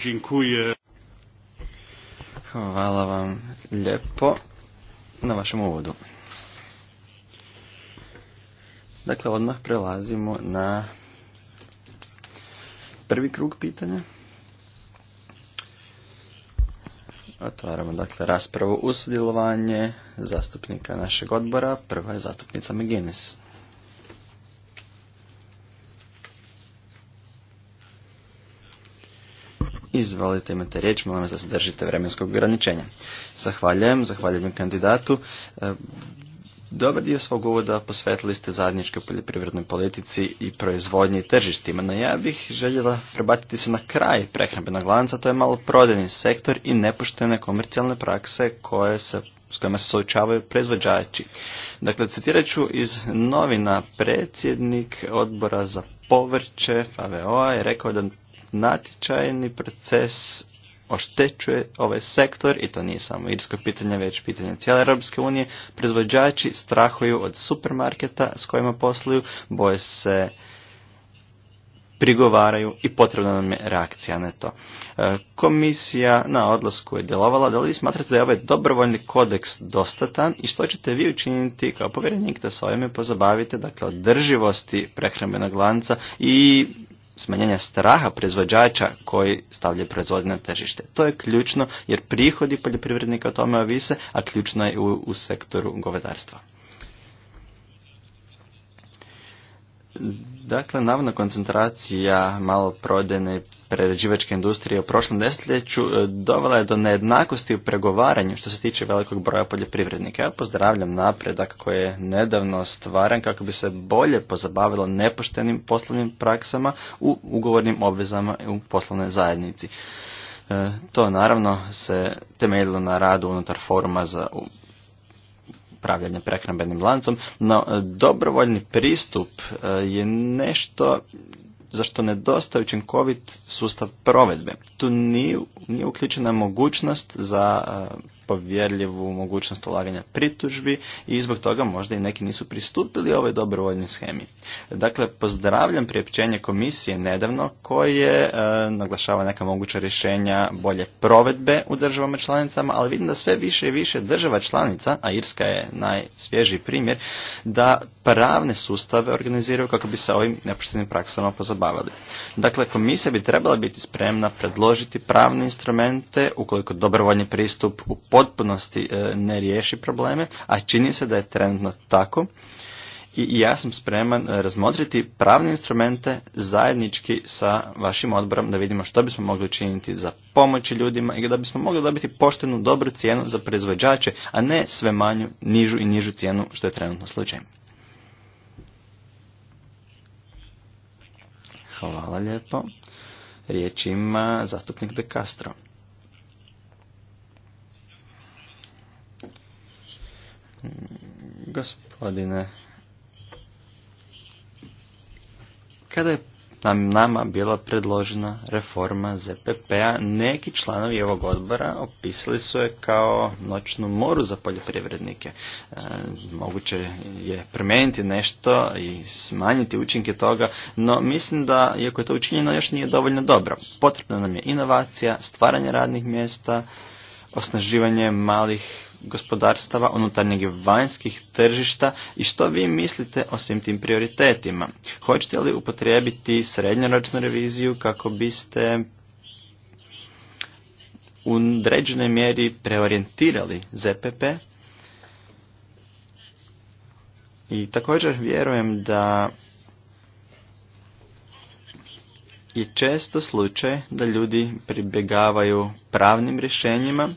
dziękuję. Hvala vam lijepo na vašem uvodu. Dakle, odmah prelazimo na prvi krug pitanja. Otvaramo dakle raspravu uz sudjelovanje zastupnika našeg odbora. Prva je zastupnica Meginis. Izvolite, imate riječ, molim vas da se držite vremenskog ograničenja. Zahvaljujem, zahvaljujem kandidatu. E, dobar dio svog uvoda posvetili ste zadnjičkoj poljoprivrednoj politici i proizvodnji i tržištima, no ja bih željela prebatiti se na kraj prehrambenog lanca, to je malo prodajni sektor i nepoštene komercijalne prakse koje se s kojima se suočavaju proizvođači. Dakle, citirat ću iz novina predsjednik odbora za povrće FAVO je rekao da natječajni proces oštećuje ovaj sektor, i to nije samo irsko pitanje, već pitanje cijele Europske unije, proizvođači strahuju od supermarketa s kojima posluju, boje se prigovaraju i potrebna nam je reakcija na to. E, komisija na odlasku je djelovala, da li smatrate da je ovaj dobrovoljni kodeks dostatan i što ćete vi učiniti kao povjerenik da se ovime pozabavite, dakle održivosti prehrambenog lanca i smanjenja straha proizvođača koji stavlja proizvod na tržište. To je ključno jer prihodi poljoprivrednika o tome ovise, a ključno je u, u sektoru govedarstva. Dakle, navodna koncentracija maloprodajne prerađivačke industrije u prošlom desetljeću e, dovela je do nejednakosti u pregovaranju što se tiče velikog broja poljoprivrednika. Ja pozdravljam napredak koji je nedavno stvaran kako bi se bolje pozabavilo nepoštenim poslovnim praksama u ugovornim obvezama u poslovnoj zajednici. E, to naravno se temeljilo na radu unutar foruma za upravljanja prehrambenim lancom, no e, dobrovoljni pristup e, je nešto za što nedostaje učinkovit sustav provedbe. Tu nije, nije uključena mogućnost za e, povjerljivu mogućnost ulaganja pritužbi i zbog toga možda i neki nisu pristupili ovoj dobrovoljnoj schemi. Dakle, pozdravljam priopćenje komisije nedavno koje e, naglašava neka moguća rješenja bolje provedbe u državama članicama, ali vidim da sve više i više država članica, a Irska je najsvježiji primjer, da pravne sustave organiziraju kako bi se ovim nepoštenim praksama pozabavili. Dakle, komisija bi trebala biti spremna predložiti pravne instrumente ukoliko dobrovoljni pristup u potpunosti e, ne riješi probleme, a čini se da je trenutno tako i ja sam spreman e, razmotriti pravne instrumente zajednički sa vašim odborom da vidimo što bismo mogli učiniti za pomoći ljudima i da bismo mogli dobiti poštenu dobru cijenu za proizvođače, a ne sve manju, nižu i nižu cijenu što je trenutno slučaj. Hvala lijepo. Riječ ima zastupnik De Castro. Gospodine, kada je nam nama bila predložena reforma ZPP-a, neki članovi ovog odbora opisali su je kao noćnu moru za poljoprivrednike. E, moguće je promijeniti nešto i smanjiti učinke toga, no mislim da, iako je to učinjeno, još nije dovoljno dobro. Potrebna nam je inovacija, stvaranje radnih mjesta, osnaživanje malih gospodarstava, unutarnjeg i vanjskih tržišta i što vi mislite o svim tim prioritetima. Hoćete li upotrijebiti srednjoročnu reviziju kako biste u određenoj mjeri preorijentirali ZPP? I također vjerujem da je često slučaj da ljudi pribjegavaju pravnim rješenjima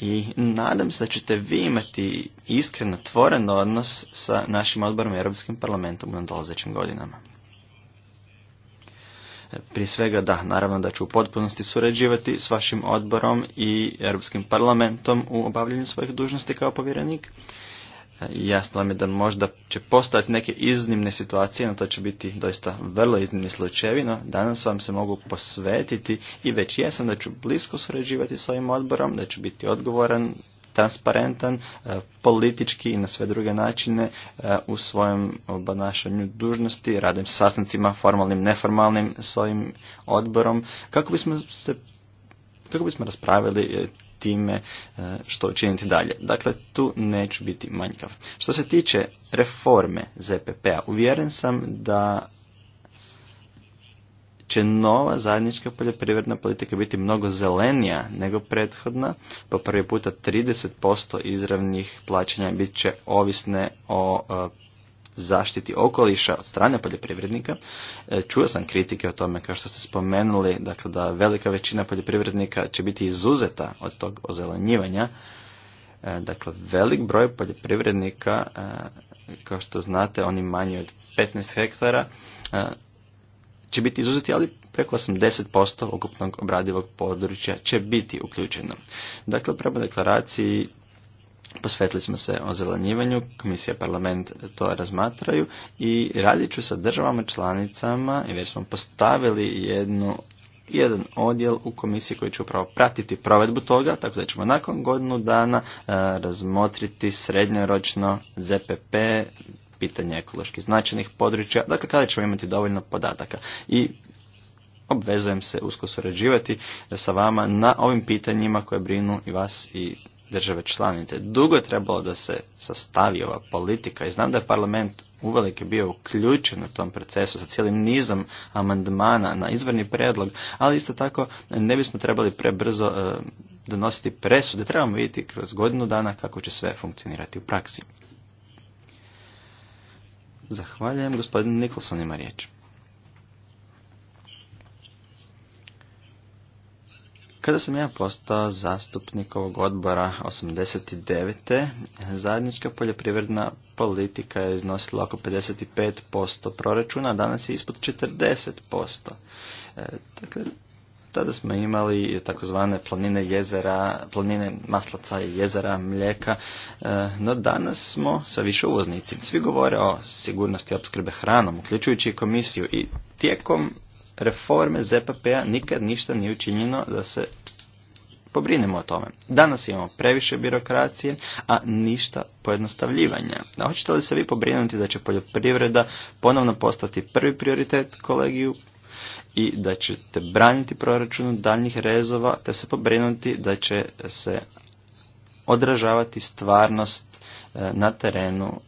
i nadam se da ćete vi imati iskreno otvoren odnos sa našim odborom i Europskim parlamentom u nadolazećim godinama. Prije svega da, naravno da ću u potpunosti surađivati s vašim odborom i Europskim parlamentom u obavljanju svojih dužnosti kao povjerenik. Jasno vam je da možda će postojati neke iznimne situacije, no to će biti doista vrlo iznimni slučajevi, no danas vam se mogu posvetiti i već jesam da ću blisko surađivati s ovim odborom, da ću biti odgovoran, transparentan, e, politički i na sve druge načine e, u svojem obnašanju dužnosti, radim sastancima formalnim, neformalnim s ovim odborom, kako bismo se kako bismo raspravili e, time e, što učiniti dalje. Dakle, tu neću biti manjkav. Što se tiče reforme ZPP-a, uvjeren sam da će nova zajednička poljoprivredna politika biti mnogo zelenija nego prethodna. Po prvi puta 30% izravnih plaćanja bit će ovisne o e, zaštiti okoliša od strane poljoprivrednika. E, čuo sam kritike o tome kao što ste spomenuli, dakle da velika većina poljoprivrednika će biti izuzeta od tog ozelenjivanja. E, dakle, velik broj poljoprivrednika, e, kao što znate, oni manji od 15 hektara, će biti izuzeti, ali preko 80% ukupnog obradivog područja će biti uključeno. Dakle, prema deklaraciji Posvetili smo se o zelenjivanju, komisija parlament to razmatraju i radit ću sa državama članicama i već smo postavili jedan odjel u komisiji koji će upravo pratiti provedbu toga, tako da ćemo nakon godinu dana e, razmotriti srednjoročno ZPP, pitanje ekološki značajnih područja, dakle kada ćemo imati dovoljno podataka. I obvezujem se usko surađivati sa vama na ovim pitanjima koje brinu i vas i države članice. Dugo je trebalo da se sastavi ova politika i znam da je parlament uvelike bio uključen u tom procesu sa cijelim nizom amandmana na izvorni predlog, ali isto tako ne bismo trebali prebrzo e, donositi presude. Trebamo vidjeti kroz godinu dana kako će sve funkcionirati u praksi. Zahvaljujem. Gospodin Nikolson ima riječ. Kada sam ja postao zastupnik ovog odbora 89. zajednička poljoprivredna politika je iznosila oko 55% proračuna, a danas je ispod 40%. E, dakle, tada smo imali takozvane planine jezera, planine maslaca i jezera, mlijeka, e, no danas smo sve više uvoznici. Svi govore o sigurnosti opskrbe hranom, uključujući komisiju i tijekom reforme ZPP-a nikad ništa nije učinjeno da se pobrinemo o tome. Danas imamo previše birokracije, a ništa pojednostavljivanja. hoćete li se vi pobrinuti da će poljoprivreda ponovno postati prvi prioritet kolegiju i da ćete braniti proračun daljnjih rezova, te se pobrinuti da će se odražavati stvarnost e, na terenu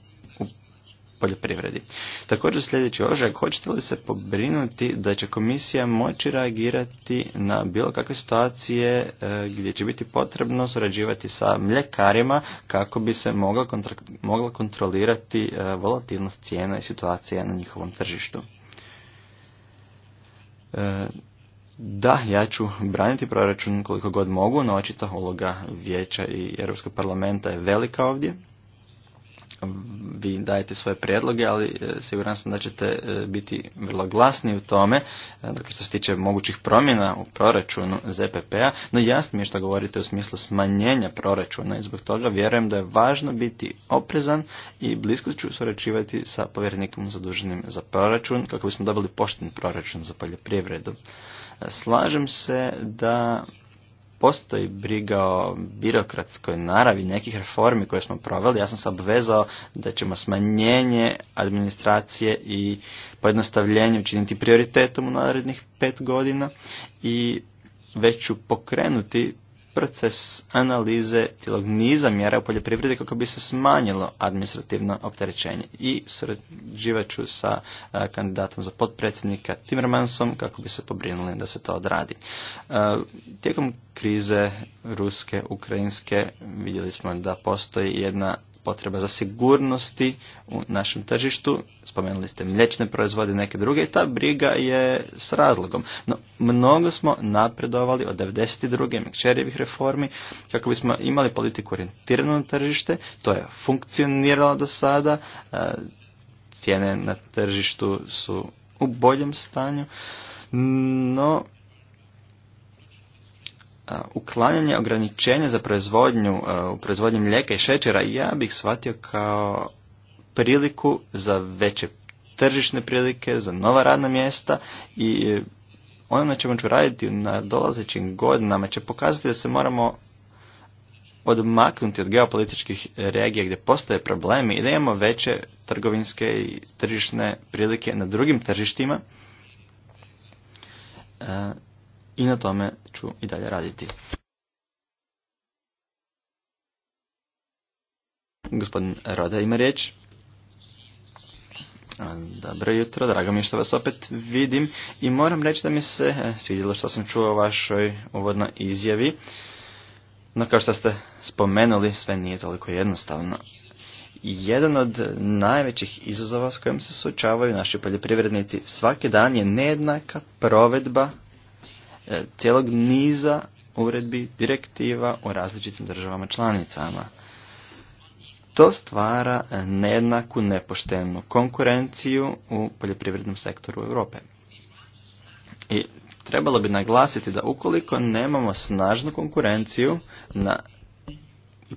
poljoprivredi. Također sljedeći ožak, hoćete li se pobrinuti da će komisija moći reagirati na bilo kakve situacije e, gdje će biti potrebno surađivati sa mljekarima kako bi se mogla, mogla kontrolirati e, volatilnost cijena i situacija na njihovom tržištu? E, da, ja ću braniti proračun koliko god mogu, no očita uloga vijeća i Europskog parlamenta je velika ovdje vi dajete svoje prijedloge, ali e, siguran sam da ćete e, biti vrlo glasni u tome, e, dakle što se tiče mogućih promjena u proračunu ZPP-a, no jasno mi je što govorite u smislu smanjenja proračuna i zbog toga vjerujem da je važno biti oprezan i blisko ću surađivati sa povjerenikom zaduženim za proračun kako bismo dobili pošten proračun za poljoprivredu. Slažem se da postoji briga o birokratskoj naravi nekih reformi koje smo proveli, ja sam se obvezao da ćemo smanjenje administracije i pojednostavljenje učiniti prioritetom u narednih pet godina i već ću pokrenuti proces analize cijelog niza mjera u poljoprivredi kako bi se smanjilo administrativno opterećenje i surađivat ću sa kandidatom za potpredsjednika Timmermansom kako bi se pobrinuli da se to odradi. Tijekom krize ruske, ukrajinske vidjeli smo da postoji jedna potreba za sigurnosti u našem tržištu, spomenuli ste mlječne proizvode i neke druge, i ta briga je s razlogom. No, mnogo smo napredovali od 92. Mekčerijevih reformi kako bismo imali politiku orijentiranu na tržište, to je funkcioniralo do sada, e, cijene na tržištu su u boljem stanju, no uklanjanje ograničenja za proizvodnju u proizvodnji mlijeka i šećera ja bih shvatio kao priliku za veće tržišne prilike, za nova radna mjesta i e, ono na čemu ću raditi na dolazećim godinama će pokazati da se moramo odmaknuti od geopolitičkih regija gdje postoje problemi i da imamo veće trgovinske i tržišne prilike na drugim tržištima e, i na tome ću i dalje raditi. Gospodin Roda ima riječ. Dobro jutro, drago mi je što vas opet vidim i moram reći da mi se e, svidjelo što sam čuo u vašoj uvodnoj izjavi. No kao što ste spomenuli, sve nije toliko jednostavno. Jedan od najvećih izazova s kojim se suočavaju naši poljoprivrednici svaki dan je nejednaka provedba E, cijelog niza uredbi, direktiva u različitim državama članicama. To stvara e, nejednaku, nepoštenu konkurenciju u poljoprivrednom sektoru Europe. I trebalo bi naglasiti da ukoliko nemamo snažnu konkurenciju na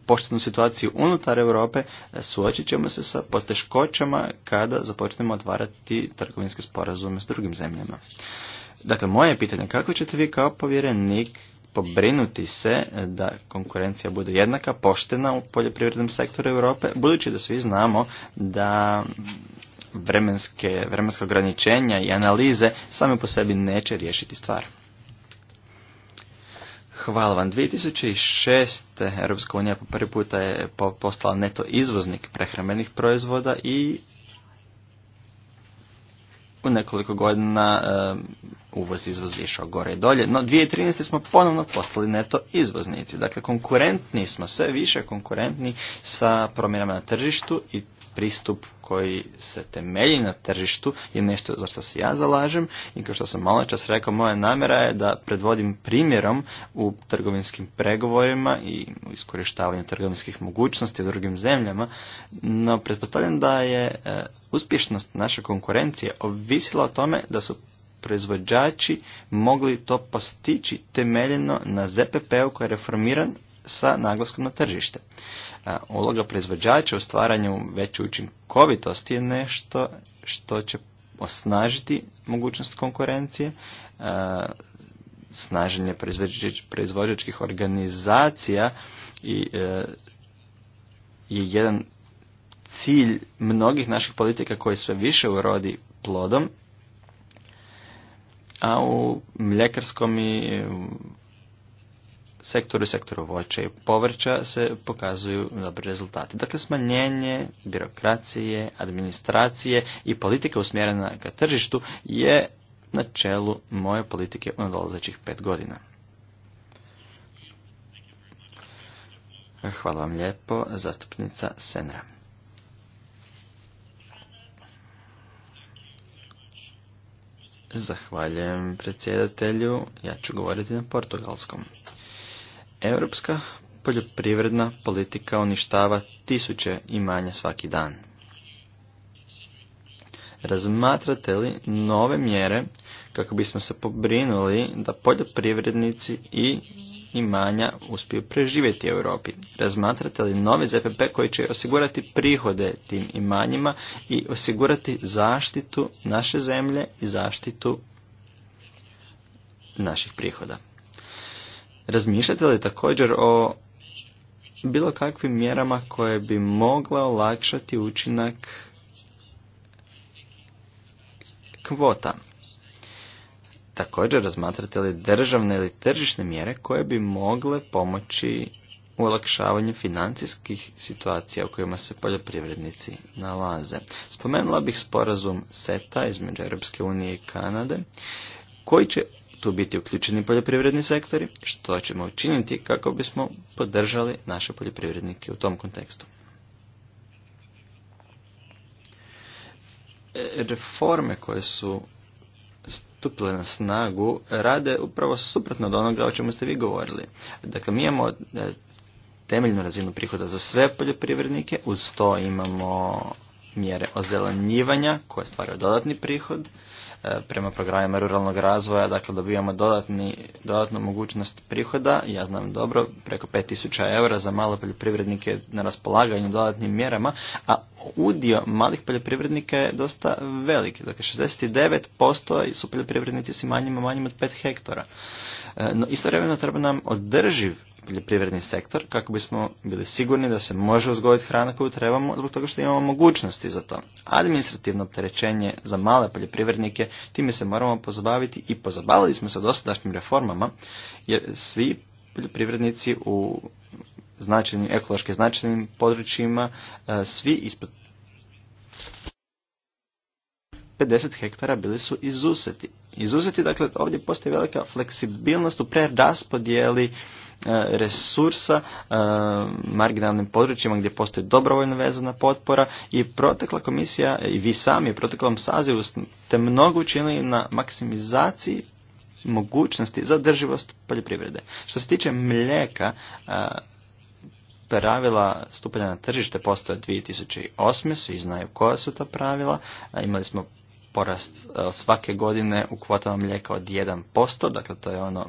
poštenu situaciju unutar Europe, e, suočit ćemo se sa poteškoćama kada započnemo otvarati trgovinske sporazume s drugim zemljama. Dakle, moje pitanje, kako ćete vi kao povjerenik pobrinuti se da konkurencija bude jednaka, poštena u poljoprivrednom sektoru Europe, budući da svi znamo da vremenske, vremenske ograničenja i analize same po sebi neće riješiti stvar. Hvala vam. 2006. Europska unija po prvi puta je postala neto izvoznik prehrambenih proizvoda i u nekoliko godina e, uvoz izvoz išao gore i dolje, no 2013. smo ponovno postali neto izvoznici. Dakle, konkurentni smo, sve više konkurentni sa promjenama na tržištu i pristup koji se temelji na tržištu je nešto za što se ja zalažem i kao što sam malo čas rekao, moja namjera je da predvodim primjerom u trgovinskim pregovorima i u iskorištavanju trgovinskih mogućnosti u drugim zemljama, no pretpostavljam da je e, uspješnost naše konkurencije ovisila o tome da su proizvođači mogli to postići temeljeno na ZPP-u koji je reformiran sa naglaskom na tržište uloga proizvođača u stvaranju veće učinkovitosti je nešto što će osnažiti mogućnost konkurencije, snaženje proizvođačkih organizacija i e, je jedan cilj mnogih naših politika koji sve više urodi plodom, a u mljekarskom i sektoru sektoru voća i povrća se pokazuju dobri rezultati. Dakle, smanjenje birokracije, administracije i politika usmjerena ka tržištu je na čelu moje politike u nadolazećih pet godina. Hvala vam lijepo, zastupnica Senra. Zahvaljujem predsjedatelju, ja ću govoriti na portugalskom. Europska poljoprivredna politika uništava tisuće imanja svaki dan. Razmatrate li nove mjere kako bismo se pobrinuli da poljoprivrednici i imanja uspiju preživjeti u Europi? Razmatrate li novi ZPP koji će osigurati prihode tim imanjima i osigurati zaštitu naše zemlje i zaštitu naših prihoda? Razmišljate li također o bilo kakvim mjerama koje bi mogle olakšati učinak kvota? Također razmatrate li državne ili tržišne mjere koje bi mogle pomoći u olakšavanju financijskih situacija u kojima se poljoprivrednici nalaze. Spomenula bih sporazum SETA između Europske unije i Kanade koji će tu biti uključeni poljoprivredni sektori, što ćemo učiniti kako bismo podržali naše poljoprivrednike u tom kontekstu. E, reforme koje su stupile na snagu rade upravo suprotno od onoga o čemu ste vi govorili. Dakle, mi imamo e, temeljnu razinu prihoda za sve poljoprivrednike, uz to imamo mjere ozelenjivanja koje stvaraju dodatni prihod, E, prema programima ruralnog razvoja, dakle dobijamo dodatni, dodatnu mogućnost prihoda, ja znam dobro, preko 5000 eura za male poljoprivrednike na raspolaganju dodatnim mjerama, a udio malih poljoprivrednika je dosta velik, dakle 69% su poljoprivrednici s manjima manjim od 5 hektara. E, no, istovremeno treba nam održiv poljoprivredni sektor kako bismo bili sigurni da se može uzgojiti hrana koju trebamo zbog toga što imamo mogućnosti za to. Administrativno opterećenje za male poljoprivrednike time se moramo pozabaviti i pozabavili smo se dosadašnjim reformama jer svi poljoprivrednici u značajnim, ekološki značajnim područjima e, svi ispod 50 hektara bili su izuzeti. Izuzeti, dakle, ovdje postoji velika fleksibilnost u preraspodjeli E, resursa e, marginalnim područjima gdje postoji dobrovoljno vezana potpora i protekla komisija i vi sami u proteklom sazivu ste mnogo učinili na maksimizaciji mogućnosti za drživost poljoprivrede. Što se tiče mlijeka, e, pravila stupanja na tržište postoje 2008. Svi znaju koja su ta pravila. Imali smo porast e, svake godine u kvotama mlijeka od 1%, dakle to je ono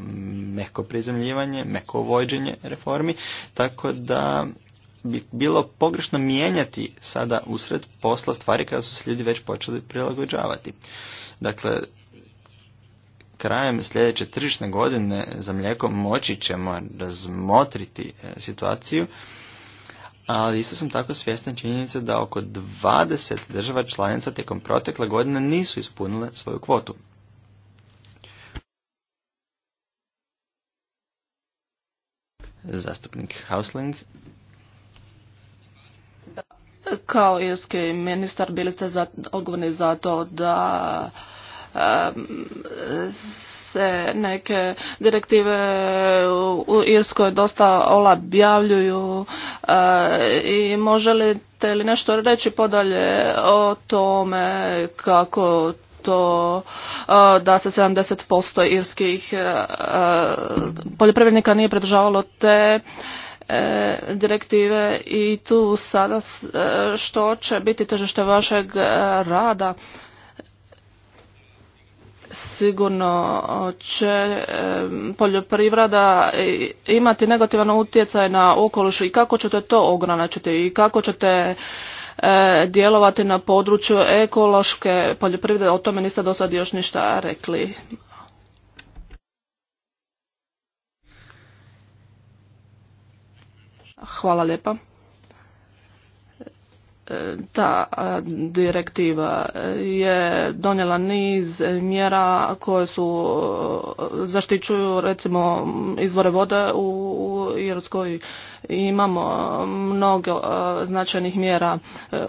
meko prizemljivanje, meko uvođenje reformi, tako da bi bilo pogrešno mijenjati sada usred posla stvari kada su se ljudi već počeli prilagođavati. Dakle, krajem sljedeće tržišne godine za mlijeko moći ćemo razmotriti e, situaciju ali isto sam tako svjestan činjenice da oko 20 država članica tijekom protekle godine nisu ispunile svoju kvotu. Zastupnik Hausling. Kao irski ministar bili ste odgovorni za to da se neke direktive u Irskoj dosta olabjavljuju eh, i može li te li nešto reći podalje o tome kako to eh, da se 70% irskih eh, poljoprivrednika nije pridržavalo te direktive i tu sada što će biti težište vašeg rada sigurno će poljoprivreda imati negativan utjecaj na okoliš i kako ćete to ograničiti i kako ćete e, djelovati na području ekološke poljoprivrede, o tome niste do sada još ništa rekli. Hvala lijepa. E, ta direktiva e, je donijela niz mjera koje su e, zaštićuju recimo izvore vode u Irskoj imamo mnogo značajnih mjera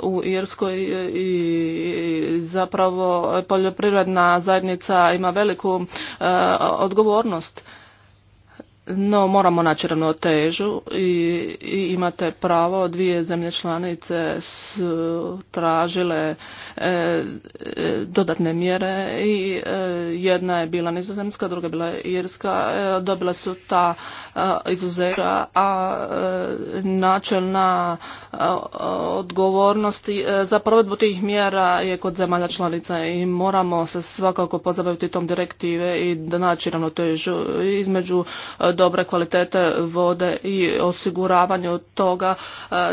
u Irskoj i zapravo poljoprivredna zajednica ima veliku odgovornost no moramo naći ravnotežu i, i imate pravo dvije zemlje članice su tražile e, e, dodatne mjere i e, jedna je bila nizozemska druga je bila irska e, dobila su ta izuzera, a e, načelna odgovornost e, za provedbu tih mjera je kod zemalja članica i moramo se svakako pozabaviti tom direktive i da naći ravnotežu između e, dobre kvalitete vode i osiguravanju toga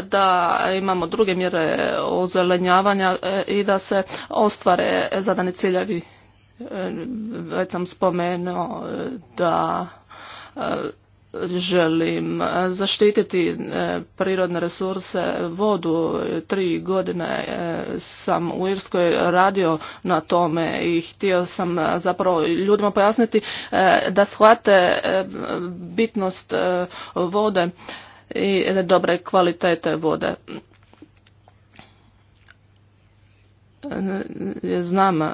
da imamo druge mjere ozelenjavanja i da se ostvare zadani ciljevi već sam spomenuo da želim zaštititi e, prirodne resurse, vodu. Tri godine e, sam u Irskoj radio na tome i htio sam zapravo ljudima pojasniti e, da shvate bitnost vode i dobre kvalitete vode. E, znam e,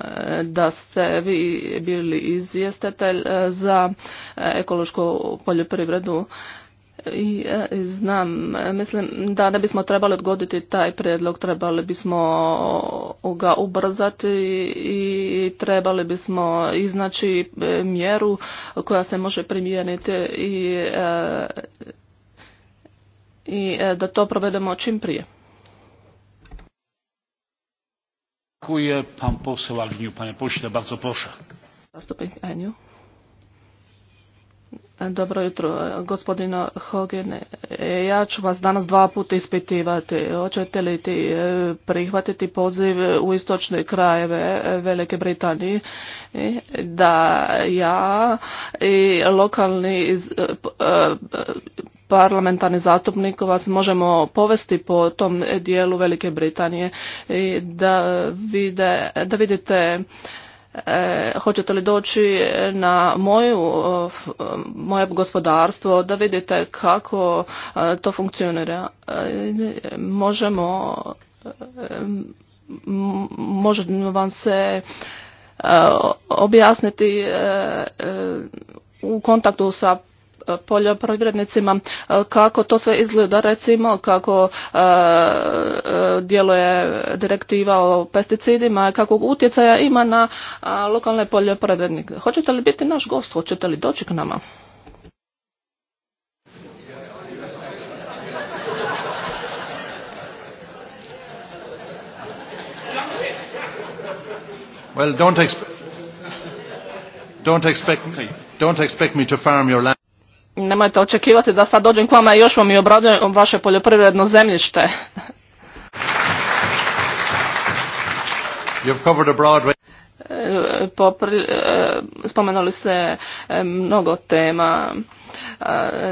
da ste vi bili izvjestitelj e, za ekološku poljoprivredu i znam, mislim da ne bismo trebali odgoditi taj prijedlog, trebali bismo ga ubrzati i trebali bismo iznaći mjeru koja se može primijeniti i, i da to provedemo čim prije. Dziękuję. Pan bardzo proszę. Dobro jutro, gospodino Hogan. Ja ću vas danas dva puta ispitivati. Hoćete li ti e, prihvatiti poziv u istočne krajeve Velike Britanije e, da ja i lokalni e, parlamentarnih zastupnik, vas možemo povesti po tom dijelu Velike Britanije i da, da vidite eh, hoćete li doći na moju, eh, moje gospodarstvo, da vidite kako eh, to funkcionira. Možemo možemo vam se objasniti u kontaktu sa poljoprivrednicima e, kako to sve izgleda recimo kako e, e, djeluje direktiva o pesticidima kakvog utjecaja ima na lokalne poljoprivrednike. Hoćete li biti naš gost? Hoćete li doći k nama? Well, don't, expect, don't expect me to farm your land nemojte očekivati da sad dođem k vama i još vam i obradujem vaše poljoprivredno zemljište. E, e, spomenuli se e, mnogo tema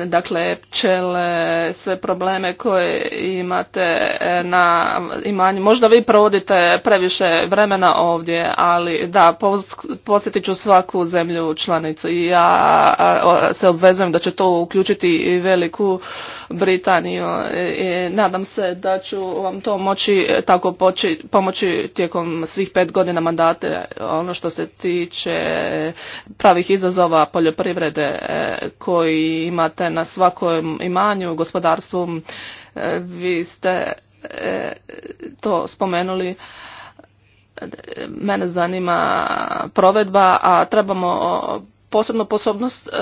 dakle pčele, sve probleme koje imate e, na imanju. Možda vi provodite previše vremena ovdje, ali da, posjetit ću svaku zemlju članicu i ja se obvezujem da će to uključiti i Veliku Britaniju. E, I nadam se da ću vam to moći e, tako poći, pomoći tijekom svih pet godina mandate ono što se tiče pravih izazova poljoprivrede koji koji imate na svakom imanju, gospodarstvu, e, vi ste e, to spomenuli. Mene zanima provedba, a trebamo posebno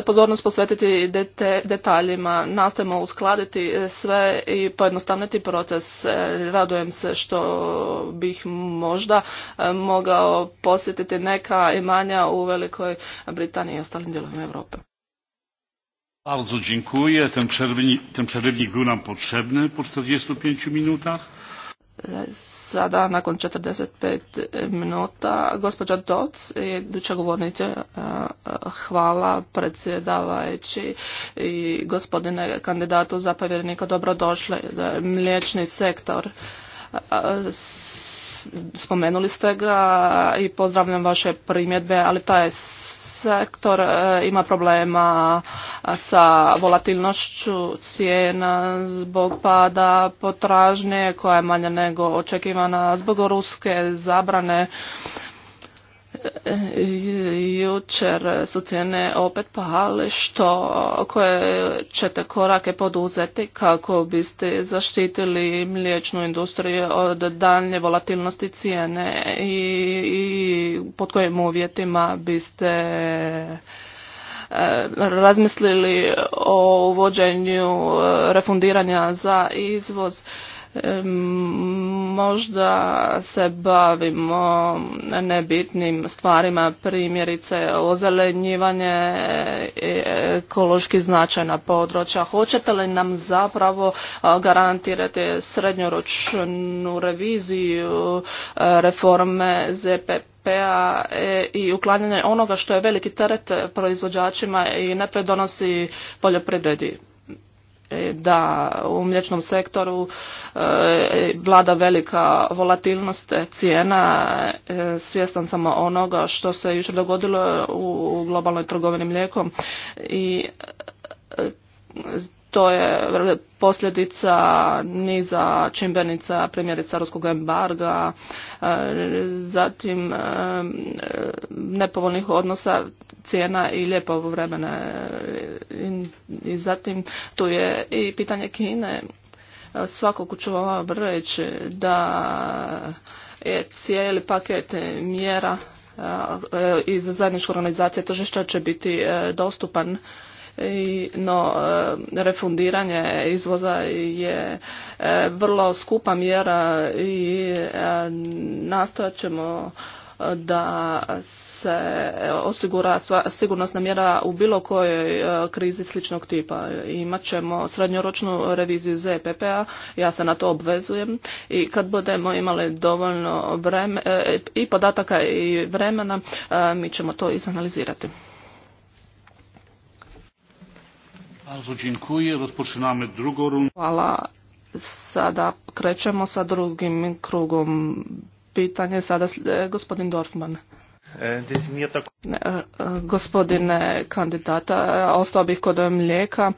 pozornost posvetiti detaljima. Nastojimo uskladiti sve i pojednostavniti proces. Radujem se što bih možda e, mogao posjetiti neka imanja u Velikoj Britaniji i ostalim dijelovima Europe. Bardzo dziękuję. Ten, czerwni, ten przerywnik był nam potrzebny po 45 minutach. Sada, nakon 45 minuta, gospođa Doc, duća govornica, hvala predsjedavajući i gospodine kandidatu za povjerenika, dobrodošli. Mliječni sektor spomenuli ste ga i pozdravljam vaše primjedbe, ali taj sektor e, ima problema e, sa volatilnošću cijena zbog pada potražnje koja je manja nego očekivana zbog ruske zabrane jučer su cijene opet pahali. što koje ćete korake poduzeti kako biste zaštitili mliječnu industriju od daljnje volatilnosti cijene i, i pod kojim uvjetima biste e, razmislili o uvođenju e, refundiranja za izvoz možda se bavimo nebitnim stvarima, primjerice ozelenjivanje, e, ekološki značajna područja. Hoćete li nam zapravo garantirati srednjoročnu reviziju e, reforme zpp p-a, e, i uklanjanje onoga što je veliki teret proizvođačima i ne predonosi poljoprivredi? E, da u mlječnom sektoru e, vlada velika volatilnost e, cijena. Svjestan sam onoga što se jučer dogodilo u globalnoj trgovini mlijekom i to je posljedica niza čimbenica, primjerice ruskog embarga, e, zatim e, nepovoljnih odnosa cijena i lijepo vremena. I zatim tu je i pitanje Kine. E, svakog ću vam reći da je cijeli paket mjera iz zajedničke organizacije tržišta će biti dostupan no e, refundiranje izvoza je e, vrlo skupa mjera i e, nastojat ćemo da se osigura sigurnosna mjera u bilo kojoj krizi sličnog tipa. Imat ćemo srednjoročnu reviziju ZPP-a, ja se na to obvezujem i kad budemo imali dovoljno vreme, i podataka i vremena, mi ćemo to izanalizirati. Hvala. Sada krećemo sa drugim krugom pitanje Sada e, gospodin Dorfman. E, e, gospodine kandidata, ostao bih kod mlijeka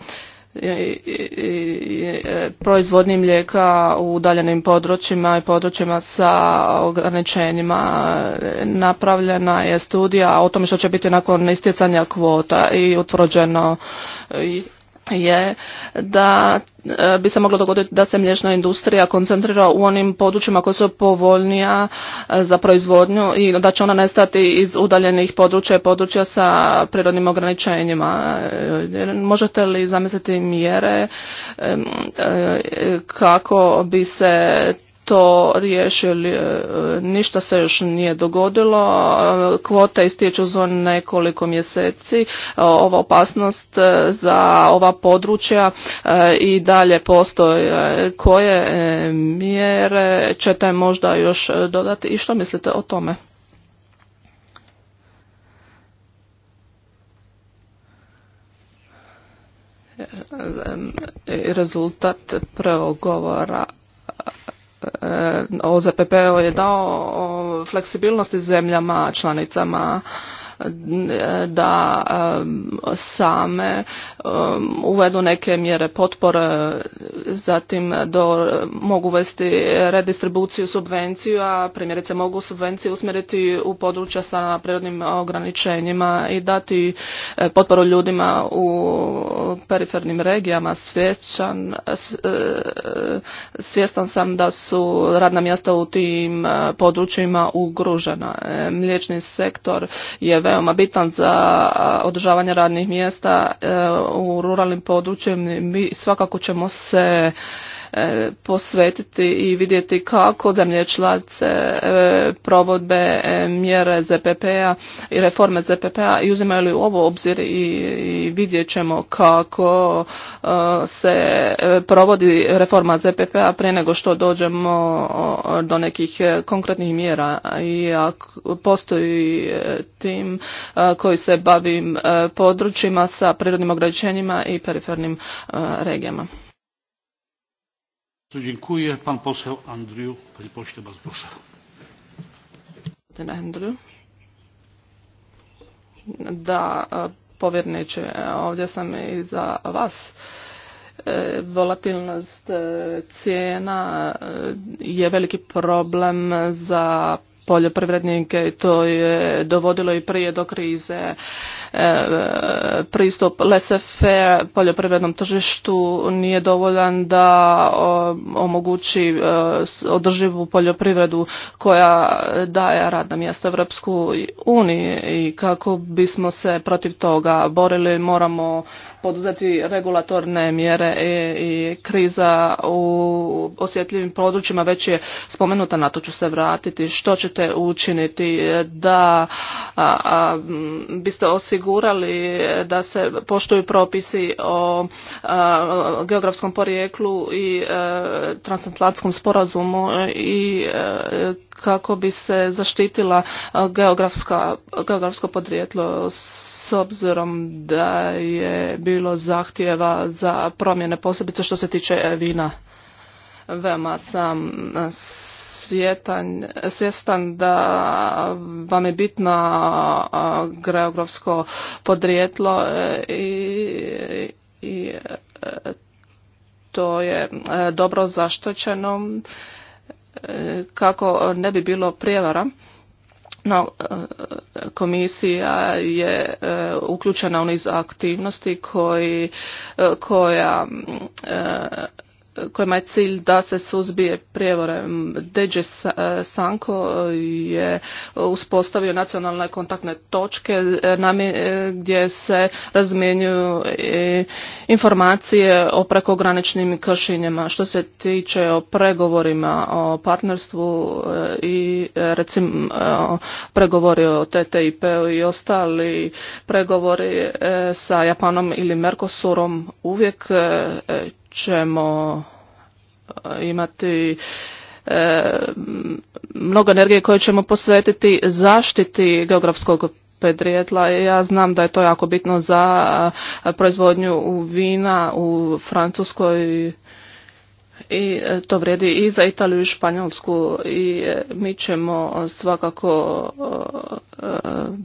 i, proizvodnji mlijeka u udaljenim područjima i područjima sa ograničenjima. Napravljena je studija o tome što će biti nakon istjecanja kvota i utvrđeno je da e, bi se moglo dogoditi da se mliječna industrija koncentrira u onim područjima koja su povoljnija e, za proizvodnju i da će ona nestati iz udaljenih područja i područja sa prirodnim ograničenjima. E, možete li zamisliti mjere kako bi se to riješili, e, ništa se još nije dogodilo, kvote istječu za nekoliko mjeseci, e, ova opasnost e, za ova područja i dalje postoje koje mjere ćete možda još dodati i što mislite o tome? Rezultat prvog govora E, OZPP je dao fleksibilnosti zemljama članicama da same uvedu neke mjere potpore, zatim do, mogu uvesti redistribuciju subvenciju, a primjerice mogu subvencije usmjeriti u područja sa prirodnim ograničenjima i dati eh, potporu ljudima u perifernim regijama. Svjećan, eh, svjestan sam da su radna mjesta u tim eh, područjima ugrožena. Mliječni sektor je veoma bitan za održavanje radnih mjesta e, u ruralnim područjima. Mi svakako ćemo se E, posvetiti i vidjeti kako zemlje članice e, provodbe e, mjere ZPP-a i reforme ZPP-a i uzimaju li ovo obzir i vidjet ćemo kako se provodi reforma ZPP-a prije nego što dođemo do nekih konkretnih mjera i postoji tim koji se bavim područjima sa prirodnim ograničenjima i perifernim regijama. Dziękuję. Pan poseł Andrew, panie pośle, bardzo proszę. Ten Andrew. Da, e, povjerniče, ovdje sam i za vas. Volatilnost e, e, cijena je veliki problem za poljoprivrednike. To je dovodilo i prije do krize e, pristup laissez poljoprivrednom tržištu nije dovoljan da omogući e, održivu poljoprivredu koja daje radna mjesta Europsku Uniji i kako bismo se protiv toga borili moramo poduzeti regulatorne mjere i kriza u osjetljivim područjima već je spomenuta, na to ću se vratiti. Što ćete učiniti da biste osigurali da se poštuju propisi o geografskom porijeklu i e, transatlantskom sporazumu i e, kako bi se zaštitila geografska, geografsko podrijetlo s obzirom da je bilo zahtjeva za promjene posebice što se tiče vina. Veoma sam svjetan, svjestan da vam je bitno geografsko podrijetlo e, i, i e, to je e, dobro zaštićeno kako ne bi bilo prijevara no, e, komisija je e, uključena u niz aktivnosti koji, e, koja kojima je cilj da se suzbije prijevore. Deđe Sanko je uspostavio nacionalne kontaktne točke e, e, gdje se razmjenjuju e, informacije o prekograničnim kršinjama Što se tiče o pregovorima o partnerstvu i recimo pregovori o ttip i ostali pregovori sa Japanom ili Mercosurom uvijek ćemo eh, imati eh, mnogo energije koje ćemo posvetiti zaštiti geografskog pedrijetla. Ja znam da je to jako bitno za eh, proizvodnju vina u Francuskoj i to vrijedi i za Italiju i Španjolsku i mi ćemo svakako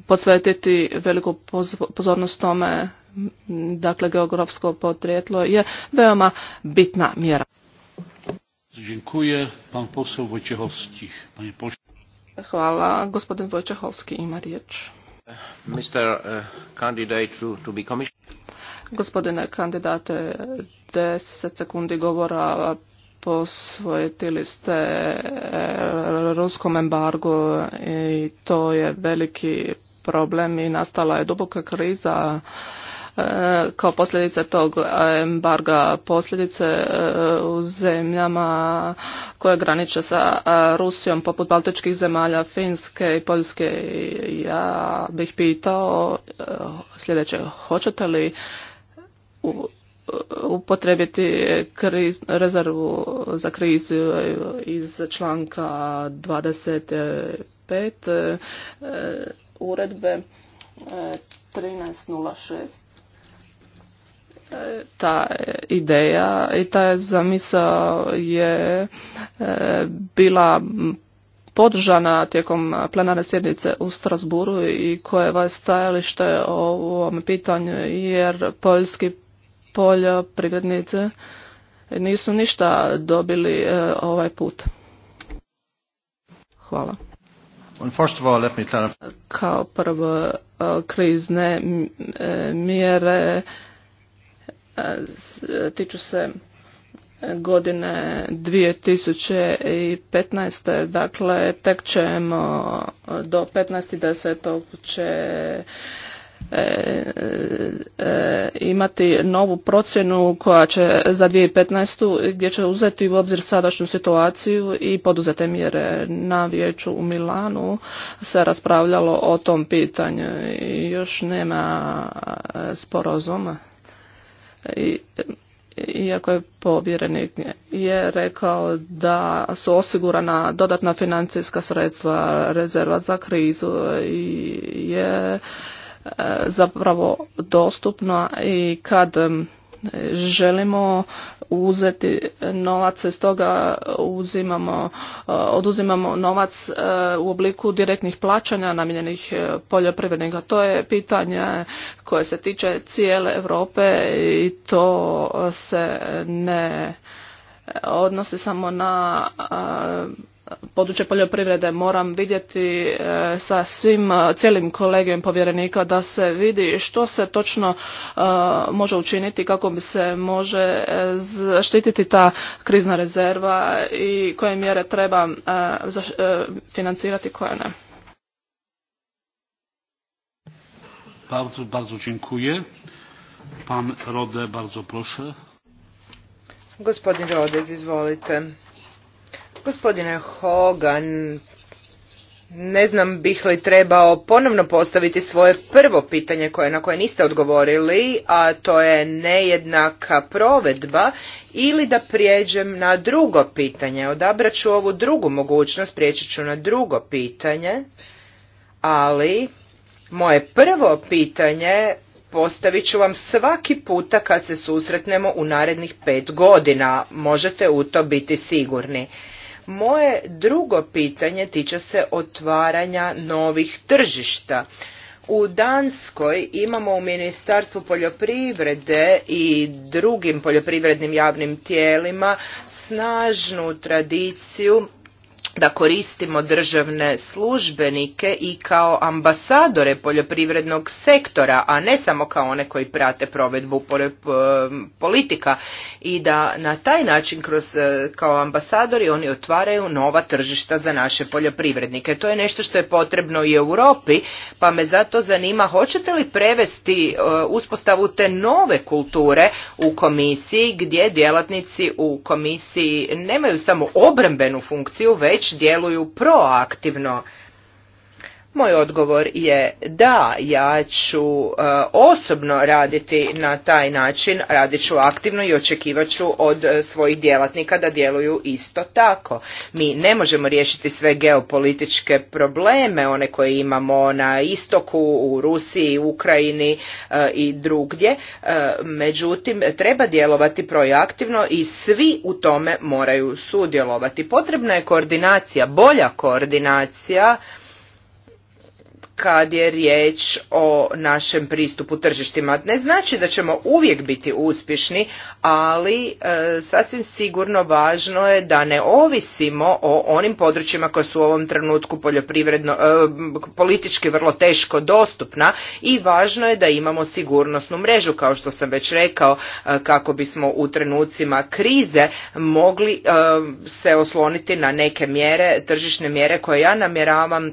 posvetiti veliku pozornost tome dakle geografsko podrijetlo je veoma bitna mjera. Dziękuję. Pan poseł Wojciechowski. Panie pośle. Hvala. Gospodin Wojciechowski ima riječ. Mr. Uh, candidate to, to be commissioner. Gospodine kandidate, 10 sekundi govora posvojitili ste uh, ruskom embargu i to je veliki problem i nastala je duboka kriza E, kao posljedice tog embarga, posljedice e, u zemljama koje graniče sa e, Rusijom, poput Baltičkih zemalja, Finske i Poljske. Ja bih pitao sljedeće, hoćete li upotrebiti rezervu za krizu iz članka 25 uredbe 1306 ta ideja i ta zamisa je e, bila podržana tijekom plenarne sjednice u Strasburu i koje je stajalište o ovom pitanju jer poljski poljoprivrednice nisu ništa dobili e, ovaj put. Hvala. Kao prvo e, krizne mjere E, tiču se godine 2015. Dakle, tek ćemo do 15.10. će e, e, imati novu procjenu koja će za 2015. gdje će uzeti u obzir sadašnju situaciju i poduzete mjere na vijeću u Milanu se raspravljalo o tom pitanju i još nema sporozuma iako je povjerenik je rekao da su osigurana dodatna financijska sredstva rezerva za krizu i je e, zapravo dostupna i kad želimo uzeti novac, stoga uzimamo, e, oduzimamo novac e, u obliku direktnih plaćanja namijenjenih e, poljoprivrednika. To je pitanje koje se tiče cijele Europe i to se ne odnosi samo na područje poljoprivrede moram vidjeti e, sa svim e, cijelim kolegijom povjerenika da se vidi što se točno e, može učiniti kako bi se može zaštititi ta krizna rezerva i koje mjere treba financirati koje ne. Bardzo, bardzo dziękuję. Pan Rode, bardzo proszę. Gospodin izvolite. Gospodine Hogan, ne znam bih li trebao ponovno postaviti svoje prvo pitanje koje, na koje niste odgovorili, a to je nejednaka provedba, ili da prijeđem na drugo pitanje. Odabrat ću ovu drugu mogućnost, prijeći ću na drugo pitanje, ali moje prvo pitanje postavit ću vam svaki puta kad se susretnemo u narednih pet godina. Možete u to biti sigurni. Moje drugo pitanje tiče se otvaranja novih tržišta. U Danskoj imamo u Ministarstvu poljoprivrede i drugim poljoprivrednim javnim tijelima snažnu tradiciju da koristimo državne službenike i kao ambasadore poljoprivrednog sektora, a ne samo kao one koji prate provedbu politika i da na taj način kroz, e, kao ambasadori oni otvaraju nova tržišta za naše poljoprivrednike. To je nešto što je potrebno i Europi, pa me zato zanima hoćete li prevesti e, uspostavu te nove kulture u komisiji gdje djelatnici u komisiji nemaju samo obrambenu funkciju, već već djeluju proaktivno moj odgovor je da, ja ću e, osobno raditi na taj način, radit ću aktivno i očekivat ću od e, svojih djelatnika da djeluju isto tako. Mi ne možemo riješiti sve geopolitičke probleme, one koje imamo na istoku, u Rusiji, Ukrajini e, i drugdje, međutim treba djelovati proaktivno i svi u tome moraju sudjelovati. Potrebna je koordinacija, bolja koordinacija, kad je riječ o našem pristupu tržištima. Ne znači da ćemo uvijek biti uspješni, ali e, sasvim sigurno važno je da ne ovisimo o onim područjima koja su u ovom trenutku poljoprivredno, e, politički vrlo teško dostupna i važno je da imamo sigurnosnu mrežu, kao što sam već rekao, e, kako bismo u trenucima krize mogli se osloniti na neke mjere, tržišne mjere koje ja namjeravam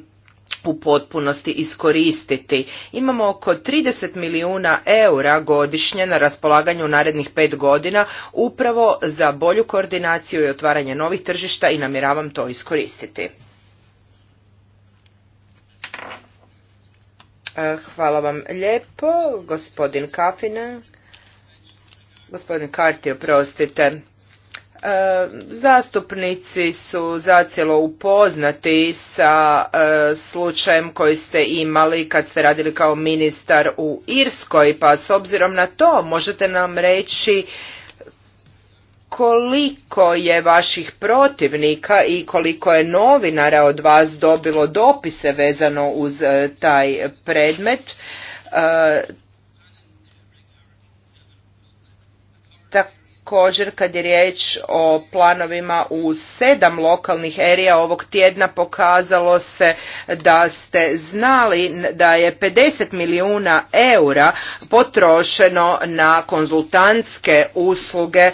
u potpunosti iskoristiti. Imamo oko 30 milijuna eura godišnje na raspolaganju u narednih pet godina upravo za bolju koordinaciju i otvaranje novih tržišta i namjeravam to iskoristiti. E, hvala vam lijepo, gospodin Kafina. Gospodin Karti, oprostite. E, zastupnici su zacijelo upoznati sa e, slučajem koji ste imali kad ste radili kao ministar u Irskoj, pa s obzirom na to možete nam reći koliko je vaših protivnika i koliko je novinara od vas dobilo dopise vezano uz e, taj predmet. također kad je riječ o planovima u sedam lokalnih erija ovog tjedna pokazalo se da ste znali da je 50 milijuna eura potrošeno na konzultantske usluge e,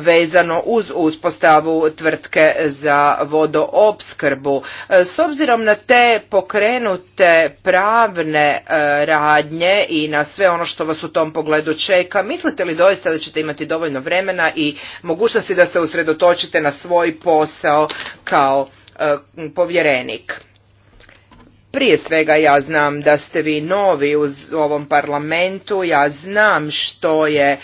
vezano uz uspostavu tvrtke za vodoopskrbu. E, s obzirom na te pokrenute pravne e, radnje i na sve ono što vas u tom pogledu čeka, mislite li doista da ćete imati dovoljno vremena vremena i mogućnosti da se usredotočite na svoj posao kao e, povjerenik prije svega ja znam da ste vi novi u ovom parlamentu, ja znam što je e,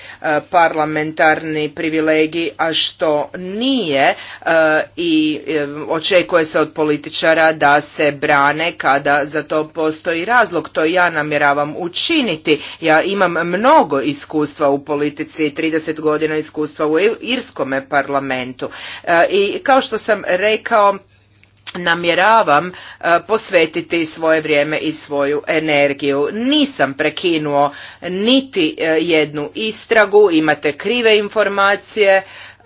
parlamentarni privilegij, a što nije e, i e, očekuje se od političara da se brane kada za to postoji razlog. To ja namjeravam učiniti. Ja imam mnogo iskustva u politici, 30 godina iskustva u Irskome parlamentu. I kao što sam rekao, namjeravam e, posvetiti svoje vrijeme i svoju energiju. Nisam prekinuo niti e, jednu istragu, imate krive informacije,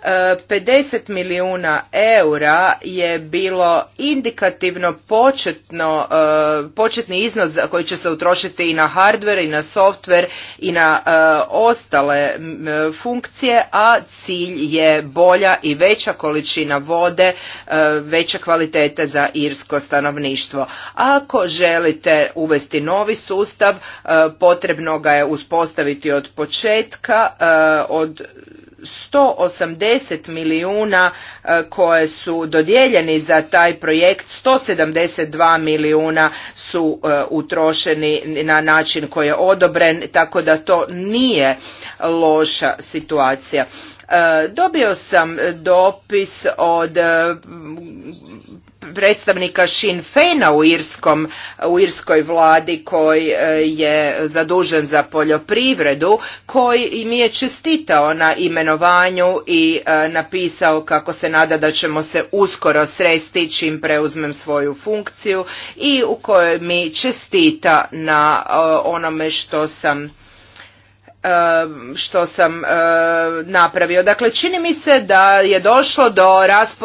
50 milijuna eura je bilo indikativno početno, e, početni iznos koji će se utrošiti i na hardware i na software i na e, ostale e, funkcije, a cilj je bolja i veća količina vode, veća kvalitete za irsko stanovništvo. Ako želite uvesti novi sustav, potrebno ga je uspostaviti od početka, od 180 milijuna e, koje su dodijeljeni za taj projekt, 172 milijuna su e, utrošeni na način koji je odobren, tako da to nije loša situacija. E, dobio sam dopis od e, predstavnika Sinn u, Irskom, u Irskoj vladi koji e, je zadužen za poljoprivredu, koji mi je čestitao na imenovanju i napisao kako se nada da ćemo se uskoro sresti čim preuzmem svoju funkciju i u kojoj mi čestita na onome što sam što sam napravio. Dakle, čini mi se da je došlo do,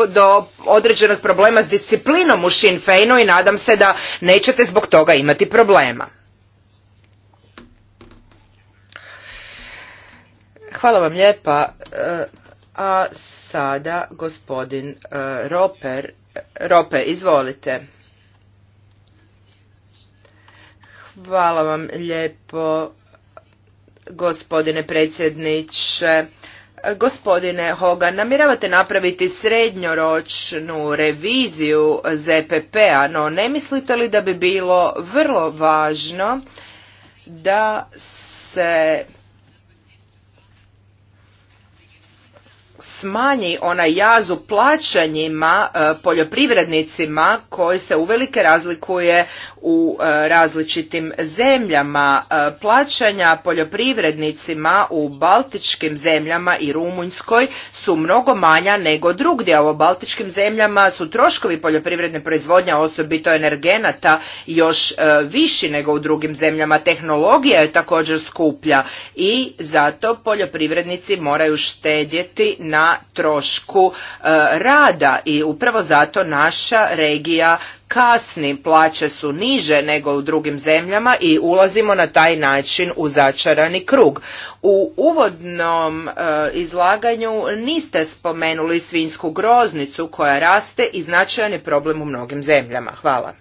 do određenog problema s disciplinom u Sinn i nadam se da nećete zbog toga imati problema. Hvala vam lijepa. E, a sada gospodin e, Roper. Rope, izvolite. Hvala vam lijepo gospodine predsjedniče. Gospodine Hogan, namiravate napraviti srednjoročnu reviziju ZPP-a, no ne mislite li da bi bilo vrlo važno da se smanji onaj jaz u plaćanjima e, poljoprivrednicima koji se uvelike razlikuje u e, različitim zemljama. E, plaćanja poljoprivrednicima u baltičkim zemljama i Rumunjskoj su mnogo manja nego drugdje, u baltičkim zemljama su troškovi poljoprivredne proizvodnje, osobito energenata, još viši nego u drugim zemljama. Tehnologija je također skuplja i zato poljoprivrednici moraju štedjeti na trošku e, rada i upravo zato naša regija kasni, plaće su niže nego u drugim zemljama i ulazimo na taj način u začarani krug. U uvodnom e, izlaganju niste spomenuli svinjsku groznicu koja raste i značajan je problem u mnogim zemljama. Hvala.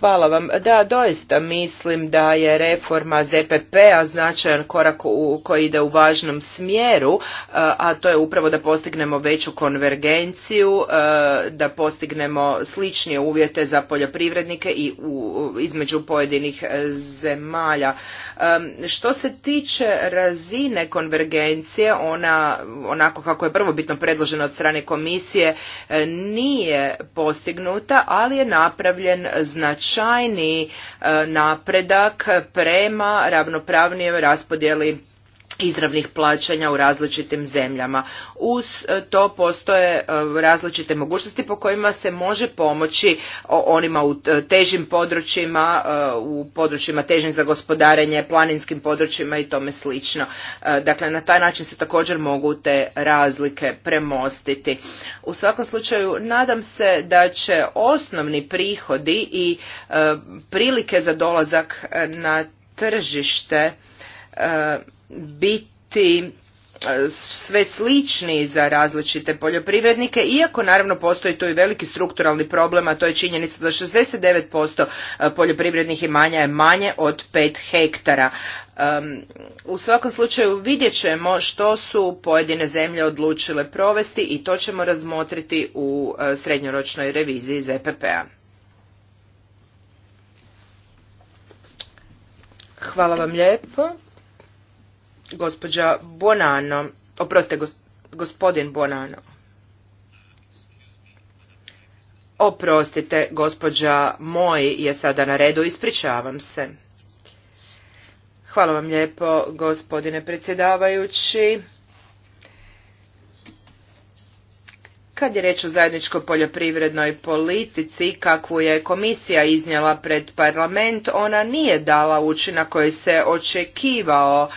Hvala vam. Da, doista mislim da je reforma ZPP-a značajan korak u, koji ide u važnom smjeru, a to je upravo da postignemo veću konvergenciju, da postignemo sličnije uvjete za poljoprivrednike i u, između pojedinih e, zemalja. Što se tiče razine konvergencije, ona onako kako je prvobitno predložena od strane komisije e, nije postignuta, ali je napravljen značajan značajni e, napredak prema ravnopravnijoj raspodjeli izravnih plaćanja u različitim zemljama. Uz e, to postoje e, različite mogućnosti po kojima se može pomoći onima u težim područjima, e, u područjima težim za gospodarenje, planinskim područjima i tome slično. Dakle, na taj način se također mogu te razlike premostiti. U svakom slučaju, nadam se da će osnovni prihodi i prilike za dolazak na tržište biti e, sve slični za različite poljoprivrednike, iako naravno postoji tu i veliki strukturalni problem, a to je činjenica da 69% e, poljoprivrednih imanja je manje od 5 hektara. u svakom slučaju vidjet ćemo što su pojedine zemlje odlučile provesti i to ćemo razmotriti u e, srednjoročnoj reviziji ZPP-a. Hvala vam lijepo. Gospođa Bonano, oprostite, gospodin Bonano. Oprostite, gospođa Moj je sada na redu, ispričavam se. Hvala vam lijepo, gospodine predsjedavajući. Kad je reč o zajedničkoj poljoprivrednoj politici kakvu je komisija iznijela pred parlament, ona nije dala učinak koji se očekivao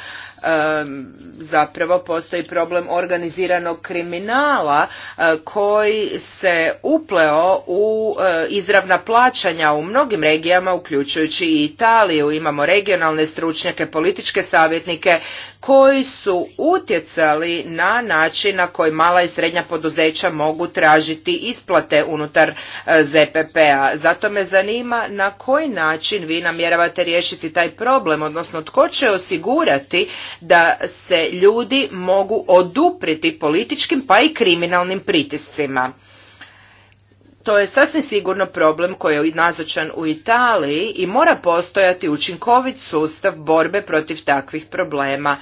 zapravo postoji problem organiziranog kriminala e, koji se upleo u e, izravna plaćanja u mnogim regijama uključujući i Italiju. Imamo regionalne stručnjake, političke savjetnike koji su utjecali na način na koji mala i srednja poduzeća mogu tražiti isplate unutar e, ZPP-a. Zato me zanima na koji način vi namjeravate riješiti taj problem, odnosno tko će osigurati da se ljudi mogu odupriti političkim pa i kriminalnim pritiscima to je sasvim sigurno problem koji je nazočan u Italiji i mora postojati učinkovit sustav borbe protiv takvih problema.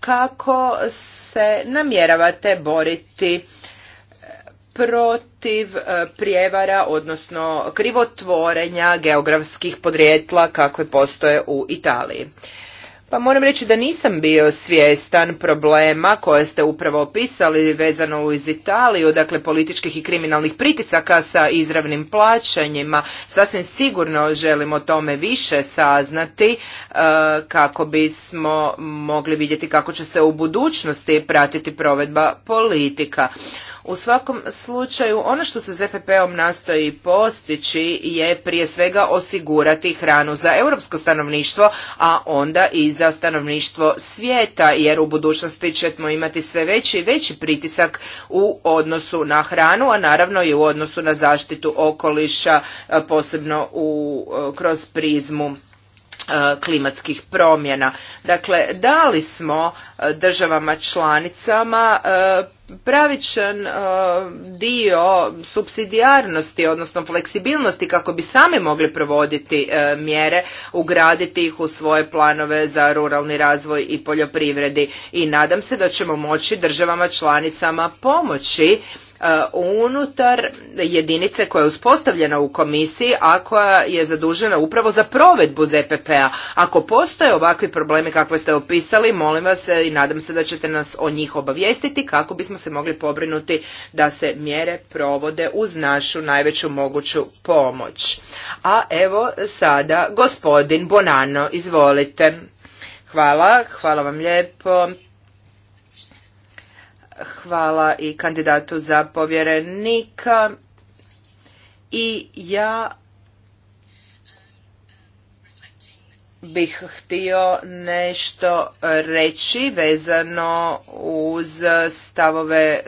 Kako se namjeravate boriti eh, protiv eh, prijevara, odnosno krivotvorenja geografskih podrijetla kakve postoje u Italiji? Pa moram reći da nisam bio svjestan problema koje ste upravo opisali vezano uz Italiju, dakle političkih i kriminalnih pritisaka sa izravnim plaćanjima. Sasvim sigurno želimo o tome više saznati e, kako bismo mogli vidjeti kako će se u budućnosti pratiti provedba politika. U svakom slučaju, ono što se ZPP-om nastoji postići je prije svega osigurati hranu za europsko stanovništvo, a onda i za stanovništvo svijeta, jer u budućnosti ćemo imati sve veći i veći pritisak u odnosu na hranu, a naravno i u odnosu na zaštitu okoliša, posebno u, kroz prizmu klimatskih promjena. Dakle, dali smo državama članicama pravičan e, dio subsidijarnosti, odnosno fleksibilnosti kako bi sami mogli provoditi e, mjere, ugraditi ih u svoje planove za ruralni razvoj i poljoprivredi. I nadam se da ćemo moći državama članicama pomoći unutar jedinice koja je uspostavljena u komisiji, a koja je zadužena upravo za provedbu ZPP-a. Ako postoje ovakvi problemi kakve ste opisali, molim vas i nadam se da ćete nas o njih obavijestiti kako bismo se mogli pobrinuti da se mjere provode uz našu najveću moguću pomoć. A evo sada gospodin Bonano, izvolite. Hvala, hvala vam lijepo. Hvala i kandidatu za povjerenika. I ja bih htio nešto reći vezano uz stavove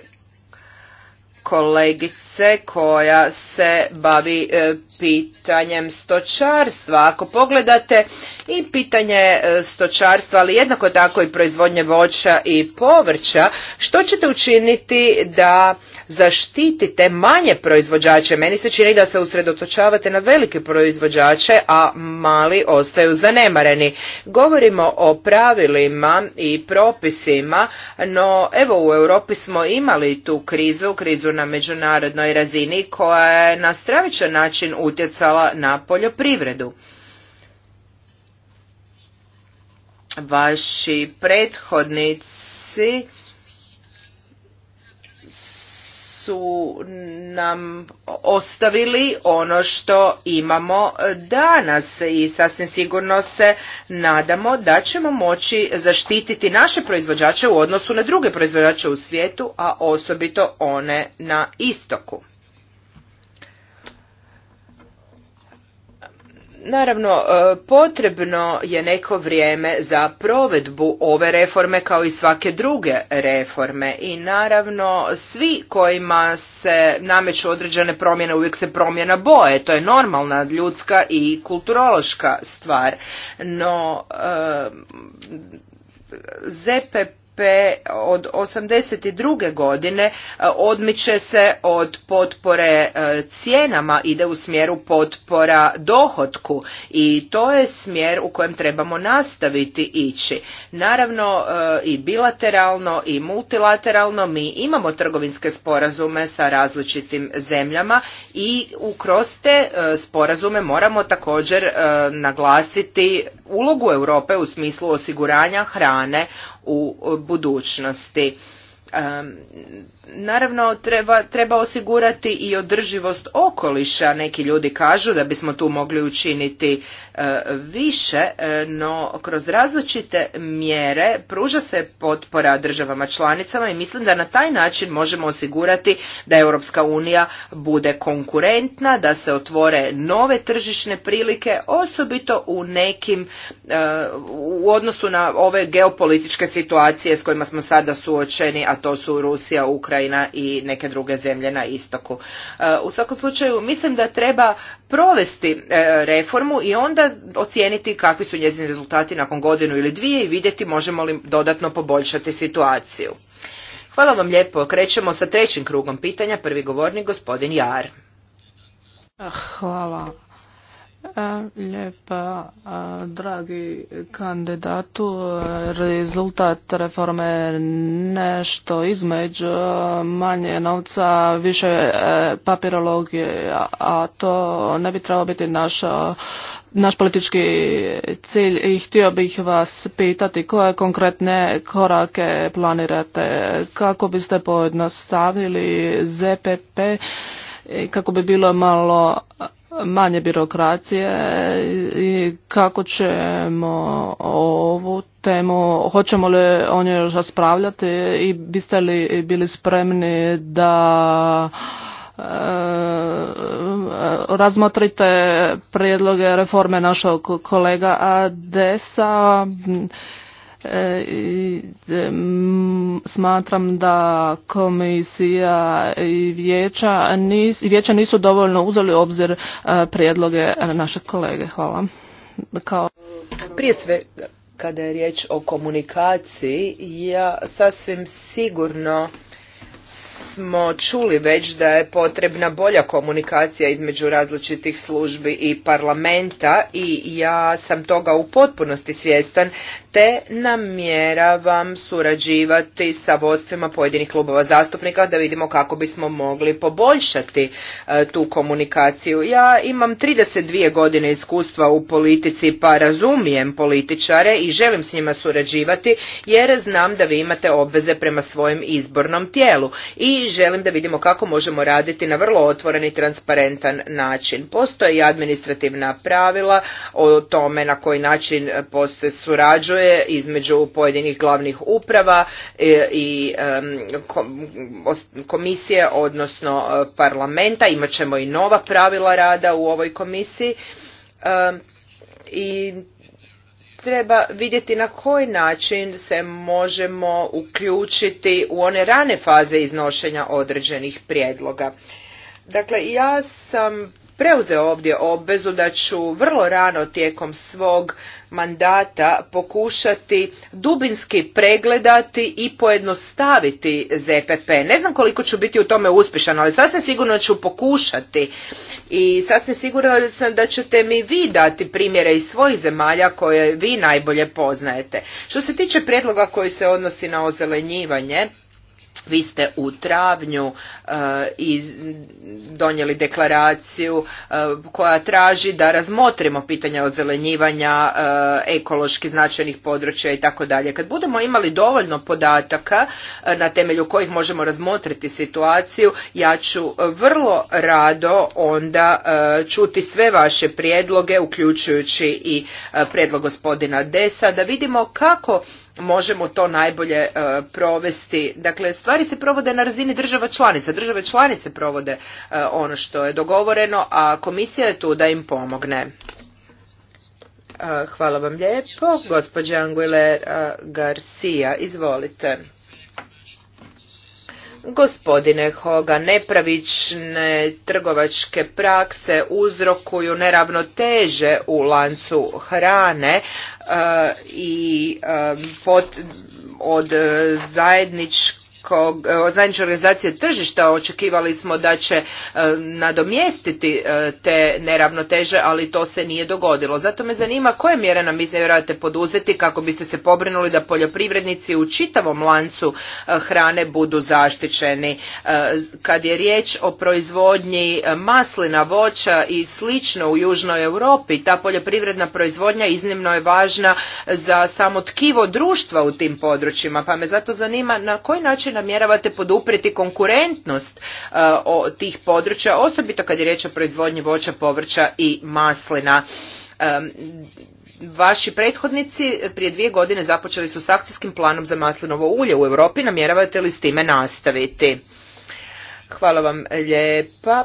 kolegice koja se bavi e, pitanjem stočarstva. Ako pogledate i pitanje e, stočarstva, ali jednako tako i proizvodnje voća i povrća, što ćete učiniti da zaštitite manje proizvođače. Meni se čini da se usredotočavate na velike proizvođače, a mali ostaju zanemareni. Govorimo o pravilima i propisima, no evo u Europi smo imali tu krizu, krizu na međunarodnoj razini koja je na stravičan način utjecala na poljoprivredu. Vaši prethodnici su nam ostavili ono što imamo danas i sasvim sigurno se nadamo da ćemo moći zaštititi naše proizvođače u odnosu na druge proizvođače u svijetu, a osobito one na istoku. Naravno, e, potrebno je neko vrijeme za provedbu ove reforme kao i svake druge reforme i naravno svi kojima se nameću određene promjene uvijek se promjena boje, to je normalna ljudska i kulturološka stvar, no e, ZPP od 82. godine e, odmiče se od potpore e, cijenama, ide u smjeru potpora dohotku i to je smjer u kojem trebamo nastaviti ići. Naravno e, i bilateralno i multilateralno mi imamo trgovinske sporazume sa različitim zemljama i kroz te sporazume moramo također naglasiti ulogu Europe u smislu osiguranja hrane u budućnosti. Naravno, treba, treba osigurati i održivost okoliša, neki ljudi kažu da bismo tu mogli učiniti e, više, e, no kroz različite mjere pruža se potpora državama članicama i mislim da na taj način možemo osigurati da Europska unija bude konkurentna, da se otvore nove tržišne prilike, osobito u nekim, e, u odnosu na ove geopolitičke situacije s kojima smo sada suočeni, a to su Rusija, Ukrajina i neke druge zemlje na istoku. E, u svakom slučaju mislim da treba provesti e, reformu i onda ocijeniti kakvi su njezini rezultati nakon godinu ili dvije i vidjeti možemo li dodatno poboljšati situaciju. Hvala vam lijepo. Krećemo sa trećim krugom pitanja. Prvi govornik gospodin Jar. Ah, hvala E, lijepa, e, dragi kandidatu, rezultat reforme nešto između manje novca, više e, papirologije, a to ne bi trebalo biti naša naš politički cilj i htio bih vas pitati koje konkretne korake planirate, kako biste pojednostavili ZPP, kako bi bilo malo manje birokracije i kako ćemo ovu temu, hoćemo li o njoj raspravljati i biste li bili spremni da e, razmotrite prijedloge reforme našog kolega Adesa E, smatram da komisija i vijeća nis, vijeća nisu dovoljno uzeli u obzir e, prijedloge naše kolege. Hvala. Kao... Prije svega, kada je riječ o komunikaciji, ja sasvim sigurno smo čuli već da je potrebna bolja komunikacija između različitih službi i parlamenta i ja sam toga u potpunosti svjestan te namjeravam surađivati sa vodstvima pojedinih klubova zastupnika da vidimo kako bismo mogli poboljšati e, tu komunikaciju. Ja imam 32 godine iskustva u politici pa razumijem političare i želim s njima surađivati jer znam da vi imate obveze prema svojem izbornom tijelu i želim da vidimo kako možemo raditi na vrlo otvoren i transparentan način. Postoje i administrativna pravila o tome na koji način se surađuje između pojedinih glavnih uprava e, i komisije, odnosno e, parlamenta. Imaćemo i nova pravila rada u ovoj komisiji i treba vidjeti na koji način se možemo uključiti u one rane faze iznošenja određenih prijedloga. Dakle, ja sam preuzeo ovdje obvezu da ću vrlo rano tijekom svog mandata pokušati dubinski pregledati i pojednostaviti ZPP. Ne znam koliko ću biti u tome uspješan, ali sasvim sigurno ću pokušati i sasvim sigurno sam da ćete mi vi dati primjere iz svojih zemalja koje vi najbolje poznajete. Što se tiče prijedloga koji se odnosi na ozelenjivanje, vi ste u travnju e, donijeli deklaraciju e, koja traži da razmotrimo pitanja ozelenjivanja e, ekološki značajnih područja i tako dalje. Kad budemo imali dovoljno podataka na temelju kojih možemo razmotriti situaciju, ja ću vrlo rado onda čuti sve vaše prijedloge, uključujući i prijedlog gospodina Desa, da vidimo kako možemo to najbolje e, provesti. Dakle, stvari se provode na razini država članica. Države članice provode e, ono što je dogovoreno, a komisija je tu da im pomogne. E, hvala vam lijepo. Gospođa Anguilera Garcia, izvolite. Gospodine Hoga, nepravične trgovačke prakse uzrokuju neravnoteže u lancu hrane e, i e, od zajedničkog zajedničkog, e, zajedničke organizacije tržišta očekivali smo da će e, nadomjestiti e, te neravnoteže, ali to se nije dogodilo. Zato me zanima koje mjere nam izvjeravate poduzeti kako biste se pobrinuli da poljoprivrednici u čitavom lancu hrane budu zaštićeni. Kad je riječ o proizvodnji maslina, voća i slično u Južnoj Europi, ta poljoprivredna proizvodnja iznimno je važna za samo tkivo društva u tim područjima, pa me zato zanima na koji način namjeravate poduprijeti konkurentnost e, tih područja, osobito kad je riječ o proizvodnji voća, povrća i maslina. E, vaši prethodnici prije dvije godine započeli su s akcijskim planom za maslinovo ulje u Europi. Namjeravate li s time nastaviti? Hvala vam lijepa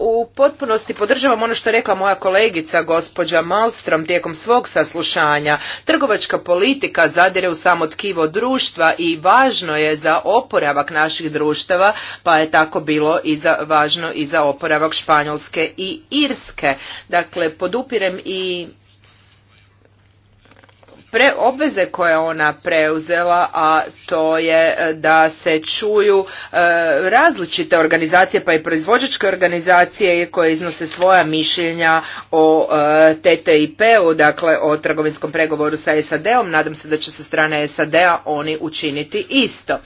u potpunosti podržavam ono što je rekla moja kolegica gospođa Malstrom tijekom svog saslušanja. Trgovačka politika zadire u samo tkivo društva i važno je za oporavak naših društava, pa je tako bilo i za, važno i za oporavak Španjolske i Irske. Dakle, podupirem i pre obveze koje je ona preuzela, a to je e, da se čuju e, različite organizacije, pa i proizvođačke organizacije koje iznose svoja mišljenja o e, TTIP-u, dakle o trgovinskom pregovoru sa SAD-om. Nadam se da će sa strane SAD-a oni učiniti isto.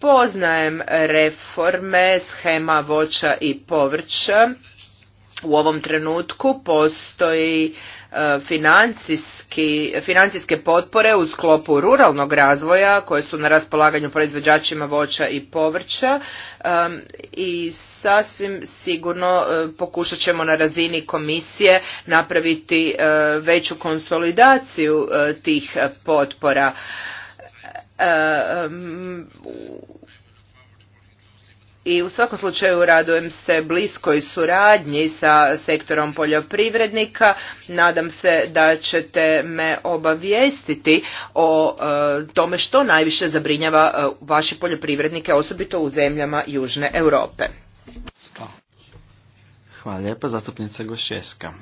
poznajem reforme schema voća i povrća. U ovom trenutku postoji E, financijske potpore u sklopu ruralnog razvoja koje su na raspolaganju proizvođačima voća i povrća i sasvim sigurno e, pokušat ćemo na razini komisije napraviti e, veću konsolidaciju tih potpora i u svakom slučaju radujem se bliskoj suradnji sa sektorom poljoprivrednika. Nadam se da ćete me obavijestiti o e, tome što najviše zabrinjava e, vaše poljoprivrednike, osobito u zemljama Južne Europe. Hvala lijepa, zastupnica Gošeska.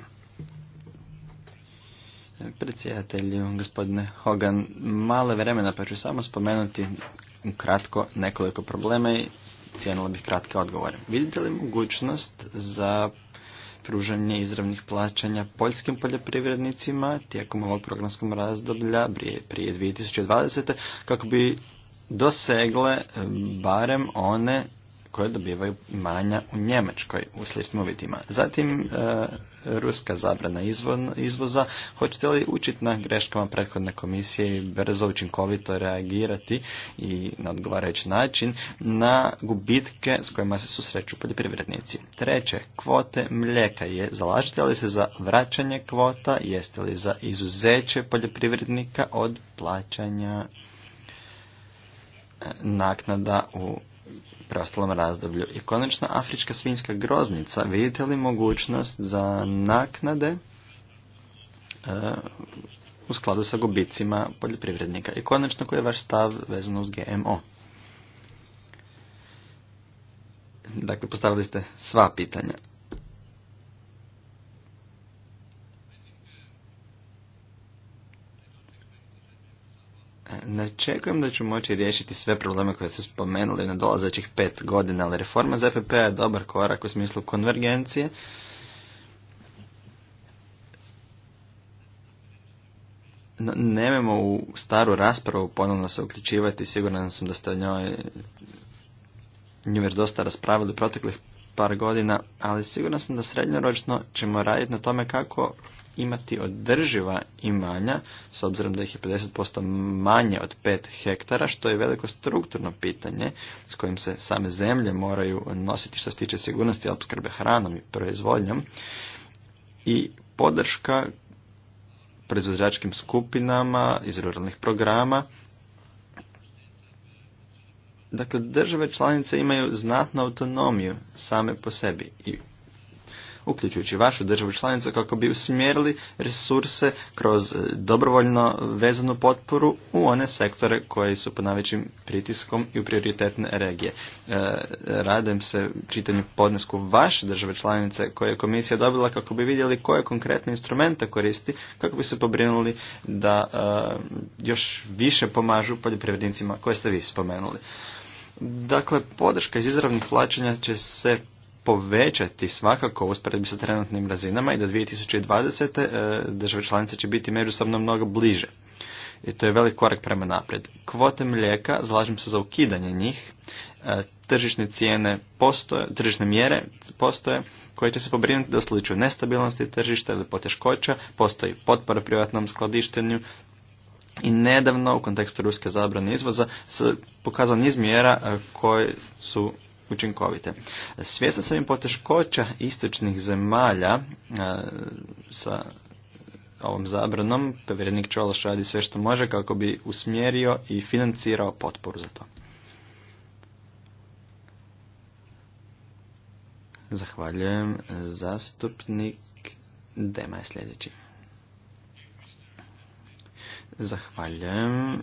Predsjedatelju, gospodine Hogan, male vremena pa ću samo spomenuti kratko nekoliko problema i cijenila bih kratke odgovore. Vidite li mogućnost za pružanje izravnih plaćanja poljskim poljoprivrednicima tijekom ovog programskog razdoblja prije, 2020. kako bi dosegle barem one koje dobivaju manja u Njemačkoj u sličnim uvjetima. Zatim, e, ruska zabrana izvoza. Hoćete li učiti na greškama prethodne komisije i brzo učinkovito reagirati i na odgovarajući način na gubitke s kojima se susreću poljoprivrednici? Treće, kvote mlijeka je. zalažite li se za vraćanje kvota? Jeste li za izuzeće poljoprivrednika od plaćanja e, naknada u preostalom razdoblju. I konačno afrička svinjska groznica, vidite li mogućnost za naknade e, u skladu sa gubicima poljoprivrednika? I konačno koji je vaš stav vezan uz GMO? Dakle, postavili ste sva pitanja. Ne da ću moći riješiti sve probleme koje ste spomenuli na dolazećih pet godina, ali reforma ZPP p-a je dobar korak u smislu konvergencije. No, nemojmo u staru raspravu ponovno se uključivati, siguran sam da ste o njoj nju već dosta raspravili proteklih par godina, ali siguran sam da srednjoročno ćemo raditi na tome kako imati održiva imanja, s obzirom da ih je 50% manje od 5 hektara, što je veliko strukturno pitanje s kojim se same zemlje moraju nositi što se tiče sigurnosti opskrbe hranom i proizvodnjom. I podrška proizvođačkim skupinama iz ruralnih programa. Dakle, države članice imaju znatnu autonomiju same po sebi i uključujući vašu državu članicu, kako bi usmjerili resurse kroz e, dobrovoljno vezanu potporu u one sektore koji su pod najvećim pritiskom i u prioritetne regije. E, radujem se čitanju podnesku vaše države članice koje je komisija dobila kako bi vidjeli koje konkretne instrumente koristi kako bi se pobrinuli da e, još više pomažu poljoprivrednicima koje ste vi spomenuli. Dakle, podrška iz izravnih plaćanja će se povećati svakako usporedbi sa trenutnim razinama i da 2020. E, države članice će biti međusobno mnogo bliže. I to je velik korak prema naprijed. Kvote mlijeka, zalažem se za ukidanje njih, e, tržišne cijene postoje, tržišne mjere postoje koje će se pobrinuti da u slučaju nestabilnosti tržišta ili poteškoća postoji potpora privatnom skladištenju, i nedavno u kontekstu ruske zabrane izvoza se pokazao niz mjera e, koje su učinkovite. Svjesna sam i poteškoća istočnih zemalja sa ovom zabranom. Povjerenik Čološ radi sve što može kako bi usmjerio i financirao potporu za to. Zahvaljujem. Zastupnik Dema je sljedeći. Zahvaljujem.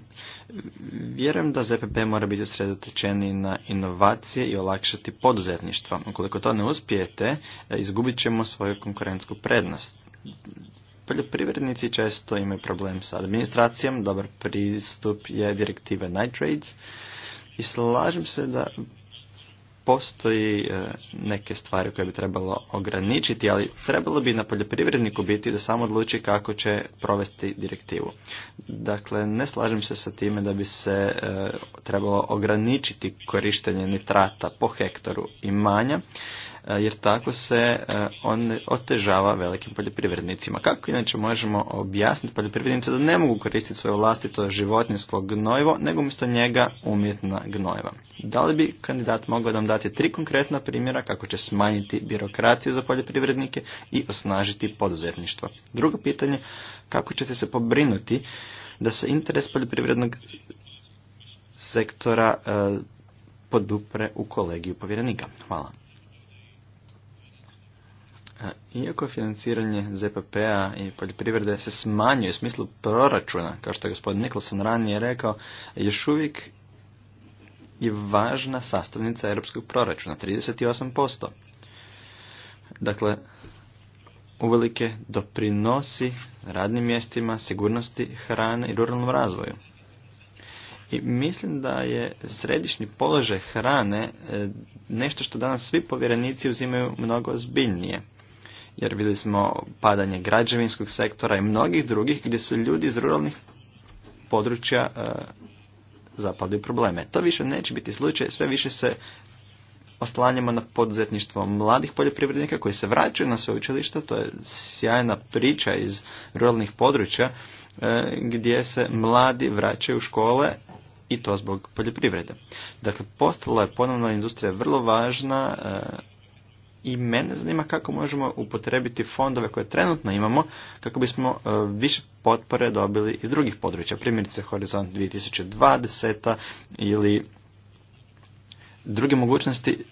Vjerujem da ZPP mora biti usredotečeni na inovacije i olakšati poduzetništvo. Ukoliko to ne uspijete, izgubit ćemo svoju konkurentsku prednost. Poljoprivrednici često imaju problem sa administracijom, dobar pristup je direktive Nitrates i slažem se da postoji e, neke stvari koje bi trebalo ograničiti, ali trebalo bi na poljoprivredniku biti da samo odluči kako će provesti direktivu. Dakle, ne slažem se sa time da bi se e, trebalo ograničiti korištenje nitrata po hektaru manja. E, jer tako se e, on otežava velikim poljoprivrednicima. Kako inače možemo objasniti poljoprivrednice da ne mogu koristiti svoje vlastito životinjsko gnojivo, nego umjesto njega umjetna gnojiva? Da li bi kandidat mogao nam dati tri konkretna primjera kako će smanjiti birokraciju za poljoprivrednike i osnažiti poduzetništvo? Drugo pitanje, kako ćete se pobrinuti da se interes poljoprivrednog sektora e, podupre u kolegiju povjerenika. Hvala. Iako financiranje ZPP-a i poljoprivrede se smanjuje u smislu proračuna, kao što je gospodin Nikolson ranije rekao, još uvijek je važna sastavnica europskog proračuna, 38%. Dakle, uvelike doprinosi radnim mjestima, sigurnosti hrane i ruralnom razvoju. I mislim da je središnji položaj hrane e, nešto što danas svi povjerenici uzimaju mnogo zbiljnije jer vidjeli smo padanje građevinskog sektora i mnogih drugih gdje su ljudi iz ruralnih područja e, zapali probleme. To više neće biti slučaj, sve više se oslanjamo na poduzetništvo mladih poljoprivrednika koji se vraćaju na učilišta, to je sjajna priča iz ruralnih područja e, gdje se mladi vraćaju u škole i to zbog poljoprivrede. Dakle, postala je ponovno industrija vrlo važna, e, i mene zanima kako možemo upotrebiti fondove koje trenutno imamo kako bismo e, više potpore dobili iz drugih područja, primjerice Horizont 2020 ili druge mogućnosti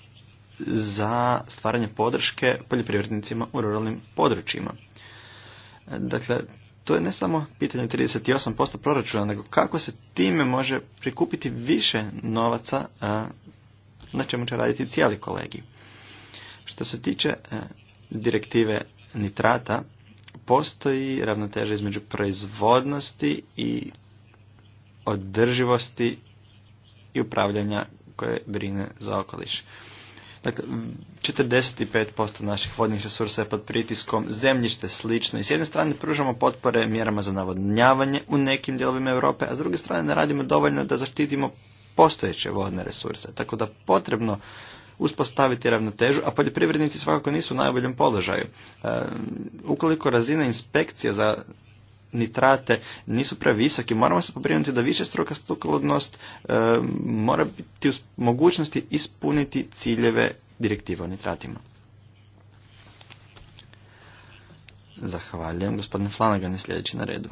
za stvaranje podrške poljoprivrednicima u ruralnim područjima. E, dakle, to je ne samo pitanje 38% proračuna, nego kako se time može prikupiti više novaca e, na čemu će raditi cijeli kolegi. Što se tiče e, direktive nitrata, postoji ravnoteža između proizvodnosti i održivosti i upravljanja koje brine za okoliš. Dakle, 45% naših vodnih resursa je pod pritiskom, zemljište slično i s jedne strane pružamo potpore mjerama za navodnjavanje u nekim dijelovima Europe, a s druge strane ne radimo dovoljno da zaštitimo postojeće vodne resurse. Tako da potrebno uspostaviti ravnotežu, a poljoprivrednici svakako nisu u najboljem položaju. E, ukoliko razina inspekcije za nitrate nisu previsoki, moramo se pobrinuti da više struka e, mora biti u mogućnosti ispuniti ciljeve direktive o nitratima. Zahvaljujem, gospodine Flanagan je sljedeći na redu.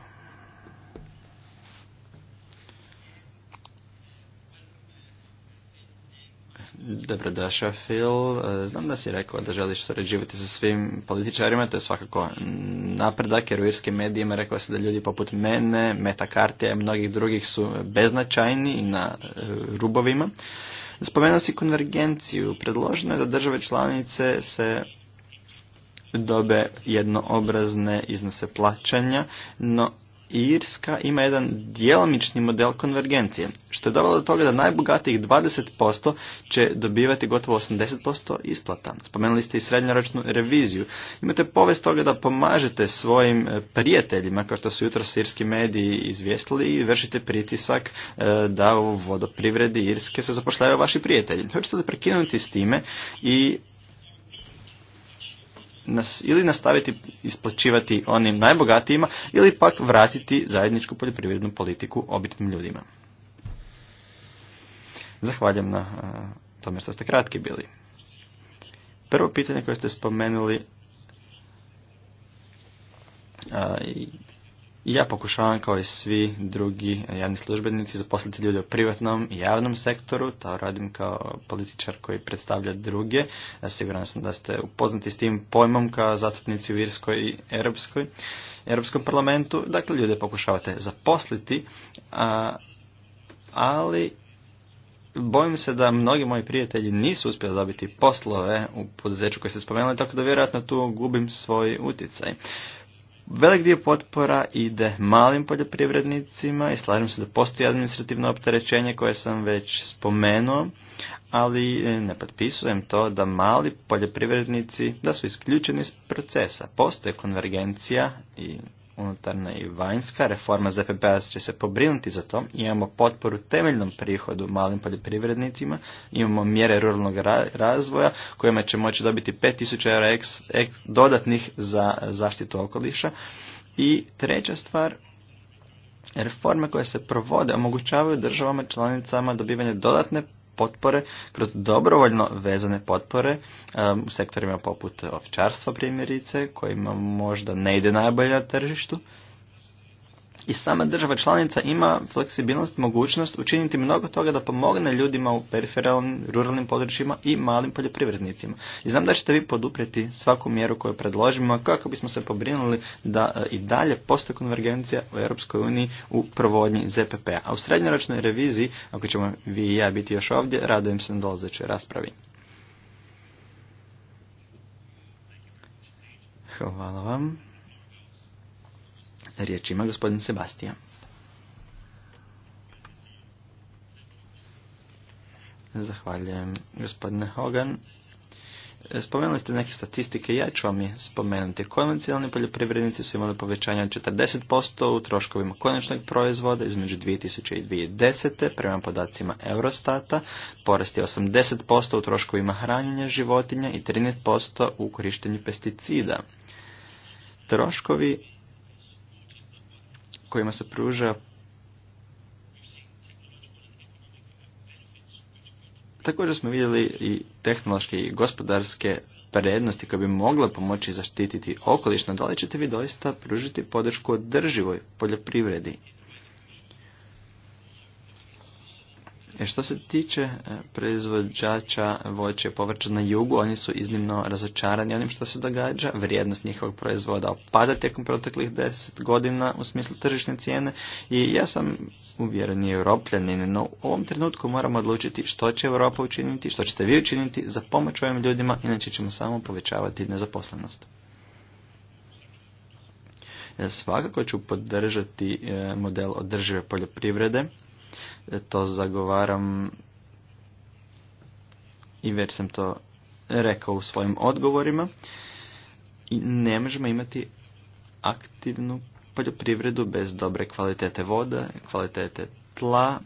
Dobrodošao, Phil. E, znam da si rekao da želiš surađivati sa svim političarima, to je svakako napredak, jer u irskim medijima rekao se da ljudi poput mene, Meta Kartija i mnogih drugih su beznačajni i na e, rubovima. Spomenuo si konvergenciju. Predloženo je da države članice se dobe jednoobrazne iznose plaćanja, no Irska ima jedan djelomični model konvergencije, što je dovelo do toga da najbogatijih 20% će dobivati gotovo 80% isplata. Spomenuli ste i srednjoročnu reviziju. Imate povest toga da pomažete svojim e, prijateljima, kao što su jutro sirski mediji izvijestili, i vršite pritisak e, da u vodoprivredi Irske se zapošljavaju vaši prijatelji. Hoćete da prekinuti s time i nas ili nastaviti isplaćivati onim najbogatijima ili pak vratiti zajedničku poljoprivrednu politiku obitnim ljudima. Zahvaljam na tome što ste kratki bili. Prvo pitanje koje ste spomenuli a, i ja pokušavam kao i svi drugi javni službenici zaposliti ljude u privatnom i javnom sektoru. To radim kao političar koji predstavlja druge. Ja siguran sam da ste upoznati s tim pojmom kao zastupnici u Irskoj i Europskoj. Europskom parlamentu, dakle ljude pokušavate zaposliti, a, ali bojim se da mnogi moji prijatelji nisu uspjeli dobiti poslove u poduzeću koje ste spomenuli, tako da vjerojatno tu gubim svoj utjecaj. Velik dio potpora ide malim poljoprivrednicima i slažem se da postoji administrativno opterećenje koje sam već spomenuo, ali e, ne potpisujem to da mali poljoprivrednici da su isključeni iz procesa. Postoje konvergencija i unutarnja i vanjska. Reforma zpp p-a će se pobrinuti za to. Imamo potporu temeljnom prihodu malim poljoprivrednicima. Imamo mjere ruralnog razvoja kojima će moći dobiti 5000 eura dodatnih za zaštitu okoliša. I treća stvar, reforme koje se provode omogućavaju državama članicama dobivanje dodatne potpore kroz dobrovoljno vezane potpore u sektorima poput ovčarstva primjerice kojima možda ne ide najbolje na tržištu i sama država članica ima fleksibilnost, mogućnost učiniti mnogo toga da pomogne ljudima u periferalnim, ruralnim područjima i malim poljoprivrednicima. I znam da ćete vi poduprijeti svaku mjeru koju predložimo kako bismo se pobrinuli da e, i dalje postoji konvergencija u Europskoj uniji u provodnji ZPP-a. A u srednjoročnoj reviziji, ako ćemo vi i ja biti još ovdje, radujem se na dolazećoj raspravi. Hvala vam. Riječ ima gospodin Sebastija. Zahvaljujem gospodine Hogan. Spomenuli ste neke statistike, ja ću vam je spomenuti. Konvencionalni poljoprivrednici su imali povećanje od 40% u troškovima konačnog proizvoda između 2000 i 2010. Prema podacima Eurostata porast je 80% u troškovima hranjenja životinja i 13% u korištenju pesticida. Troškovi kojima se pruža Također smo vidjeli i tehnološke i gospodarske prednosti koje bi mogle pomoći zaštititi okolišno. Da li ćete vi doista pružiti podršku održivoj poljoprivredi E, što se tiče e, proizvođača voće povrća na jugu, oni su iznimno razočarani onim što se događa. Vrijednost njihovog proizvoda opada tijekom proteklih deset godina u smislu tržišne cijene i ja sam uvjeren i europljanin, no u ovom trenutku moramo odlučiti što će Europa učiniti, što ćete vi učiniti za pomoć ovim ljudima, inače ćemo samo povećavati nezaposlenost. E, svakako ću podržati model održive poljoprivrede to zagovaram i već sam to rekao u svojim odgovorima. I ne možemo imati aktivnu poljoprivredu bez dobre kvalitete voda, kvalitete tla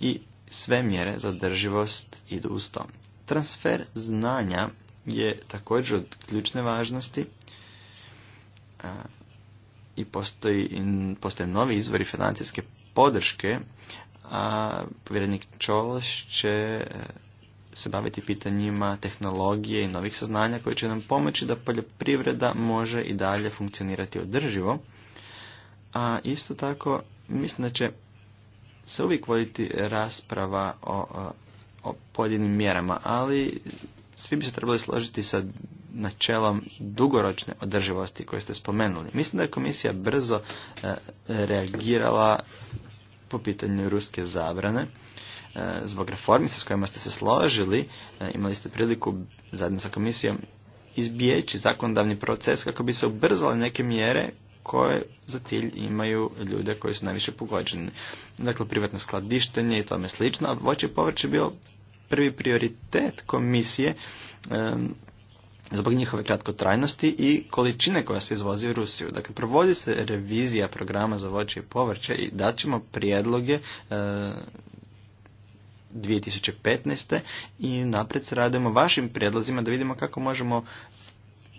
i sve mjere za drživost idu uz to. Transfer znanja je također od ključne važnosti i postoji, postoje novi izvori financijske podrške a povjerenik Čološ će eh, se baviti pitanjima tehnologije i novih saznanja koji će nam pomoći da poljoprivreda može i dalje funkcionirati održivo. A isto tako mislim da će se uvijek voditi rasprava o, o pojedinim mjerama, ali svi bi se trebali složiti sa načelom dugoročne održivosti koje ste spomenuli. Mislim da je komisija brzo eh, reagirala po pitanju ruske zabrane. E, zbog reformi s kojima ste se složili, e, imali ste priliku zajedno sa komisijom izbijeći zakonodavni proces kako bi se ubrzale neke mjere koje za cilj imaju ljude koji su najviše pogođeni. Dakle, privatno skladištenje i tome slično, a voće i povrće bio prvi prioritet komisije e, zbog njihove kratkotrajnosti i količine koja se izvozi u Rusiju. Dakle, provodi se revizija programa za voće i povrće i ćemo prijedloge e, 2015. i napred se radimo vašim prijedlozima da vidimo kako možemo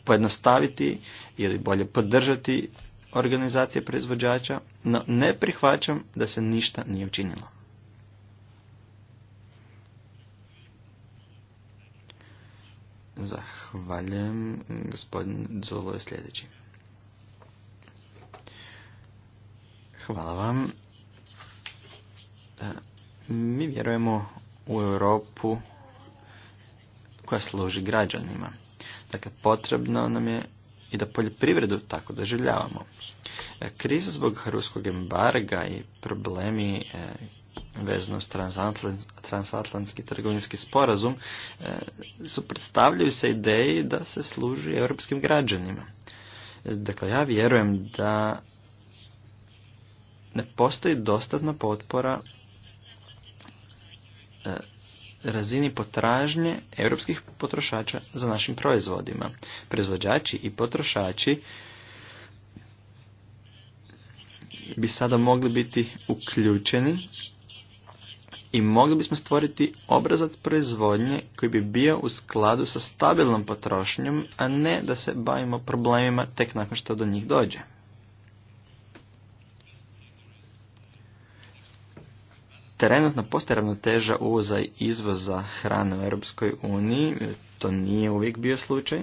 pojednostaviti ili bolje podržati organizacije proizvođača, no ne prihvaćam da se ništa nije učinilo. Zahvaljujem. Gospodin je sljedeći. Hvala vam. E, mi vjerujemo u Europu koja služi građanima. Dakle, potrebno nam je i da poljoprivredu tako doživljavamo. E, kriza zbog ruskog embarga i problemi e, vezano s transatlantski trgovinski sporazum e, su predstavljaju se ideji da se služi europskim građanima. E, dakle, ja vjerujem da ne postoji dostatna potpora e, razini potražnje europskih potrošača za našim proizvodima. Proizvođači i potrošači bi sada mogli biti uključeni i mogli bismo stvoriti obrazat proizvodnje koji bi bio u skladu sa stabilnom potrošnjom, a ne da se bavimo problemima tek nakon što do njih dođe. Trenutno postoje ravnoteža uvoza i izvoza hrane u Europskoj uniji, to nije uvijek bio slučaj,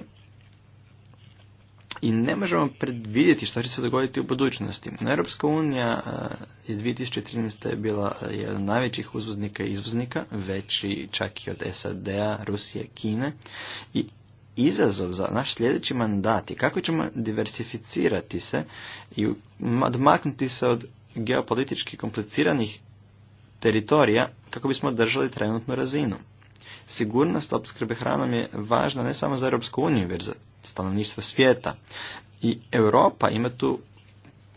i ne možemo predvidjeti što će se dogoditi u budućnosti. Europska unija e, je 2013. je bila e, jedan od najvećih uzvoznika i izvoznika, veći čak i od SAD-a, Rusije, Kine i izazov za naš sljedeći mandat je kako ćemo diversificirati se i odmaknuti se od geopolitički kompliciranih teritorija kako bismo držali trenutnu razinu. Sigurnost opskrbe hranom je važna ne samo za Europsku uniju, već za stanovništva svijeta. I Europa ima tu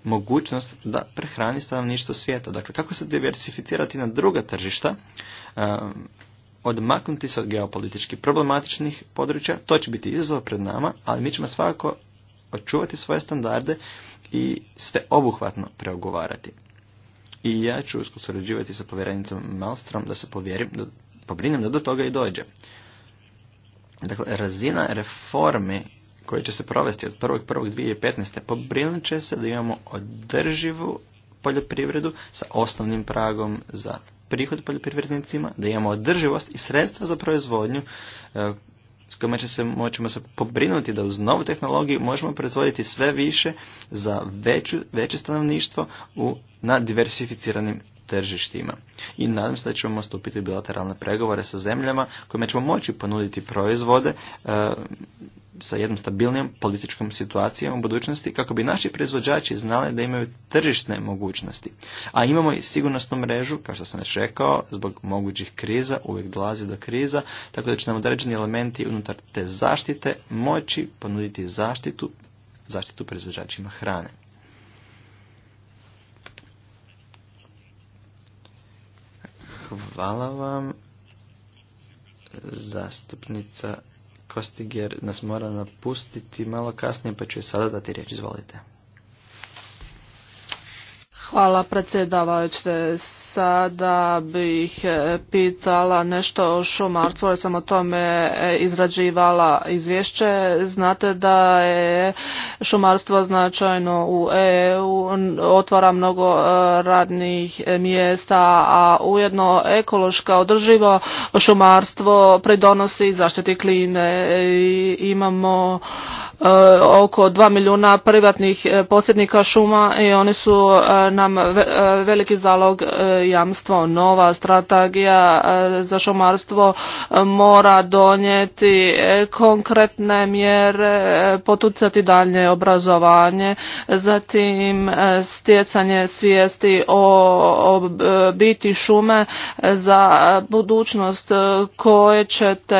mogućnost da prehrani stanovništvo svijeta. Dakle, kako se diversificirati na druga tržišta, eh, odmaknuti se od geopolitički problematičnih područja, to će biti izazov pred nama, ali mi ćemo svakako očuvati svoje standarde i sve obuhvatno preogovarati. I ja ću usko surađivati sa povjerenicom Malstrom da se povjerim, da, pobrinem da do toga i dođe. Dakle, razina reforme koji će se provesti od 1.1.2015. pobrinut će se da imamo održivu poljoprivredu sa osnovnim pragom za prihod poljoprivrednicima, da imamo održivost i sredstva za proizvodnju e, s kojima će se, moćemo se pobrinuti da uz novu tehnologiju možemo proizvoditi sve više za veću, veće stanovništvo u, na diversificiranim tržištima. I nadam se da ćemo stupiti bilateralne pregovore sa zemljama kojima ćemo moći ponuditi proizvode e, sa jednom stabilnijom političkom situacijom u budućnosti kako bi naši proizvođači znali da imaju tržišne mogućnosti. A imamo i sigurnosnu mrežu, kao što sam već rekao, zbog mogućih kriza, uvijek dolazi do kriza, tako da će nam određeni elementi unutar te zaštite moći ponuditi zaštitu, zaštitu proizvođačima hrane. Hvala vam. Zastupnica Kostiger nas mora napustiti malo kasnije, pa ću je sada dati riječ. Izvolite. Hvala predsjedavajuće. Sada bih e, pitala nešto o šumarstvu jer sam o tome e, izrađivala izvješće. Znate da je šumarstvo značajno u EU, otvara mnogo e, radnih mjesta, a ujedno ekološka održivo šumarstvo pridonosi zaštiti klime. Imamo Eh, oko 2 milijuna privatnih eh, posjednika šuma i oni su eh, nam veliki zalog jamstvo. Nova strategija za šumarstvo mora donijeti konkretne mjere, potucati dalje obrazovanje, zatim stjecanje svijesti o, o biti šume za budućnost koje ćete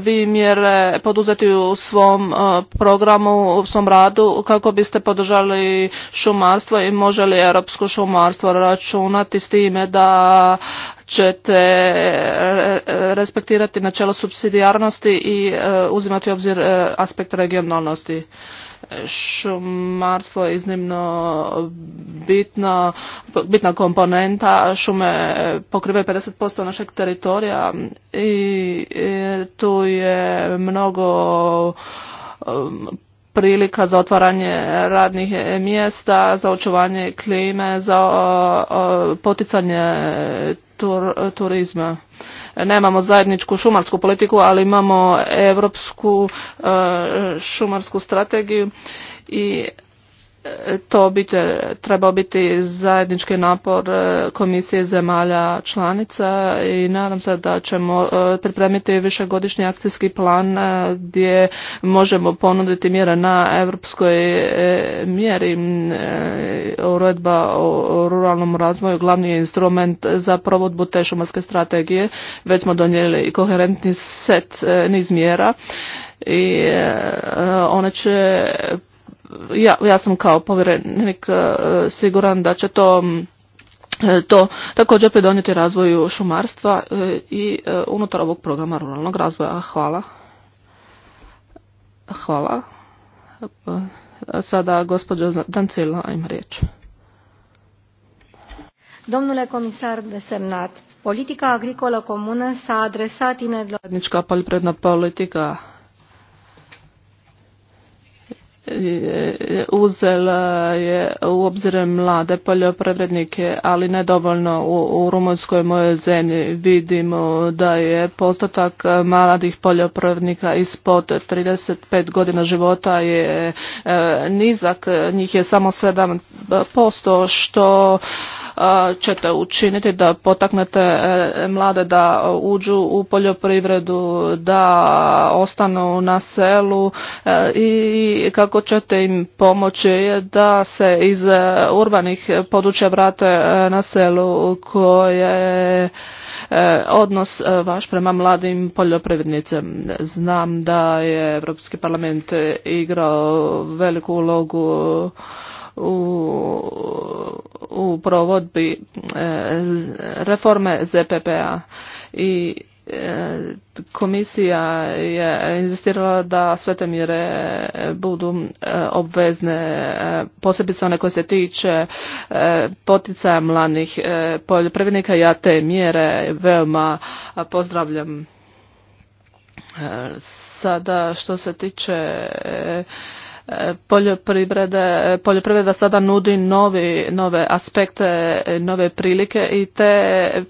vi mjere poduzeti u u svom e, programu, u svom radu kako biste podržali šumarstvo i može li europsko šumarstvo računati s time da ćete e, respektirati načelo subsidijarnosti i e, uzimati u obzir aspekt regionalnosti. Šumarstvo je iznimno bitna, bitna komponenta. Šume pokrive 50% našeg teritorija i tu je mnogo um, prilika za otvaranje radnih mjesta, za očuvanje klime, za poticanje turizma nemamo zajedničku šumarsku politiku, ali imamo europsku e, šumarsku strategiju i to bi trebao biti zajednički napor e, komisije zemalja članica i nadam se da ćemo e, pripremiti višegodišnji akcijski plan e, gdje možemo ponuditi mjere na europskoj mjeri. Uredba o ruralnom razvoju glavni je instrument za provodbu te šumarske strategije. Već smo donijeli koherentni set niz mjera i one će ja, ja sam kao povjerenik e, siguran da će to e, to također pridonijeti razvoju šumarstva e, i unutar ovog programa ruralnog razvoja. Hvala. Hvala. Sada gospođa Dancila ima riječ. Domnule komisar desemnat, politika agrikola komuna sa adresati adresat tinerilor... Poljoprivredna politika uzela je u obzir mlade poljoprivrednike, ali nedovoljno u, u Rumunjskoj mojoj zemlji. Vidimo da je postotak mladih poljoprivrednika ispod 35 godina života je e, nizak, njih je samo 7%, što ćete učiniti da potaknete e, mlade da uđu u poljoprivredu, da ostanu na selu e, i kako ćete im pomoći da se iz e, urbanih područja vrate na selu koje odnos vaš prema mladim poljoprivrednicima. Znam da je Europski parlament igrao veliku ulogu u, u provodbi e, reforme ZPPA i e, komisija je insistirala da sve te mjere budu e, obvezne, posebice one koje se tiče poticaja mladih poljoprivrednika. Ja te mjere veoma pozdravljam. Sada što se tiče poljoprivreda sada nudi nove aspekte, nove prilike i te e,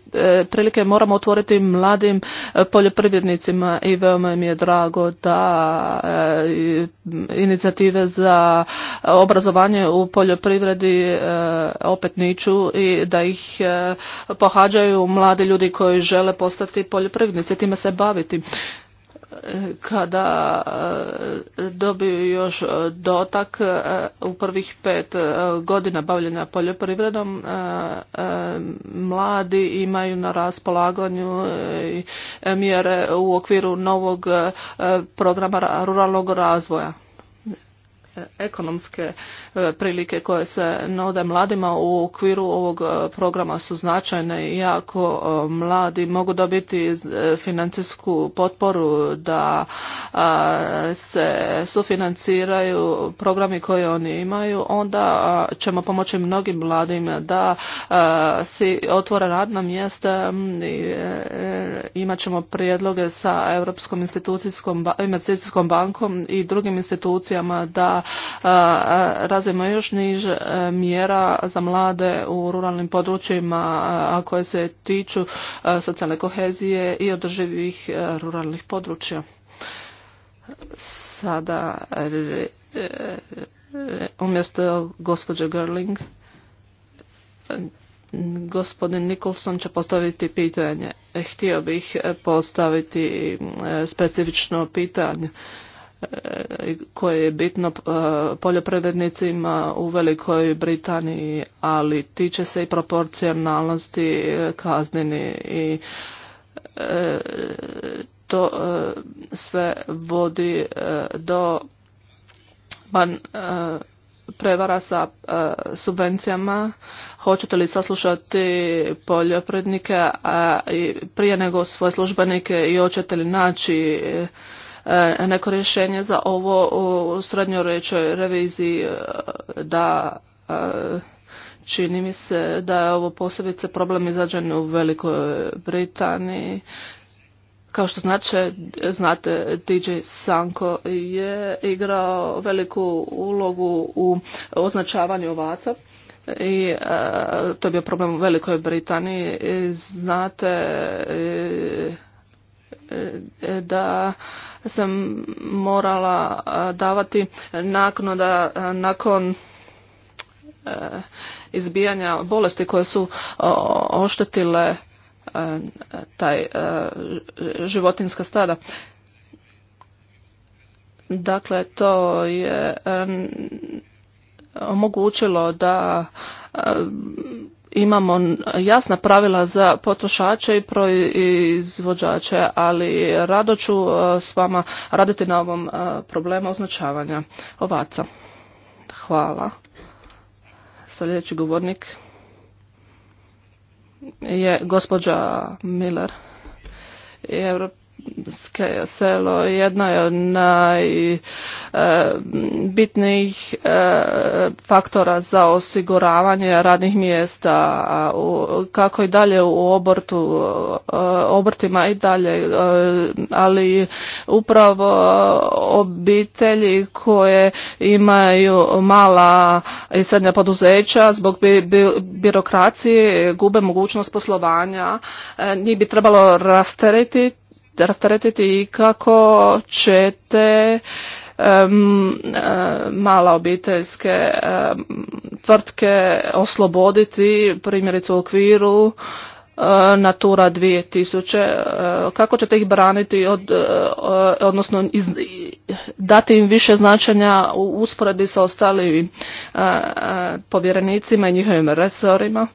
prilike moramo otvoriti mladim e, poljoprivrednicima i veoma mi je drago da e, inicijative za obrazovanje u poljoprivredi opet niču i da ih pohađaju mladi ljudi koji žele postati poljoprivrednici, time se baviti kada e, dobiju još dotak e, u prvih pet e, godina bavljenja poljoprivredom mladi imaju na raspolaganju mjere u okviru novog programa ruralnog razvoja. E, ekonomske e, prilike koje se nude mladima u okviru ovog e, programa su značajne i ako mladi mogu dobiti financijsku potporu da se sufinanciraju programi koje oni imaju, onda ćemo pomoći mnogim mladim da si otvore radna mjesta i imat ćemo prijedloge sa Europskom institucijskom investicijskom bankom i drugim institucijama da razvijemo još niž e, mjera za mlade u ruralnim područjima koje se tiču e, socijalne kohezije i održivih e, ruralnih područja. Sada umjesto gospođe Gerling gospodin Nikolson će postaviti pitanje. Htio bih postaviti specifično pitanje koje je bitno e, poljoprivrednicima u Velikoj Britaniji, ali tiče se i proporcionalnosti e, kazneni i e, to sve vodi do ban prevara sa subvencijama. Hoćete li saslušati poljoprivrednike prije nego svoje službenike i hoćete li naći E, neko rješenje za ovo u srednjoročoj reviziji e, da e, čini mi se da je ovo posebice problem izađen u Velikoj Britaniji. Kao što znači, znate DJ Sanko je igrao veliku ulogu u označavanju ovaca i to je bio problem u Velikoj Britaniji. Znate da sam morala davati naknada nakon e, izbijanja bolesti koje su oštetile e, taj e, životinska stada. Dakle, to je omogućilo da imamo jasna pravila za potrošače i proizvođače, ali rado ću e, s vama raditi na ovom e, problemu označavanja ovaca. Hvala. Sljedeći govornik je gospođa Miller selo jedno je od najbitnijih e, faktora za osiguravanje radnih mjesta kako i dalje u obrtu e, obrtima i dalje e, ali upravo obitelji koje imaju mala i srednja poduzeća zbog birokracije gube mogućnost poslovanja njih bi trebalo rasteretiti rasteretiti i kako ćete eh, mala obiteljske tvrtke osloboditi, primjerice u okviru eh, Natura 2000, eh, kako ćete ih braniti, od, odnosno dati im više značenja u usporedbi sa ostalim povjerenicima i njihovim resorima,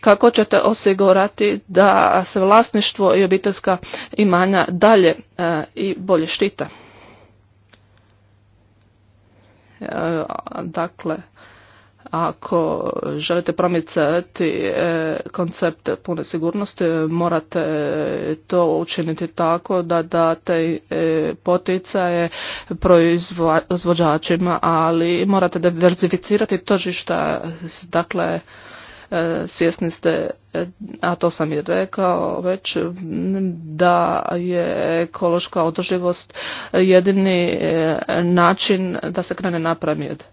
kako ćete osigurati da se vlasništvo i obiteljska imanja dalje e, i bolje štite. E, dakle, ako želite promicati e, koncept pune sigurnosti, morate to učiniti tako da date poticaje proizvođačima, ali morate diversificirati tržišta, dakle, E, svjesni ste, e, a to sam i rekao već, da je ekološka održivost jedini e, način da se krene napraviti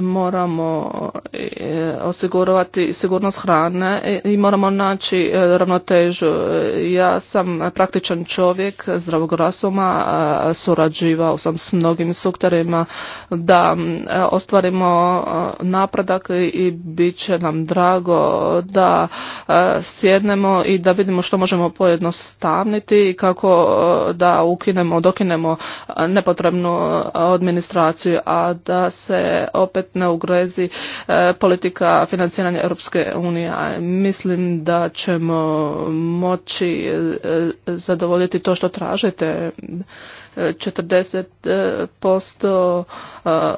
moramo e, osiguravati sigurnost hrane i moramo naći e, ravnotežu. Ja sam praktičan čovjek zdravog rasuma, surađivao sam s mnogim suktorima da ostvarimo e, napredak i bit će nam drago da sjednemo i da vidimo što možemo pojednostavniti i kako da ukinemo, dokinemo nepotrebnu administraciju, a da se je opet na ugrezi e, politika financiranja Europske unije. Mislim da ćemo moći e, zadovoljiti to što tražite. 40% e,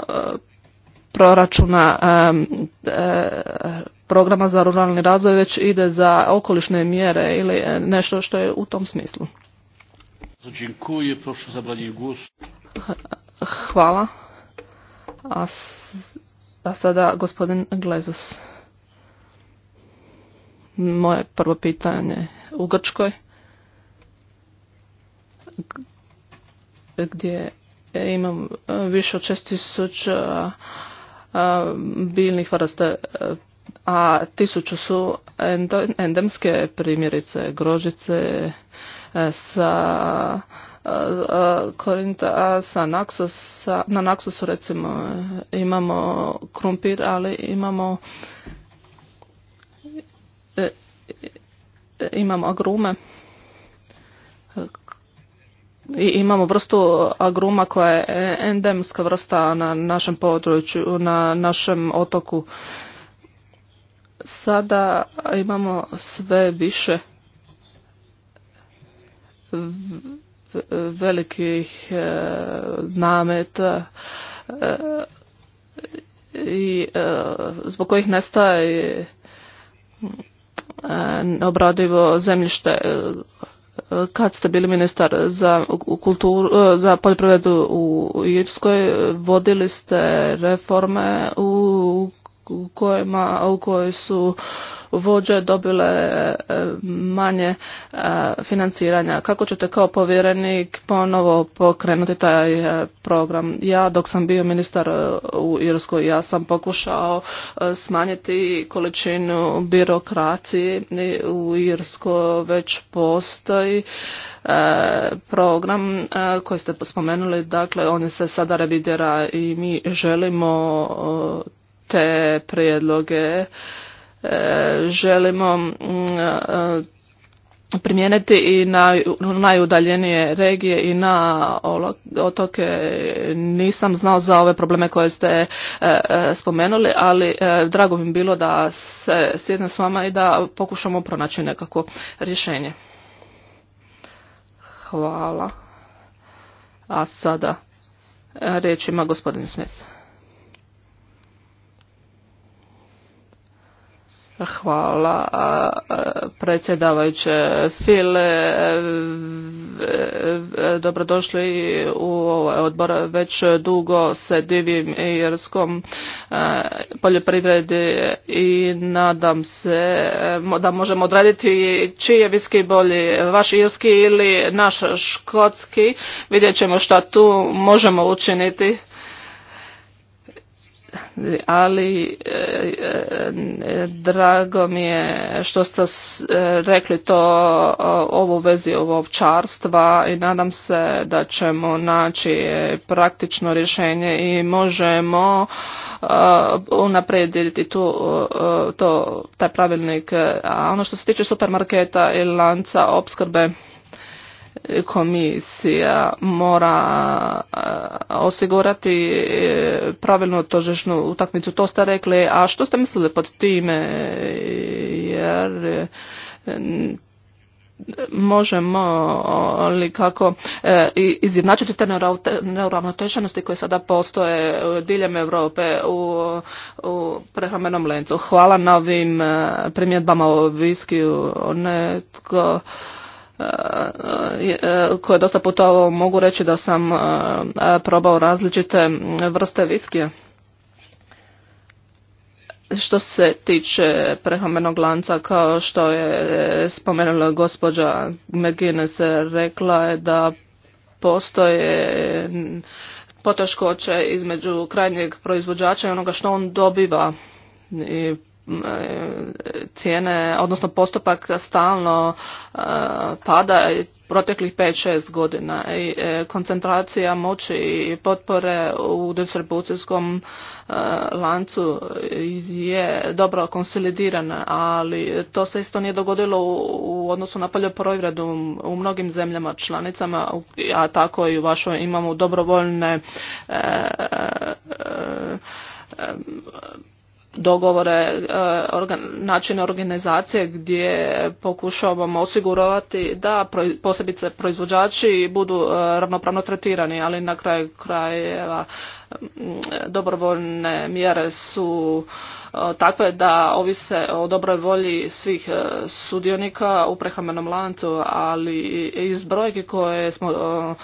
proračuna programa za ruralni razvoj već ide za okolišne mjere ili nešto što je u tom smislu. Hvala. A, sada gospodin Glezos. Moje prvo pitanje u Grčkoj gdje imam više od 6000 biljnih vrsta, a tisuću su endemske primjerice grožice e, sa korinta sa na Naxosu recimo imamo krumpir, ali imamo e, e, imamo agrume i imamo vrstu agruma koja je endemska vrsta na našem području, na našem otoku. Sada imamo sve više velikih e, nameta e, i e, zbog kojih nestaje obradivo zemljište kad ste bili ministar za kulturu, za poljoprivredu u Irskoj, vodili ste reforme u kojima, u kojoj su vođe dobile e, manje e, financiranja. Kako ćete kao povjerenik ponovo pokrenuti taj e, program? Ja dok sam bio ministar u Irskoj, ja sam pokušao smanjiti količinu birokracije u Irskoj već postoji program koji ste spomenuli, dakle on se sada revidira i mi želimo te prijedloge E, želimo mm, e, primijeniti i na najudaljenije regije i na otoke. Nisam znao za ove probleme koje ste e, spomenuli, ali drago mi bilo da se sjednem s vama i da pokušamo pronaći nekako rješenje. Hvala. A sada riječ ima gospodin Smith. Hvala predsjedavajuće. Fil, dobrodošli u ovaj odbor. Već dugo se divim irskom poljoprivredi i nadam se e, da možemo odraditi čiji je viski bolji, vaš irski ili naš škotski. Vidjet ćemo šta tu možemo učiniti ali e, e, drago mi je što ste e, rekli to ovo vezi ovog ovčarstva i nadam se da ćemo naći praktično rješenje i možemo unaprijediti tu, to, taj pravilnik. A ono što se tiče supermarketa i lanca opskrbe, komisija mora eh, osigurati eh, pravilnu tožešnu utakmicu. To ste rekli, a što ste mislili pod time? Jer eh, možemo li kako izjednačiti te neuravnoteženosti koje sada postoje diljem Europe u, u prehrambenom lencu. Hvala na ovim primjedbama o viskiju. Netko E, koje dosta puta mogu reći da sam e, probao različite vrste viskija. Što se tiče prehrambenog lanca, kao što je e, spomenula gospođa McGuinness, rekla je da postoje poteškoće između krajnjeg proizvođača i onoga što on dobiva i cijene, odnosno postupak stalno e, pada proteklih 5-6 godina. E, koncentracija moći i potpore u distribucijskom e, lancu je dobro konsolidirana, ali to se isto nije dogodilo u odnosu na poljoprivredu u mnogim zemljama članicama, a tako i u vašoj imamo dobrovoljne dogovore, e, načine organizacije gdje pokušavamo osigurati da posebice proizvođači budu e, ravnopravno tretirani, ali na kraju krajeva dobrovoljne mjere su e, takve da ovise o dobroj volji svih e, sudionika u prehrambenom lancu, ali iz brojke koje, smo, e,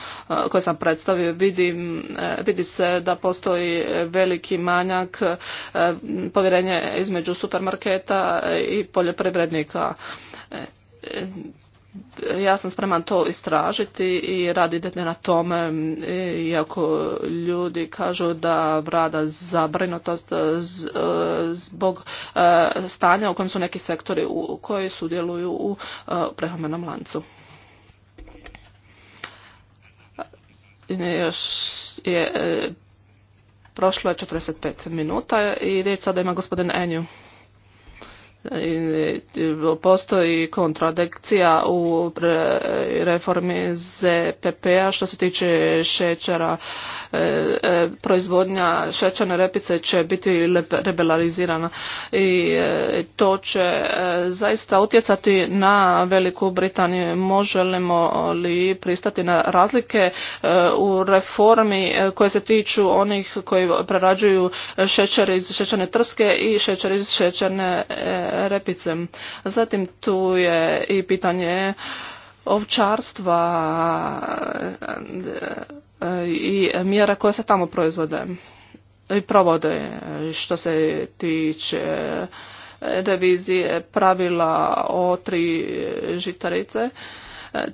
koje sam predstavio vidim, vidi se da postoji veliki manjak povjerenje između supermarketa i poljoprivrednika ja sam spreman to istražiti i raditi na tome, e, iako ljudi kažu da vrada zabrinutost e, e, zbog stanja u kojem su neki sektori u koji sudjeluju u prehrambenom lancu. Još je, prošlo je 45 minuta i riječ sada ima gospodin Enju postoji kontradikcija u reformi ZPP-a što se tiče šećera e, e, proizvodnja šećerne repice će biti rebelarizirana i e, to će zaista utjecati na Veliku Britaniju možemo li pristati na razlike u reformi koje se tiču onih koji prerađuju šećer iz šećerne trske i šećer iz šećerne repice. Zatim tu je i pitanje ovčarstva eh, i mjera koje se tamo proizvode i provode što se tiče revizije pravila o tri žitarice. Eh,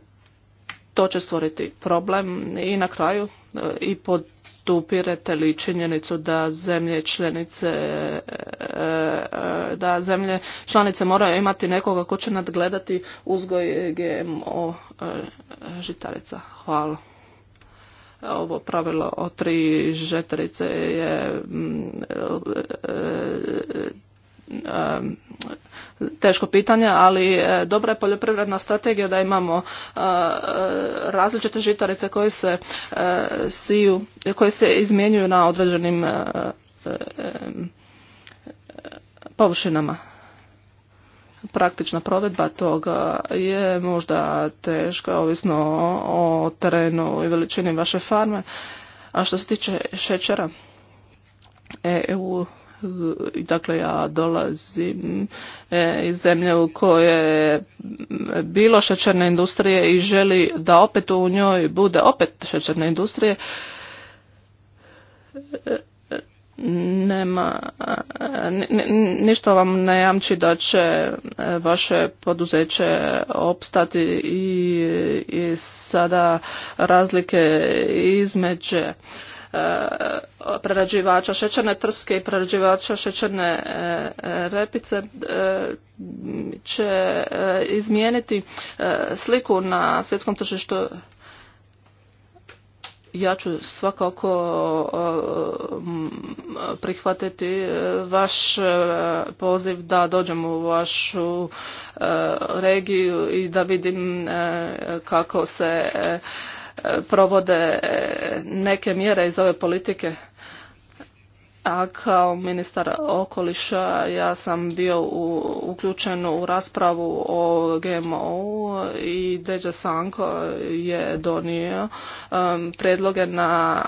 to će stvoriti problem i na kraju eh, i pod podupirete li činjenicu da zemlje članice e, e, da zemlje članice moraju imati nekoga ko će nadgledati uzgoj GMO e, žitarica. Hvala. Ovo pravilo o tri žetarice je mm, teško pitanje, ali e, dobra je poljoprivredna strategija da imamo e, e, različite žitarice koje se siju, koje se izmjenjuju na određenim površinama. Praktična provedba toga je možda teška, ovisno o terenu i veličini vaše farme. A što se tiče šećera, EU dakle ja dolazim e, iz zemlje u kojoj je bilo šećerne industrije i želi da opet u njoj bude opet šećerne industrije nema ništa vam ne jamči da će e, vaše poduzeće opstati i, i sada razlike između E, prerađivača šećerne trske i prerađivača šećerne e, repice e, će izmijeniti sliku na svjetskom tržištu ja ću svakako prihvatiti vaš poziv da dođem u vašu regiju i da vidim kako se provode e, neke mjere iz ove politike. A kao ministar okoliša ja sam bio uključen u raspravu o GMO i Deđa Sanko je donio um, predloge na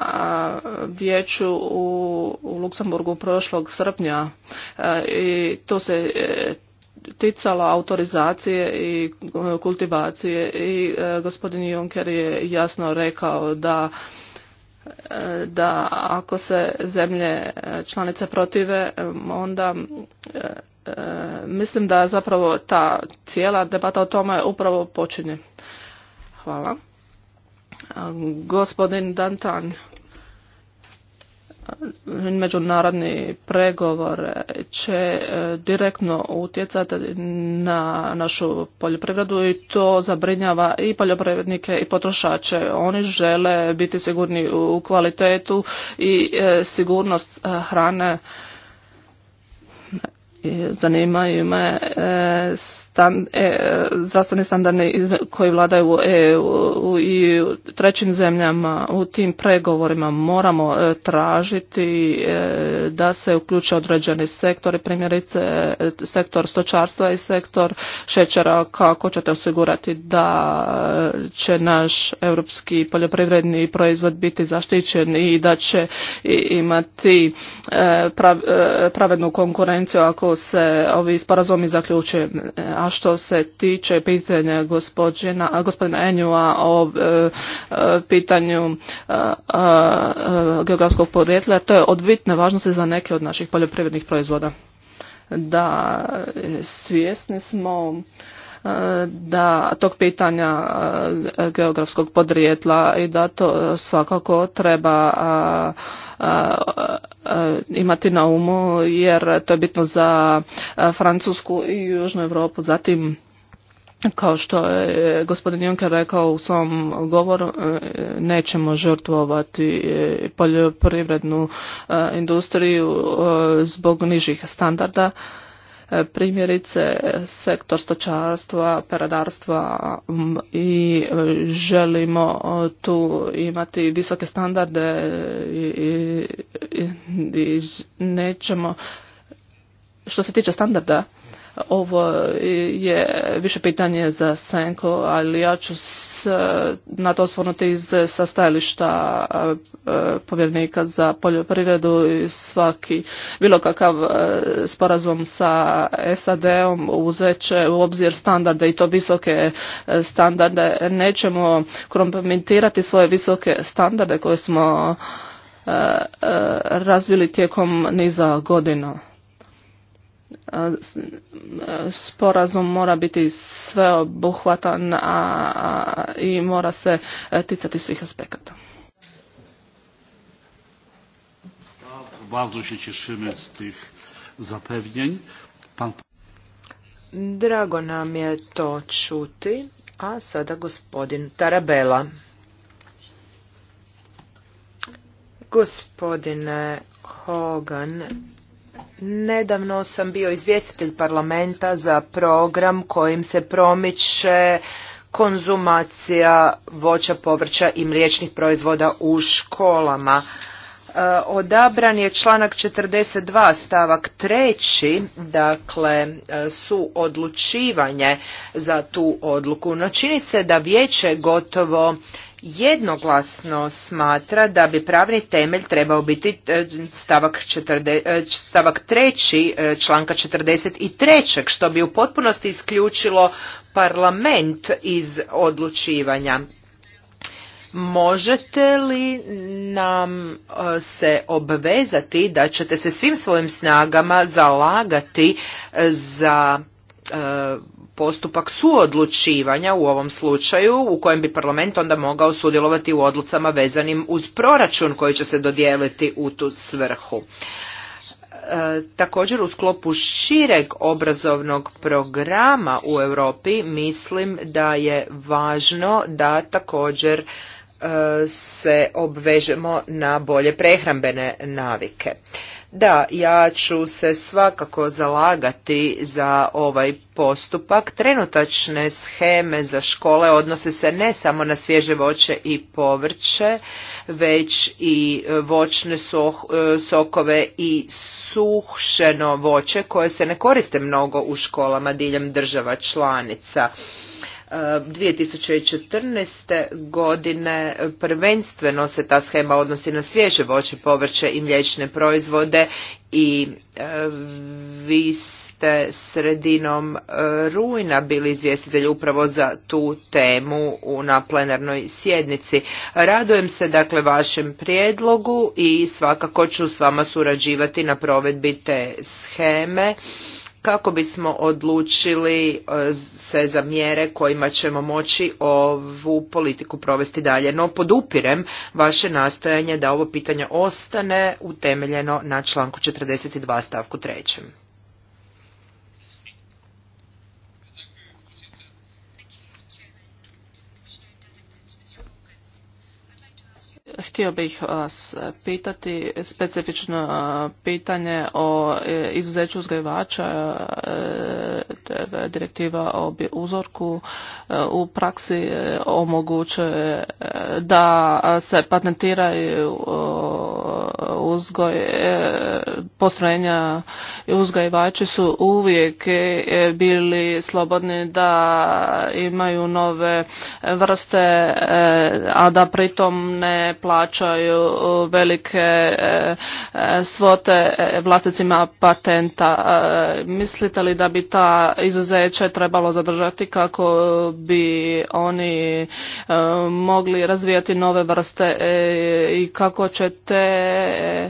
vijeću u, Luksemburgu prošlog srpnja e, i to se e, ticalo autorizacije i e, kultivacije i e, gospodin Juncker je jasno rekao da e, da ako se zemlje članice protive, onda mislim da zapravo ta cijela debata o tome upravo počinje. Hvala. Gospodin Dantan međunarodni pregovor će e, direktno utjecati na našu poljoprivredu i to zabrinjava i poljoprivrednike i potrošače. Oni žele biti sigurni u kvalitetu i e, sigurnost e, hrane zanimaju me e, e, zdravstveni standardi koji vladaju u EU i trećim zemljama. U tim pregovorima moramo e, tražiti da se uključe određeni sektori, primjerice sektor stočarstva i sektor šećera. Kako ćete osigurati da će naš europski poljoprivredni proizvod biti zaštićen i da će imati pravednu konkurenciju ako se ovi sporazumi zaključuju. A što se tiče pitanja gospodina, Enjua o e, e, pitanju e, geografskog podrijetla, to je od bitne važnosti za neke od naših poljoprivrednih proizvoda. Da, svjesni smo da tog pitanja geografskog podrijetla i da to svakako treba imati na umu jer to je bitno za Francusku i Južnu Europu. Zatim kao što je gospodin Juncker rekao u svom govoru, e, nećemo žrtvovati e, poljoprivrednu e, industriju zbog nižih standarda primjerice sektor stočarstva, peradarstva i želimo tu imati visoke standarde i, i, i nećemo što se tiče standarda ovo je više pitanje za Senko, ali ja ću na to osvornuti iz sastajališta povjernika za poljoprivredu i svaki bilo kakav sporazum sa SAD-om će u obzir standarde i to visoke e, standarde. Nećemo kompromitirati svoje visoke standarde koje smo razvili tijekom niza godina sporazum mora biti sveobuhvatan i mora se e, ticati svih aspekata. Bardzo się cieszymy tych zapewnień. Pan... Drago nam je to čuti, a sada gospodin Tarabela. Gospodine Hogan, Nedavno sam bio izvjestitelj parlamenta za program kojim se promiče konzumacija voća, povrća i mliječnih proizvoda u školama. E, odabran je članak 42 stavak 3, dakle e, su odlučivanje za tu odluku. No čini se da vijeće gotovo jednoglasno smatra da bi pravni temelj trebao biti e, stavak, četrde, e, stavak treći e, članka 43. što bi u potpunosti isključilo parlament iz odlučivanja. Možete li nam se obvezati da ćete se svim svojim snagama zalagati za postupak suodlučivanja u ovom slučaju u kojem bi parlament onda mogao sudjelovati u odlucama vezanim uz proračun koji će se dodijeliti u tu svrhu. E, također u sklopu šireg obrazovnog programa u Europi mislim da je važno da također e, se obvežemo na bolje prehrambene navike. Da, ja ću se svakako zalagati za ovaj postupak. Trenutačne sheme za škole odnose se ne samo na svježe voće i povrće, već i voćne e, sokove i sušeno voće koje se ne koriste mnogo u školama diljem država članica. 2014. godine prvenstveno se ta schema odnosi na svježe voće, povrće i mliječne proizvode i e, vi ste sredinom e, rujna bili izvjestitelj upravo za tu temu na plenarnoj sjednici. Radujem se dakle vašem prijedlogu i svakako ću s vama surađivati na provedbi te scheme kako bismo odlučili e, se za mjere kojima ćemo moći ovu politiku provesti dalje. No podupirem vaše nastojanje da ovo pitanje ostane utemeljeno na članku 42 stavku 3. Htio bih vas pitati specifično e, pitanje o e, izuzeću uzgajivača e, direktiva o uzorku u praksi omogućuje da se patentiraju uzgoj, e, postrojenja uzgajivači su uvijek e, bili slobodni da imaju nove vrste, e, a da pritom ne plaćaju velike svote vlasnicima patenta. Mislite li da bi ta izuzeće trebalo zadržati kako bi oni mogli razvijati nove vrste i kako će te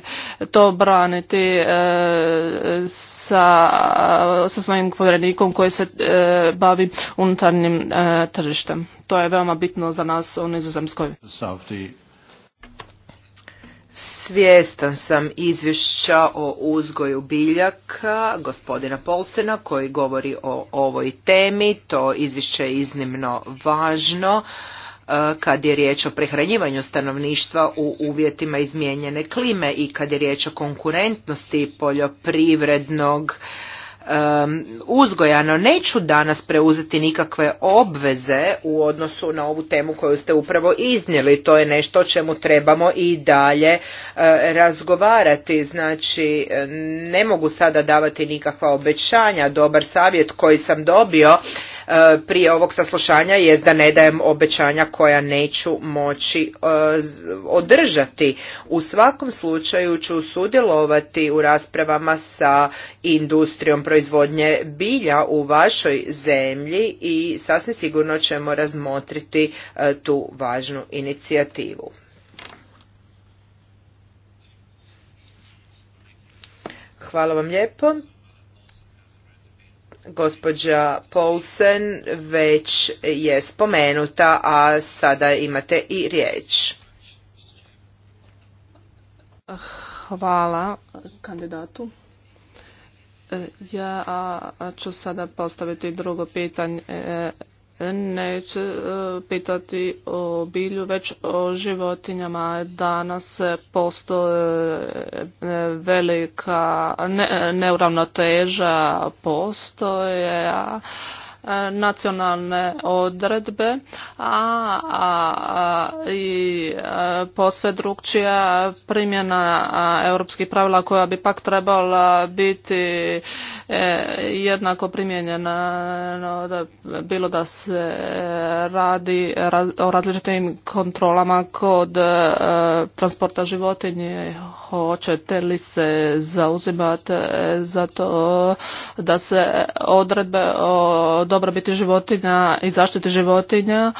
to braniti e, sa, sa svojim povjerenikom koji se e, bavi unutarnjim e, tržištem. To je veoma bitno za nas u Nizozemskoj. Svjestan sam izvješća o uzgoju biljaka gospodina Polsena koji govori o ovoj temi. To izvješće je iznimno važno. Eh, kad je riječ o prehranjivanju stanovništva u uvjetima izmijenjene klime i kad je riječ o konkurentnosti poljoprivrednog um, uzgoja, neću danas preuzeti nikakve obveze u odnosu na ovu temu koju ste upravo iznijeli. To je nešto o čemu trebamo i dalje eh, razgovarati. Znači, eh, ne mogu sada davati nikakva obećanja. Dobar savjet koji sam dobio prije ovog saslušanja je da ne dajem obećanja koja neću moći e, održati. U svakom slučaju ću sudjelovati u raspravama sa industrijom proizvodnje bilja u vašoj zemlji i sasvim sigurno ćemo razmotriti e, tu važnu inicijativu. Hvala vam lijepo. Gospođa Paulsen već je spomenuta, a sada imate i riječ. Hvala kandidatu. E, ja ću sada postaviti drugo pitanje neće e, pitati o bilju, već o životinjama. Danas postoje e, velika neuravnoteža, postoje e, nacionalne odredbe, a, i posve drugčija primjena europskih pravila koja bi pak trebala biti E, jednako primijenjena da, bilo da se radi o različitim kontrolama kod e, transporta životinje hoćete li se zauzimati e, za to da se odredbe o dobrobiti životinja i zaštiti životinja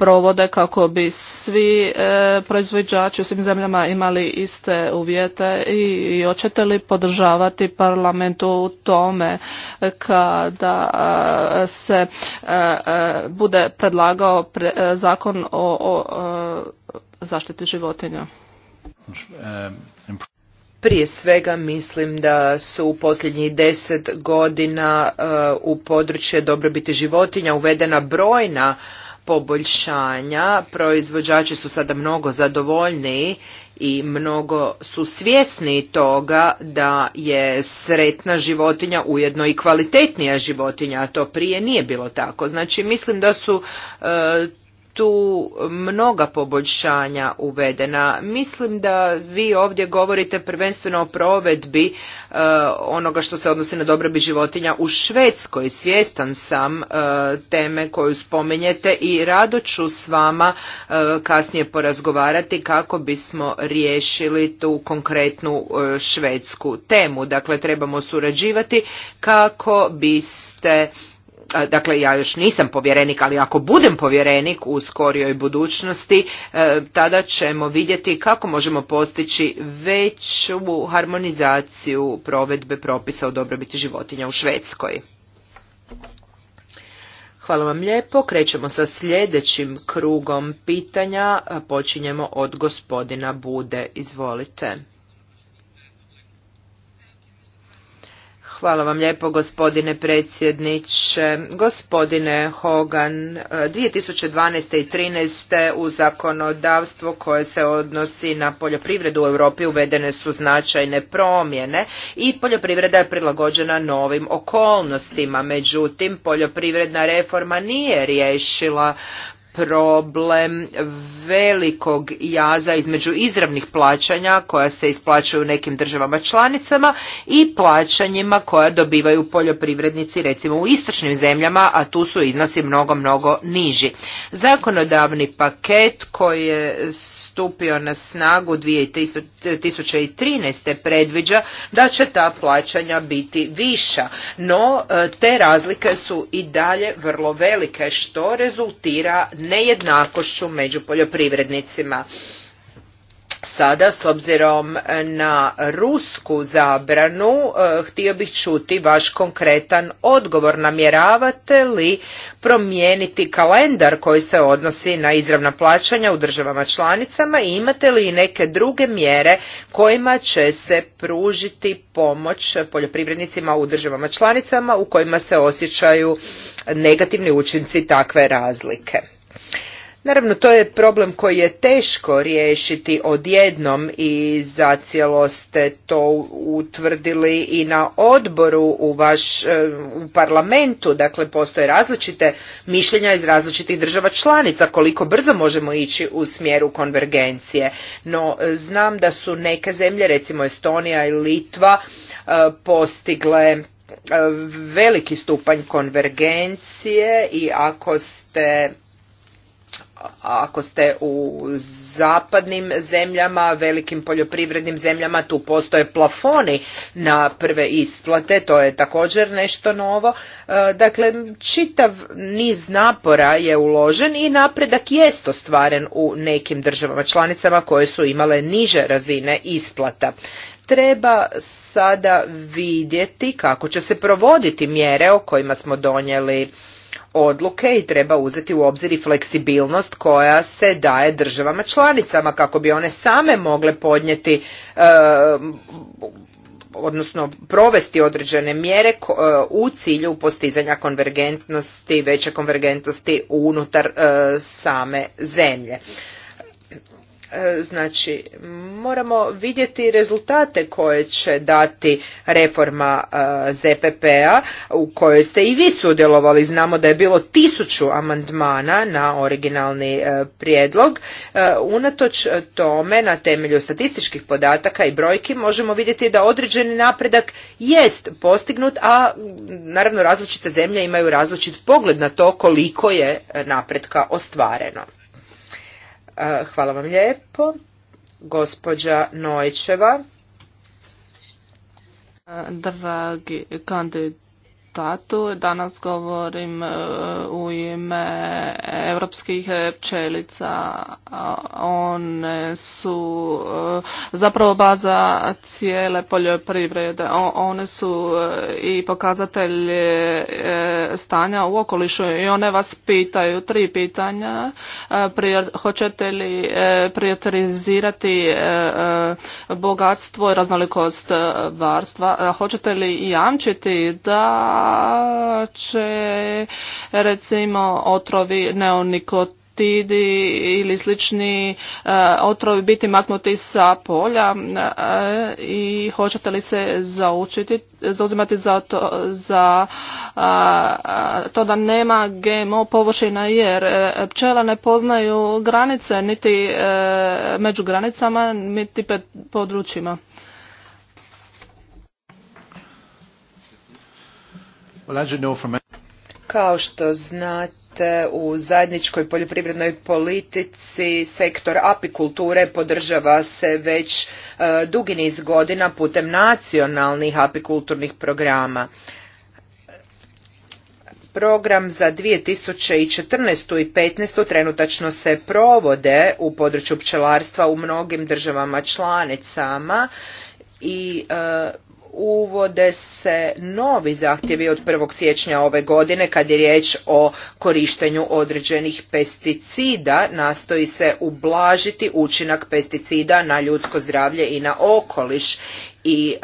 provode kako bi svi e, proizvođači u svim zemljama imali iste uvjete i, i hoćete li podržavati parlamentu u tome kada e, se e, bude predlagao zakon o, zaštiti životinja? Prije svega mislim da su u posljednjih deset godina u područje dobrobiti životinja uvedena brojna poboljšanja. Proizvođači su sada mnogo zadovoljniji i mnogo su svjesni toga da je sretna životinja ujedno i kvalitetnija životinja, a to prije nije bilo tako. Znači mislim da su e, tu mnoga poboljšanja uvedena. Mislim da vi ovdje govorite prvenstveno o provedbi e, onoga što se odnosi na dobrobit životinja u Švedskoj. Svjestan sam e, teme koju spomenjete i rado ću s vama e, kasnije porazgovarati kako bismo riješili tu konkretnu švedsku temu. Dakle, trebamo surađivati kako biste dakle ja još nisam povjerenik, ali ako budem povjerenik u skorijoj budućnosti, e, tada ćemo vidjeti kako možemo postići veću harmonizaciju provedbe propisa o dobrobiti životinja u Švedskoj. Hvala vam lijepo. Krećemo sa sljedećim krugom pitanja. Počinjemo od gospodina Bude. Izvolite. Hvala vam lijepo gospodine predsjedniče. Gospodine Hogan, 2012. i 2013. u zakonodavstvo koje se odnosi na poljoprivredu u Europi uvedene su značajne promjene i poljoprivreda je prilagođena novim okolnostima. Međutim, poljoprivredna reforma nije riješila problem velikog jaza između izravnih plaćanja koja se isplaćuju nekim državama članicama i plaćanjima koja dobivaju poljoprivrednici recimo u istočnim zemljama, a tu su iznosi mnogo, mnogo niži. Zakonodavni paket koji je stupio na snagu 2013. predviđa da će ta plaćanja biti viša, no e, te razlike su i dalje vrlo velike što rezultira nejednakošću među poljoprivrednicima. Sada, s obzirom na rusku zabranu, e, htio bih čuti vaš konkretan odgovor. Namjeravate li promijeniti kalendar koji se odnosi na izravna plaćanja u državama članicama i imate li neke druge mjere kojima će se pružiti pomoć poljoprivrednicima u državama članicama u kojima se osjećaju negativni učinci takve razlike? Naravno, to je problem koji je teško riješiti odjednom i zacijelo ste to utvrdili i na odboru u, vaš, e, u parlamentu. Dakle, postoje različite mišljenja iz različitih država članica koliko brzo možemo ići u smjeru konvergencije. No, znam da su neke zemlje, recimo Estonija i Litva, e, postigle e, veliki stupanj konvergencije i ako ste ako ste u zapadnim zemljama, velikim poljoprivrednim zemljama, tu postoje plafoni na prve isplate, to je također nešto novo. E, dakle, čitav niz napora je uložen i napredak jest ostvaren u nekim državama članicama koje su imale niže razine isplata treba sada vidjeti kako će se provoditi mjere o kojima smo donijeli odluke i treba uzeti u obzir i fleksibilnost koja se daje državama članicama kako bi one same mogle podnijeti e, odnosno provesti određene mjere e, u cilju postizanja konvergentnosti, veće konvergentnosti unutar e, same zemlje. E, znači, moramo vidjeti rezultate koje će dati reforma e, ZPP-a u kojoj ste i vi sudjelovali. Znamo da je bilo tisuću amandmana na originalni e, prijedlog. Unatoč tome, na temelju statističkih podataka i brojki, možemo vidjeti da određeni napredak jest postignut, a naravno različite zemlje imaju različit pogled na to koliko je napretka ostvareno. Hvala vam lijepo. Gospođa Nojčeva. Dragi kandidat tu Danas govorim e, u ime europskih pčelica. One su e, zapravo baza cijele poljoprivrede. One su e, i pokazatelj stanja u okolišu i one vas pitaju tri pitanja. hoćete li prioritizirati bogatstvo i raznolikost varstva? Hoćete li jamčiti da da će recimo otrovi neonikotidi ili slični e, otrovi biti maknuti sa polja e, i hoćete li se zaučiti, zauzimati za to, za, to da nema GMO površina jer e, pčela ne poznaju granice niti među granicama niti područjima. Kao što znate, u zajedničkoj poljoprivrednoj politici sektor apikulture podržava se već e, dugi niz godina putem nacionalnih apikulturnih programa. Program za 2014. i 2015. trenutačno se provode u području pčelarstva u mnogim državama članicama i e, uvode se novi zahtjevi od 1. siječnja ove godine kad je riječ o korištenju određenih pesticida nastoji se ublažiti učinak pesticida na ljudsko zdravlje i na okoliš i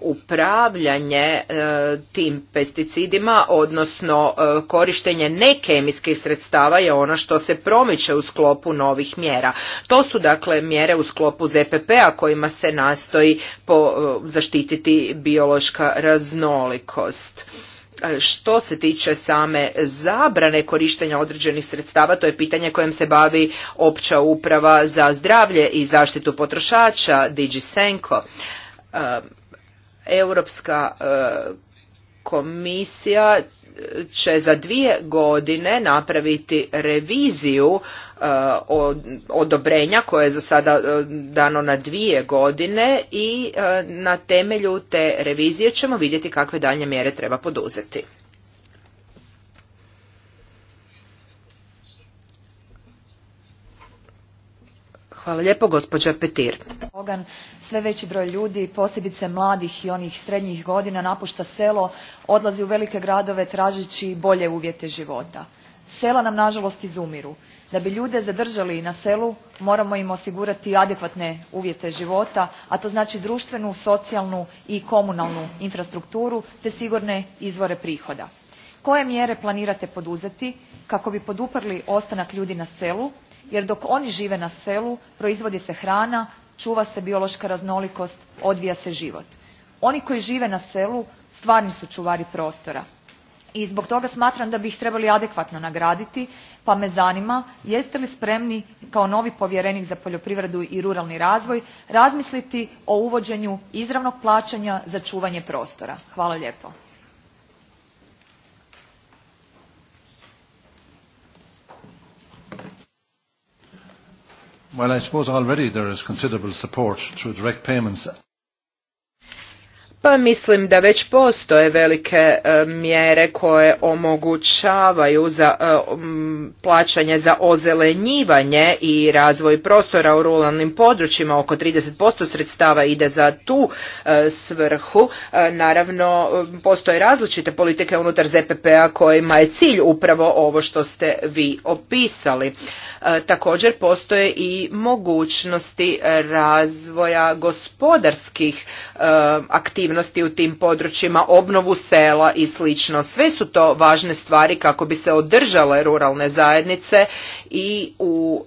upravljanje e, tim pesticidima odnosno e, korištenje nekemijskih sredstava je ono što se promiče u sklopu novih mjera to su dakle mjere u sklopu ZPP-a kojima se nastoji po, e, zaštititi biološka raznolikost što se tiče same zabrane korištenja određenih sredstava, to je pitanje kojem se bavi opća uprava za zdravlje i zaštitu potrošača, DigiSenko. E, Europska e, komisija će za dvije godine napraviti reviziju e, odobrenja koje je za sada dano na dvije godine i na temelju te revizije ćemo vidjeti kakve daljnje mjere treba poduzeti. Hvala lijepo, gospođa Petir. sve veći broj ljudi, posebice mladih i onih srednjih godina, napušta selo, odlazi u velike gradove tražeći bolje uvjete života. Sela nam nažalost izumiru. Da bi ljude zadržali na selu, moramo im osigurati adekvatne uvjete života, a to znači društvenu, socijalnu i komunalnu infrastrukturu te sigurne izvore prihoda. Koje mjere planirate poduzeti kako bi poduprli ostanak ljudi na selu jer dok oni žive na selu proizvodi se hrana čuva se biološka raznolikost odvija se život. oni koji žive na selu stvarni su čuvari prostora i zbog toga smatram da bi ih trebali adekvatno nagraditi pa me zanima jeste li spremni kao novi povjerenik za poljoprivredu i ruralni razvoj razmisliti o uvođenju izravnog plaćanja za čuvanje prostora. hvala lijepo. Well, I suppose already there is considerable support through direct payments pa mislim da već postoje velike e, mjere koje omogućavaju za e, plaćanje za ozelenjivanje i razvoj prostora u ruralnim područjima. Oko 30% sredstava ide za tu e, svrhu. Naravno, postoje različite politike unutar ZPP-a kojima je cilj upravo ovo što ste vi opisali. Također postoje i mogućnosti razvoja gospodarskih aktivnosti aktivnosti u tim područjima, obnovu sela i sl. Sve su to važne stvari kako bi se održale ruralne zajednice i u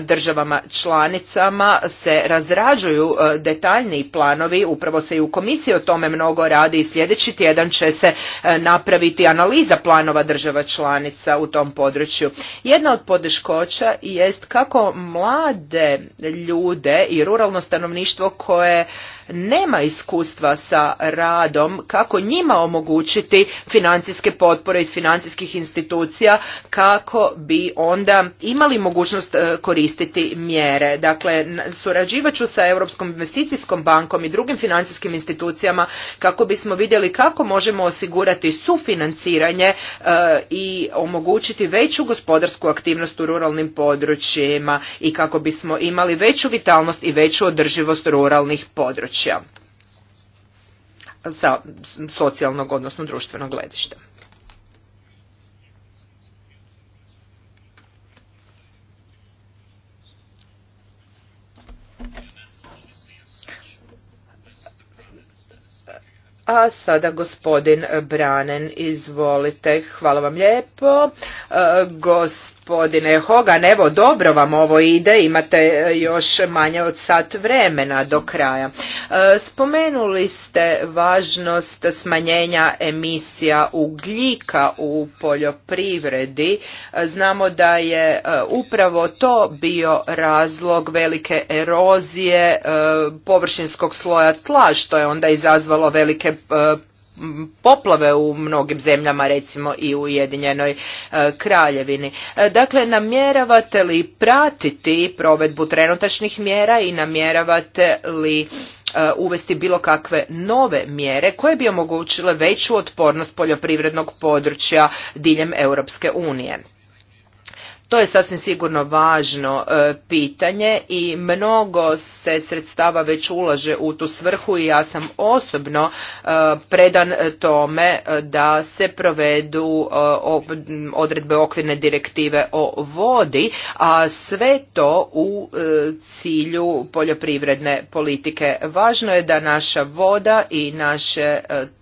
državama članicama se razrađuju e, detaljni planovi, upravo se i u komisiji o tome mnogo radi i sljedeći tjedan će se e, napraviti analiza planova država članica u tom području. Jedna od podeškoća jest kako mlade ljude i ruralno stanovništvo koje nema iskustva sa radom kako njima omogućiti financijske potpore iz financijskih institucija kako bi onda imali mogućnost e, koristiti mjere. Dakle, surađivaću sa Europskom investicijskom bankom i drugim financijskim institucijama kako bismo vidjeli kako možemo osigurati sufinanciranje e, i omogućiti veću gospodarsku aktivnost u ruralnim područjima i kako bismo imali veću vitalnost i veću održivost ruralnih područja područja sa socijalnog, odnosno društvenog gledišta. A sada gospodin Branen, izvolite. Hvala vam lijepo. E, gost Gospodine Hogan, evo dobro vam ovo ide, imate e, još manje od sat vremena do kraja. E, spomenuli ste važnost smanjenja emisija ugljika u poljoprivredi. E, znamo da je upravo to bio razlog velike erozije površinskog sloja tla, što je onda izazvalo velike poplave u mnogim zemljama, recimo i u Ujedinjenoj e, kraljevini. E, dakle, namjeravate li pratiti provedbu trenutačnih mjera i namjeravate li e, uvesti bilo kakve nove mjere koje bi omogućile veću otpornost poljoprivrednog područja diljem Europske unije. To je sasvim sigurno važno e, pitanje i mnogo se sredstava već ulaže u tu svrhu i ja sam osobno e, predan tome e, da se provedu odredbe okvirne direktive o vodi, a sve to u cilju poljoprivredne politike. Važno je da naša voda i naše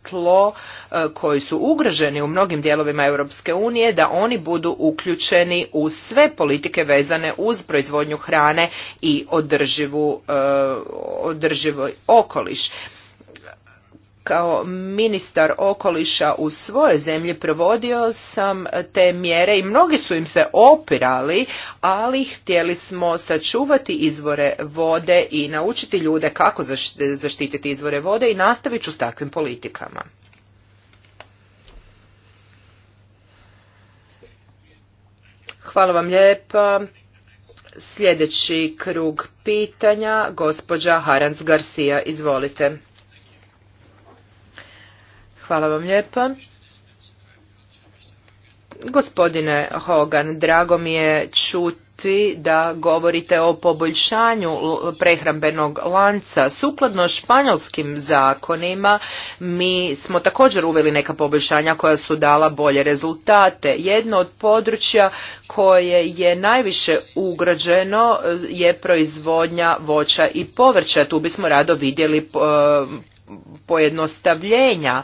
tlo E, koji su ugroženi u mnogim dijelovima Europske unije da oni budu uključeni u sve politike vezane uz proizvodnju hrane i održivu, e, održivo okoliš kao ministar okoliša u svojoj zemlji provodio sam te mjere i mnogi su im se opirali, ali htjeli smo sačuvati izvore vode i naučiti ljude kako zaštititi izvore vode i nastavit ću s takvim politikama. Hvala vam lijepa. Sljedeći krug pitanja, gospođa Harans Garcia, izvolite. Hvala vam lijepa. Gospodine Hogan, drago mi je čuti vi da govorite o poboljšanju prehrambenog lanca. Sukladno španjolskim zakonima mi smo također uveli neka poboljšanja koja su dala bolje rezultate. Jedno od područja koje je najviše ugrađeno e, je proizvodnja voća i povrća. Tu bismo rado vidjeli e, pojednostavljenja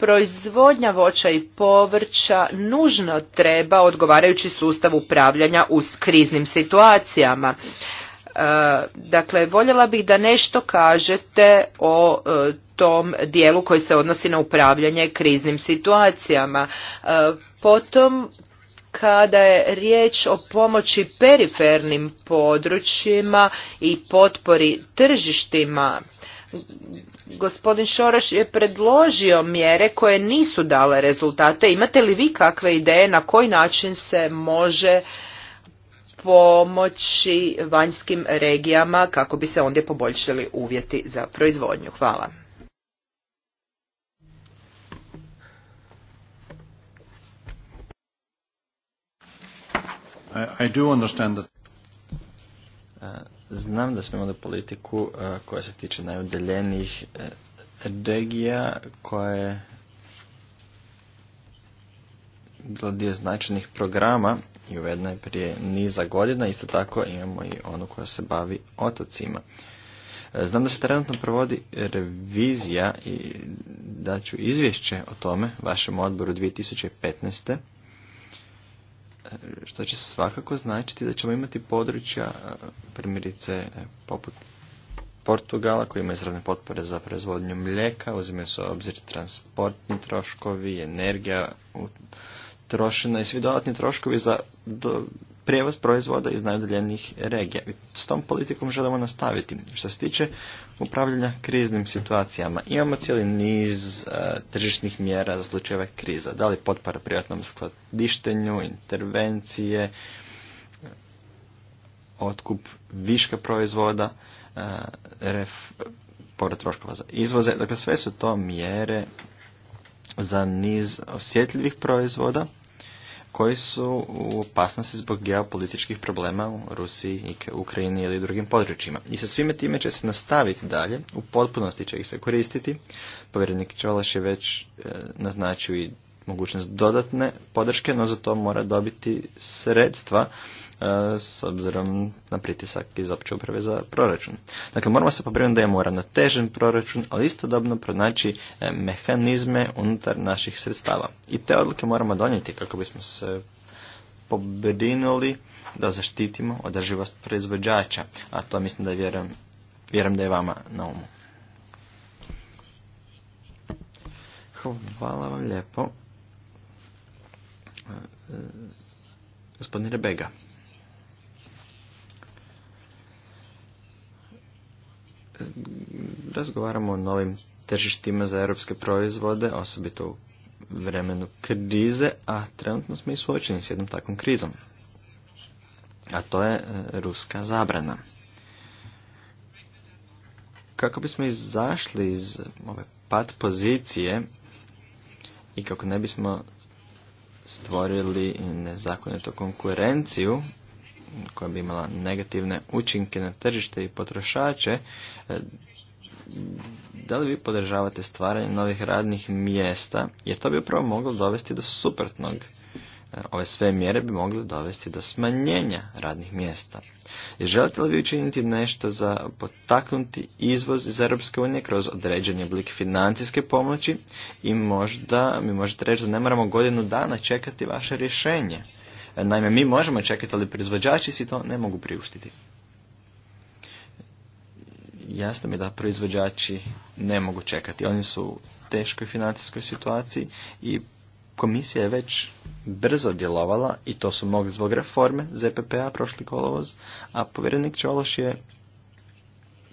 proizvodnja voća i povrća nužno treba odgovarajući sustav upravljanja u kriznim situacijama. E, dakle, voljela bih da nešto kažete o e, tom dijelu koji se odnosi na upravljanje kriznim situacijama. E, potom kada je riječ o pomoći perifernim područjima i potpori tržištima Gospodin Šoraš je predložio mjere koje nisu dale rezultate. Imate li vi kakve ideje na koji način se može pomoći vanjskim regijama kako bi se ondje poboljšali uvjeti za proizvodnju? Hvala. I do understand that. Uh, Znam da smo imali politiku eh, koja se tiče najudaljenijih eh, regija koja je bila dio značajnih programa i uvedena je prije niza godina. Isto tako imamo i onu koja se bavi otocima. Eh, znam da se trenutno provodi revizija i ću izvješće o tome vašem odboru 2015 što će svakako značiti da ćemo imati područja, e, primjerice e, poput Portugala koji ima izravne potpore za proizvodnju mlijeka, uzime se u obzir transportni troškovi, energija trošena i svi dodatni troškovi za prijevoz proizvoda iz najudaljenijih regija. s tom politikom želimo nastaviti. Što se tiče upravljanja kriznim situacijama. Imamo cijeli niz e, tržišnih mjera za slučajeve kriza. Da li potpora privatnom skladištenju, intervencije, otkup viška proizvoda, e, pored troškova za izvoze. Dakle, sve su to mjere za niz osjetljivih proizvoda koji su u opasnosti zbog geopolitičkih problema u Rusiji, Ukrajini ili drugim područjima. I sa svime time će se nastaviti dalje, u potpunosti će ih se koristiti. Povjerenik Čolaš je već e, naznačio i mogućnost dodatne podrške, no za to mora dobiti sredstva e, s obzirom na pritisak iz opće uprave za proračun. Dakle, moramo se pobrinuti da je imamo ravnotežen proračun, ali istodobno pronaći e, mehanizme unutar naših sredstava. I te odluke moramo donijeti kako bismo se pobrinuli da zaštitimo održivost proizvođača, a to mislim da vjerujem, vjerujem da je vama na umu. Hvala vam lijepo gospodine Rebega. Razgovaramo o novim tržištima za europske proizvode, osobito u vremenu krize, a trenutno smo i suočeni s jednom takvom krizom. A to je e, ruska zabrana. Kako bismo izašli iz ove pad pozicije i kako ne bismo stvorili nezakonitu konkurenciju koja bi imala negativne učinke na tržište i potrošače, eh, da li vi podržavate stvaranje novih radnih mjesta, jer to bi upravo moglo dovesti do suprotnog ove sve mjere bi mogle dovesti do smanjenja radnih mjesta. I želite li vi učiniti nešto za potaknuti izvoz iz Europske unije kroz određeni oblik financijske pomoći i možda mi možete reći da ne moramo godinu dana čekati vaše rješenje. E, naime, mi možemo čekati, ali proizvođači si to ne mogu priuštiti. Jasno mi da proizvođači ne mogu čekati. Oni su u teškoj financijskoj situaciji i Komisija je već brzo djelovala i to su mogli zbog reforme ZPPA, prošli kolovoz, a povjerenik Čološ je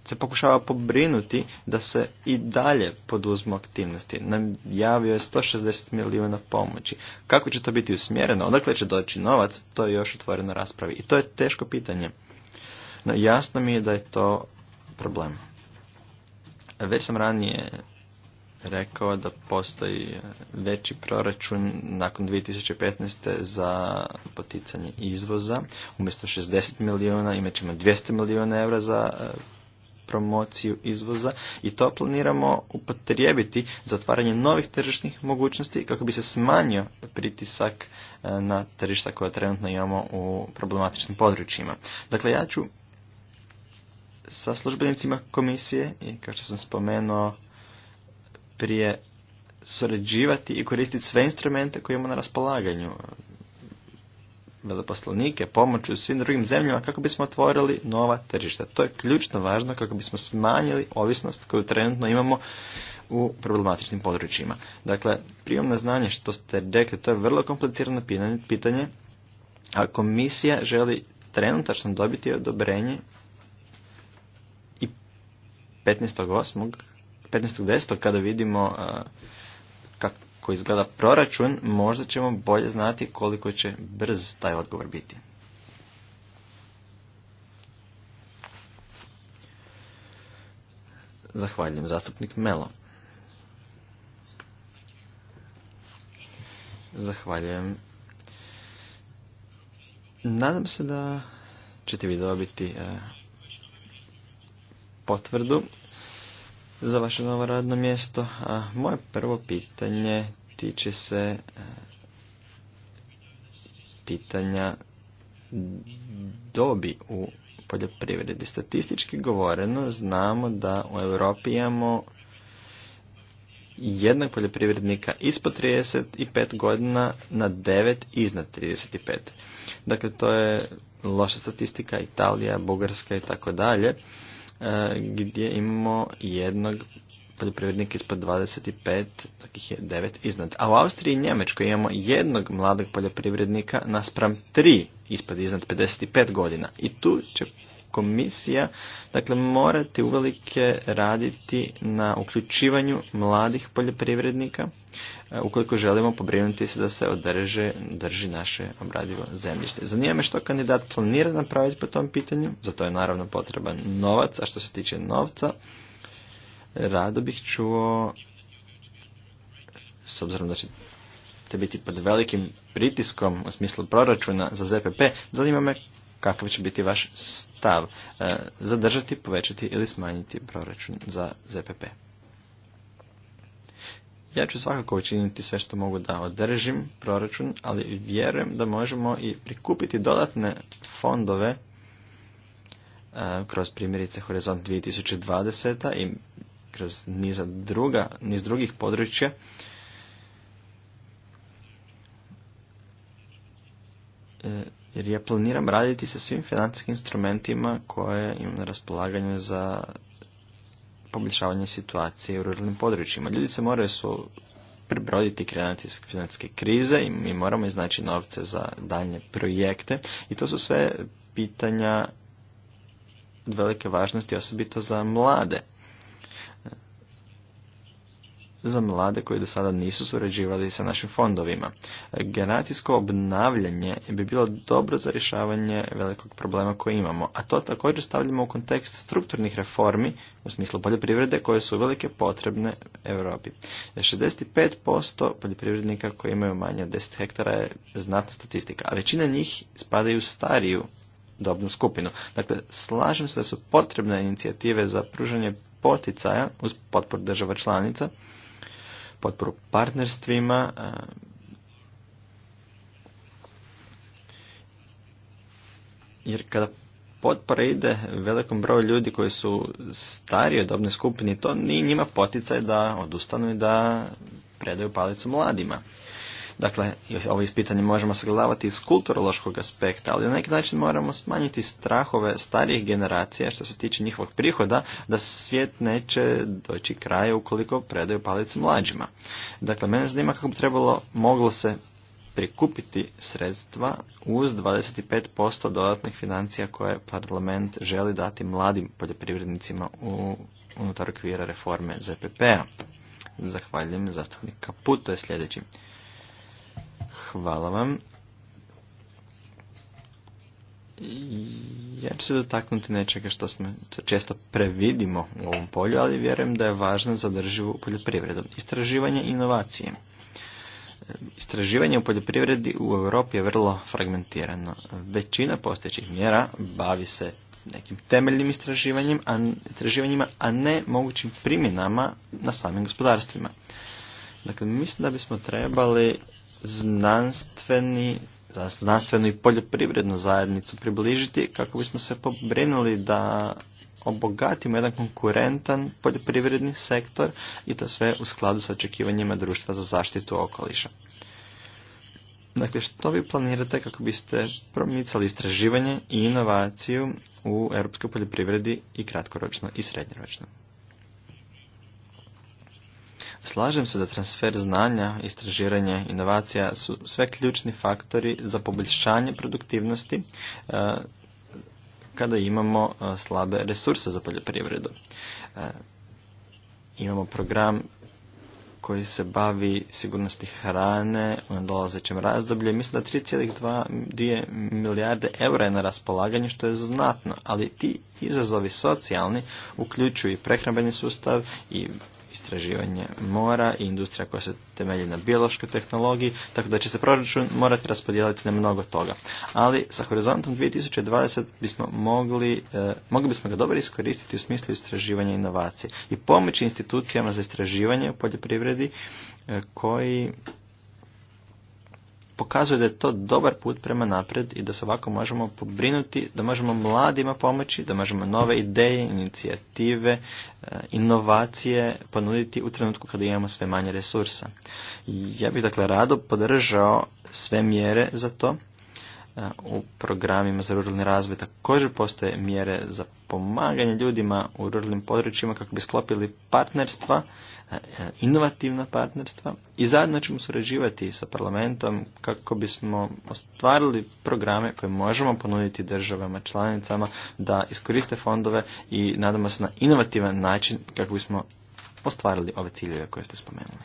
se pokušava pobrinuti da se i dalje poduzmu aktivnosti. Nam javio je 160 milijuna pomoći. Kako će to biti usmjereno, odakle će doći novac, to je još otvoreno raspravi. I to je teško pitanje. No jasno mi je da je to problem. Već sam ranije rekao da postoji veći proračun nakon 2015. za poticanje izvoza. Umjesto 60 milijuna imat ćemo 200 milijuna eura za e, promociju izvoza i to planiramo upotrijebiti zatvaranje novih tržišnih mogućnosti kako bi se smanjio pritisak e, na tržišta koja trenutno imamo u problematičnim područjima. Dakle, ja ću sa službenicima komisije i kao što sam spomenuo prije surađivati i koristiti sve instrumente koje imamo na raspolaganju veleposlanike, pomoć u svim drugim zemljama kako bismo otvorili nova tržišta. To je ključno važno kako bismo smanjili ovisnost koju trenutno imamo u problematičnim područjima. Dakle, primam na znanje što ste rekli, to je vrlo komplicirano pitanje, a komisija želi trenutačno dobiti odobrenje i 15.8. 15.10. kada vidimo e, kako izgleda proračun, možda ćemo bolje znati koliko će brz taj odgovor biti. Zahvaljujem zastupnik Melo. Zahvaljujem. Nadam se da ćete vi dobiti e, potvrdu za vaše novo radno mjesto. A moje prvo pitanje tiče se e, pitanja dobi u poljoprivredi. Statistički govoreno znamo da u Europi imamo jednog poljoprivrednika ispod 35 godina na 9 iznad 35. Dakle, to je loša statistika Italija, Bugarska i tako dalje. E, gdje imamo jednog poljoprivrednika ispod 25, dok ih je devet iznad. A u Austriji i Njemačkoj imamo jednog mladog poljoprivrednika naspram tri ispod iznad 55 godina. I tu će komisija dakle morati uvelike raditi na uključivanju mladih poljoprivrednika E, ukoliko želimo pobrinuti se da se održe, drži naše obradivo zemljište. Zanima me što kandidat planira napraviti po tom pitanju, zato je naravno potreban novac, a što se tiče novca, rado bih čuo, s obzirom da će te biti pod velikim pritiskom u smislu proračuna za ZPP, zanima me kakav će biti vaš stav, e, zadržati, povećati ili smanjiti proračun za ZPP. Ja ću svakako učiniti sve što mogu da održim proračun, ali vjerujem da možemo i prikupiti dodatne fondove e, kroz primjerice Horizont 2020 i kroz niza druga, niz drugih područja e, jer ja planiram raditi sa svim financijskim instrumentima koje imam na raspolaganju za poboljšavanje situacije u ruralnim područjima. Ljudi se moraju su prebroditi financijske krize i mi moramo iznaći novce za daljnje projekte i to su sve pitanja velike važnosti, osobito za mlade za mlade koji do sada nisu surađivali sa našim fondovima. Generacijsko obnavljanje bi bilo dobro za rješavanje velikog problema koji imamo, a to također stavljamo u kontekst strukturnih reformi u smislu poljoprivrede koje su velike potrebne Europi. 65% poljoprivrednika koji imaju manje od 10 hektara je znatna statistika, a većina njih spadaju u stariju dobnu skupinu. Dakle, slažem se da su potrebne inicijative za pružanje poticaja uz potpor država članica potporu partnerstvima. Jer kada potpora ide velikom broju ljudi koji su stariji od dobne skupine, to nije njima poticaj da odustanu i da predaju palicu mladima. Dakle, ovo pitanje možemo sagledavati iz kulturološkog aspekta, ali na neki način moramo smanjiti strahove starijih generacija što se tiče njihovog prihoda, da svijet neće doći kraju ukoliko predaju palicu mlađima. Dakle, mene zanima kako bi trebalo moglo se prikupiti sredstva uz 25% dodatnih financija koje parlament želi dati mladim poljoprivrednicima u unutar okvira reforme ZPP-a. Zahvaljujem zastupnik to je sljedeći. Hvala vam. Ja ću se dotaknuti nečega što smo često previdimo u ovom polju, ali vjerujem da je važno za održivu poljoprivredu. Istraživanje inovacije. Istraživanje u poljoprivredi u Europi je vrlo fragmentirano. Većina postojećih mjera bavi se nekim temeljnim istraživanjima, a, istraživanjima, a ne mogućim primjenama na samim gospodarstvima. Dakle, mislim da bismo trebali znanstveni za znanstvenu i poljoprivrednu zajednicu približiti kako bismo se pobrinuli da obogatimo jedan konkurentan poljoprivredni sektor i to sve u skladu sa očekivanjima društva za zaštitu okoliša. Dakle, što vi planirate kako biste promicali istraživanje i inovaciju u europskoj poljoprivredi i kratkoročno i srednjoročno? Slažem se da transfer znanja, istraživanje inovacija su sve ključni faktori za poboljšanje produktivnosti e, kada imamo e, slabe resurse za poljoprivredu. E, imamo program koji se bavi sigurnosti hrane u nadolazećem razdoblju. Mislim da 3,2 milijarde eura je na raspolaganju, što je znatno, ali ti izazovi socijalni uključuju i prehrambeni sustav i istraživanje mora i industrija koja se temelji na biološkoj tehnologiji, tako da će se proračun morati raspodijeliti na mnogo toga. Ali sa horizontom 2020 bismo mogli, e, mogli bismo ga dobro iskoristiti u smislu istraživanja inovacije i pomoći institucijama za istraživanje u poljoprivredi e, koji pokazuje da je to dobar put prema napred i da se ovako možemo pobrinuti, da možemo mladima pomoći, da možemo nove ideje, inicijative, e, inovacije ponuditi u trenutku kada imamo sve manje resursa. Ja bih dakle rado podržao sve mjere za to u programima za ruralni razvoj također postoje mjere za pomaganje ljudima u ruralnim područjima kako bi sklopili partnerstva, inovativna partnerstva i zajedno ćemo surađivati sa parlamentom kako bismo ostvarili programe koje možemo ponuditi državama, članicama da iskoriste fondove i nadamo se na inovativan način kako bismo ostvarili ove ciljeve koje ste spomenuli.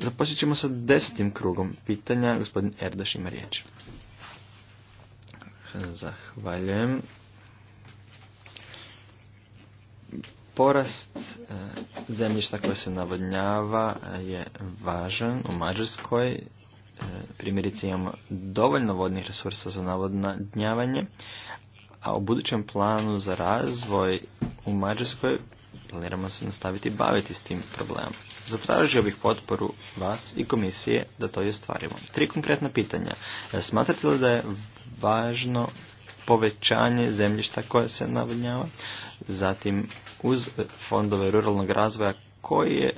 Započet ćemo sa desetim krugom pitanja. Gospodin Erdaš ima riječ. Zahvaljujem. Porast eh, zemljišta koje se navodnjava eh, je važan u Mađarskoj. Eh, primjerice imamo dovoljno vodnih resursa za navodnjavanje, a u budućem planu za razvoj u Mađarskoj planiramo se nastaviti baviti s tim problemom. Zatražio bih potporu vas i komisije da to i ostvarimo. Tri konkretna pitanja. E, smatrate li da je važno povećanje zemljišta koje se navodnjava? Zatim uz fondove ruralnog razvoja koje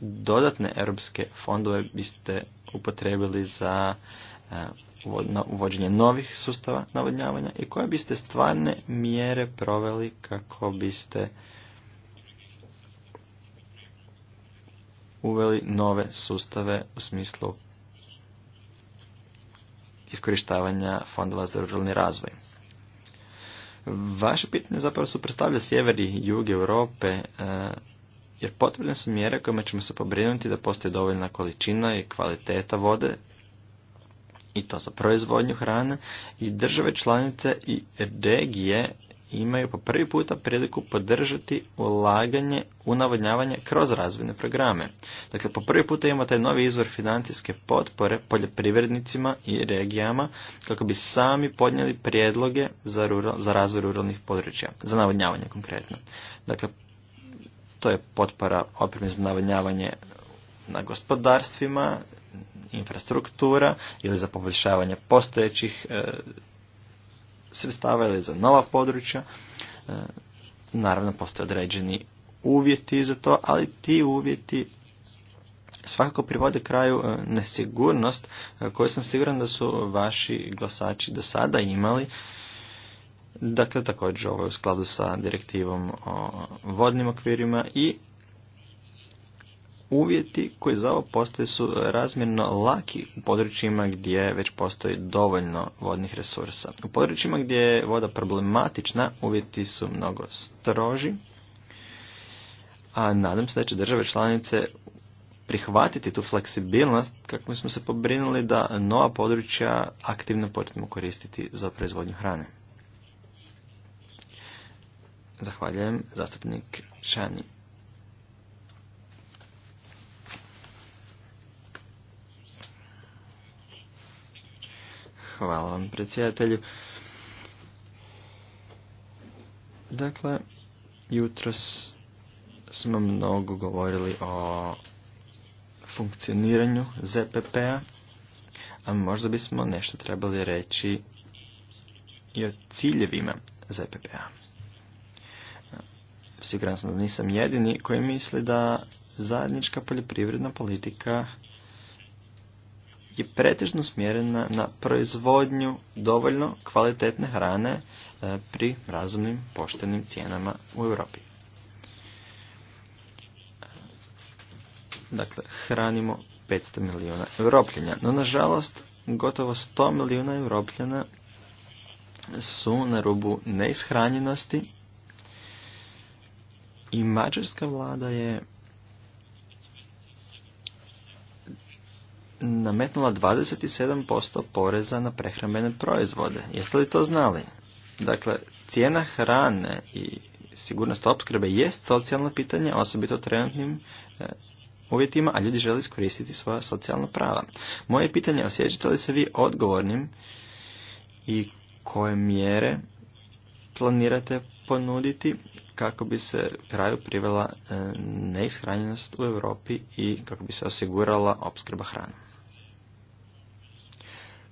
dodatne europske fondove biste upotrebili za e, uvođenje novih sustava navodnjavanja i koje biste stvarne mjere proveli kako biste uveli nove sustave u smislu iskorištavanja fondova za ruralni razvoj. Vaše pitanje zapravo su predstavlja sjever i jug Europe, e, jer potrebne su mjere kojima ćemo se pobrinuti da postoji dovoljna količina i kvaliteta vode, i to za proizvodnju hrane, i države članice i regije imaju po prvi puta priliku podržati ulaganje u navodnjavanje kroz razvojne programe. Dakle, po prvi puta imate novi izvor financijske potpore poljoprivrednicima i regijama kako bi sami podnijeli prijedloge za, rural, za razvoj ruralnih područja, za navodnjavanje konkretno. Dakle, to je potpora opreme za navodnjavanje na gospodarstvima, infrastruktura ili za poboljšavanje postojećih e, sredstava ili za nova područja. E, naravno, postoje određeni uvjeti za to, ali ti uvjeti svakako privode kraju e, nesigurnost e, koju sam siguran da su vaši glasači do sada imali. Dakle, također ovo je u skladu sa direktivom o vodnim okvirima i uvjeti koji za ovo postoje su razmjerno laki u područjima gdje već postoji dovoljno vodnih resursa. U područjima gdje je voda problematična uvjeti su mnogo stroži, a nadam se da će države članice prihvatiti tu fleksibilnost kako smo se pobrinuli da nova područja aktivno počnemo koristiti za proizvodnju hrane. Zahvaljujem zastupnik Šanik. Hvala vam predsjedatelju. Dakle, jutros smo mnogo govorili o funkcioniranju ZPP-a, a možda bismo nešto trebali reći i o ciljevima ZPP-a. Siguran sam da nisam jedini koji misli da zajednička poljoprivredna politika je pretežno smjerena na proizvodnju dovoljno kvalitetne hrane e, pri razumnim poštenim cijenama u Europi. Dakle, hranimo 500 milijuna europljenja, no nažalost gotovo 100 milijuna europljena su na rubu neishranjenosti i mađarska vlada je nametnula 27% poreza na prehrambene proizvode. Jeste li to znali? Dakle, cijena hrane i sigurnost opskrbe jest socijalno pitanje, osobito trenutnim eh, uvjetima, a ljudi žele iskoristiti svoja socijalna prava. Moje pitanje je osjećate li se vi odgovornim i koje mjere planirate ponuditi kako bi se kraju privela eh, neishranjenost u Europi i kako bi se osigurala opskrba hranom.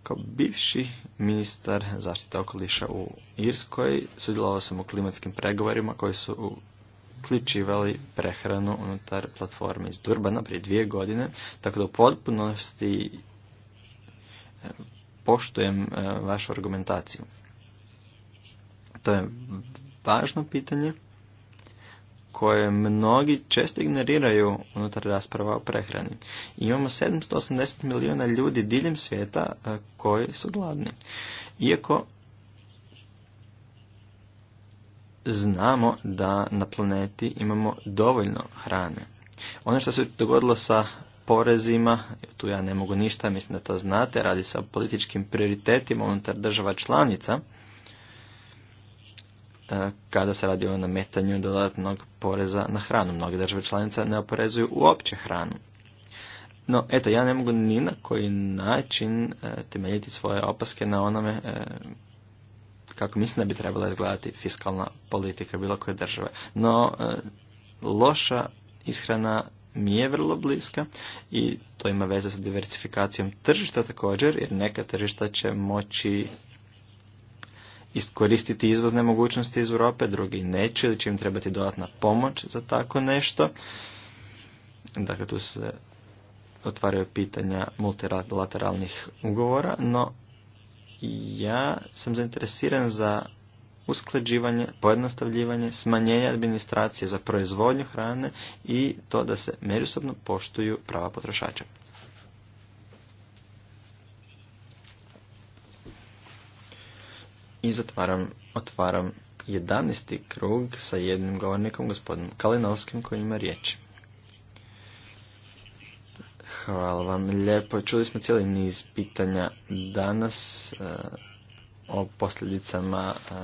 Kao bivši ministar zaštite okoliša u Irskoj sudjelovao sam u klimatskim pregovorima koji su uključivali prehranu unutar platforme iz Durbana prije dvije godine, tako da u potpunosti e, poštujem e, vašu argumentaciju. To je važno pitanje koje mnogi često ignoriraju unutar rasprava o prehrani. Imamo 780 milijuna ljudi diljem svijeta e, koji su gladni. Iako znamo da na planeti imamo dovoljno hrane. Ono što se dogodilo sa porezima, tu ja ne mogu ništa, mislim da to znate, radi se o političkim prioritetima unutar država članica, E, kada se radi o nametanju dodatnog poreza na hranu. Mnoge države članice ne oporezuju uopće hranu. No, eto, ja ne mogu ni na koji način e, temeljiti svoje opaske na onome e, kako mislim da bi trebala izgledati fiskalna politika bilo koje države. No, loša ishrana mi je vrlo bliska i to ima veze sa diversifikacijom tržišta također, jer neka tržišta će moći iskoristiti izvozne mogućnosti iz Europe, drugi neće ili će im trebati dodatna pomoć za tako nešto. Dakle, tu se otvaraju pitanja multilateralnih ugovora, no ja sam zainteresiran za usklađivanje, pojednostavljivanje, smanjenje administracije za proizvodnju hrane i to da se međusobno poštuju prava potrošača. I zatvaram, otvaram 11. krug sa jednim govornikom, gospodinom Kalinovskim, koji ima riječ. Hvala vam lijepo. Čuli smo cijeli niz pitanja danas eh, o posljedicama eh,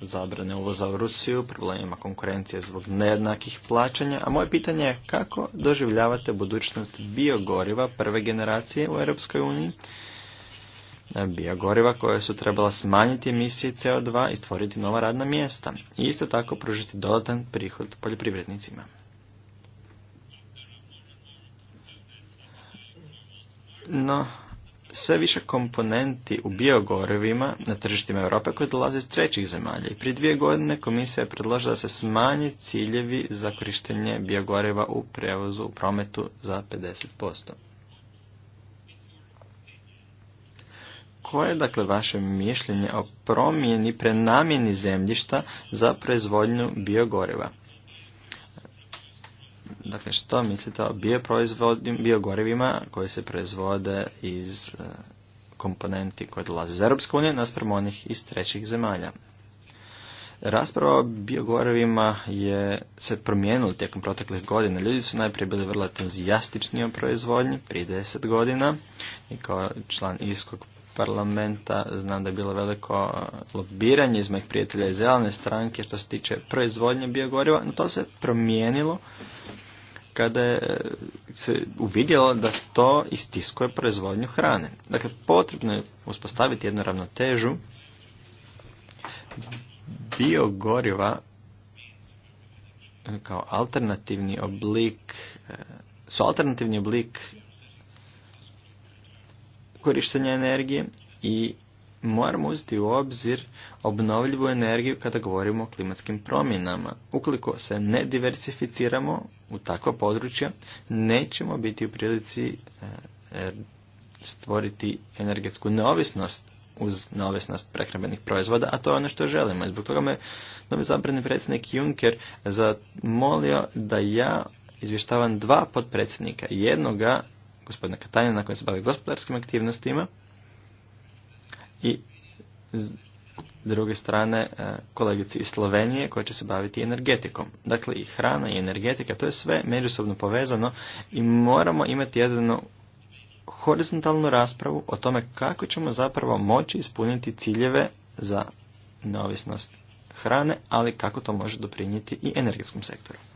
zabrane uvoza u Rusiju, problemima konkurencije zbog nejednakih plaćanja, a moje pitanje je kako doživljavate budućnost biogoriva prve generacije u Europskoj uniji? E, biogoriva koje su trebala smanjiti emisije CO2 i stvoriti nova radna mjesta i isto tako pružiti dodatan prihod poljoprivrednicima. No, sve više komponenti u biogorivima na tržištima Europe koji dolaze iz trećih zemalja i prije dvije godine komisija je predložila da se smanji ciljevi za korištenje biogoriva u prevozu u prometu za 50%. Koje je dakle vaše mišljenje o promjeni prenamjeni zemljišta za proizvodnju biogoriva? Dakle, što mislite o biogorivima koji se proizvode iz e, komponenti koje dolaze iz Europske unije naspram onih iz trećih zemalja? Rasprava o biogorivima je se promijenila tijekom proteklih godina. Ljudi su najprije bili vrlo entuzijastični o proizvodnji prije deset godina i kao član Iskog parlamenta znam da je bilo veliko uh, lobiranje iz mojih prijatelja iz zelene stranke što se tiče proizvodnje biogoriva, no to se promijenilo kada je uh, se uvidjelo da to istiskuje proizvodnju hrane. Dakle, potrebno je uspostaviti jednu ravnotežu biogoriva uh, kao alternativni oblik su alternativni oblik korištenja energije i moramo uzeti u obzir obnovljivu energiju kada govorimo o klimatskim promjenama. Ukoliko se ne diversificiramo u takva područja, nećemo biti u prilici e, stvoriti energetsku neovisnost uz neovisnost prehrambenih proizvoda, a to je ono što želimo. zbog toga me novi zabrani predsjednik Juncker zamolio da ja izvještavam dva podpredsjednika. Jednoga gospodina Katanjana koji se bavi gospodarskim aktivnostima i s druge strane e, kolegici iz Slovenije koja će se baviti energetikom. Dakle i hrana i energetika, to je sve međusobno povezano i moramo imati jednu horizontalnu raspravu o tome kako ćemo zapravo moći ispuniti ciljeve za neovisnost hrane, ali kako to može doprinijeti i energetskom sektoru.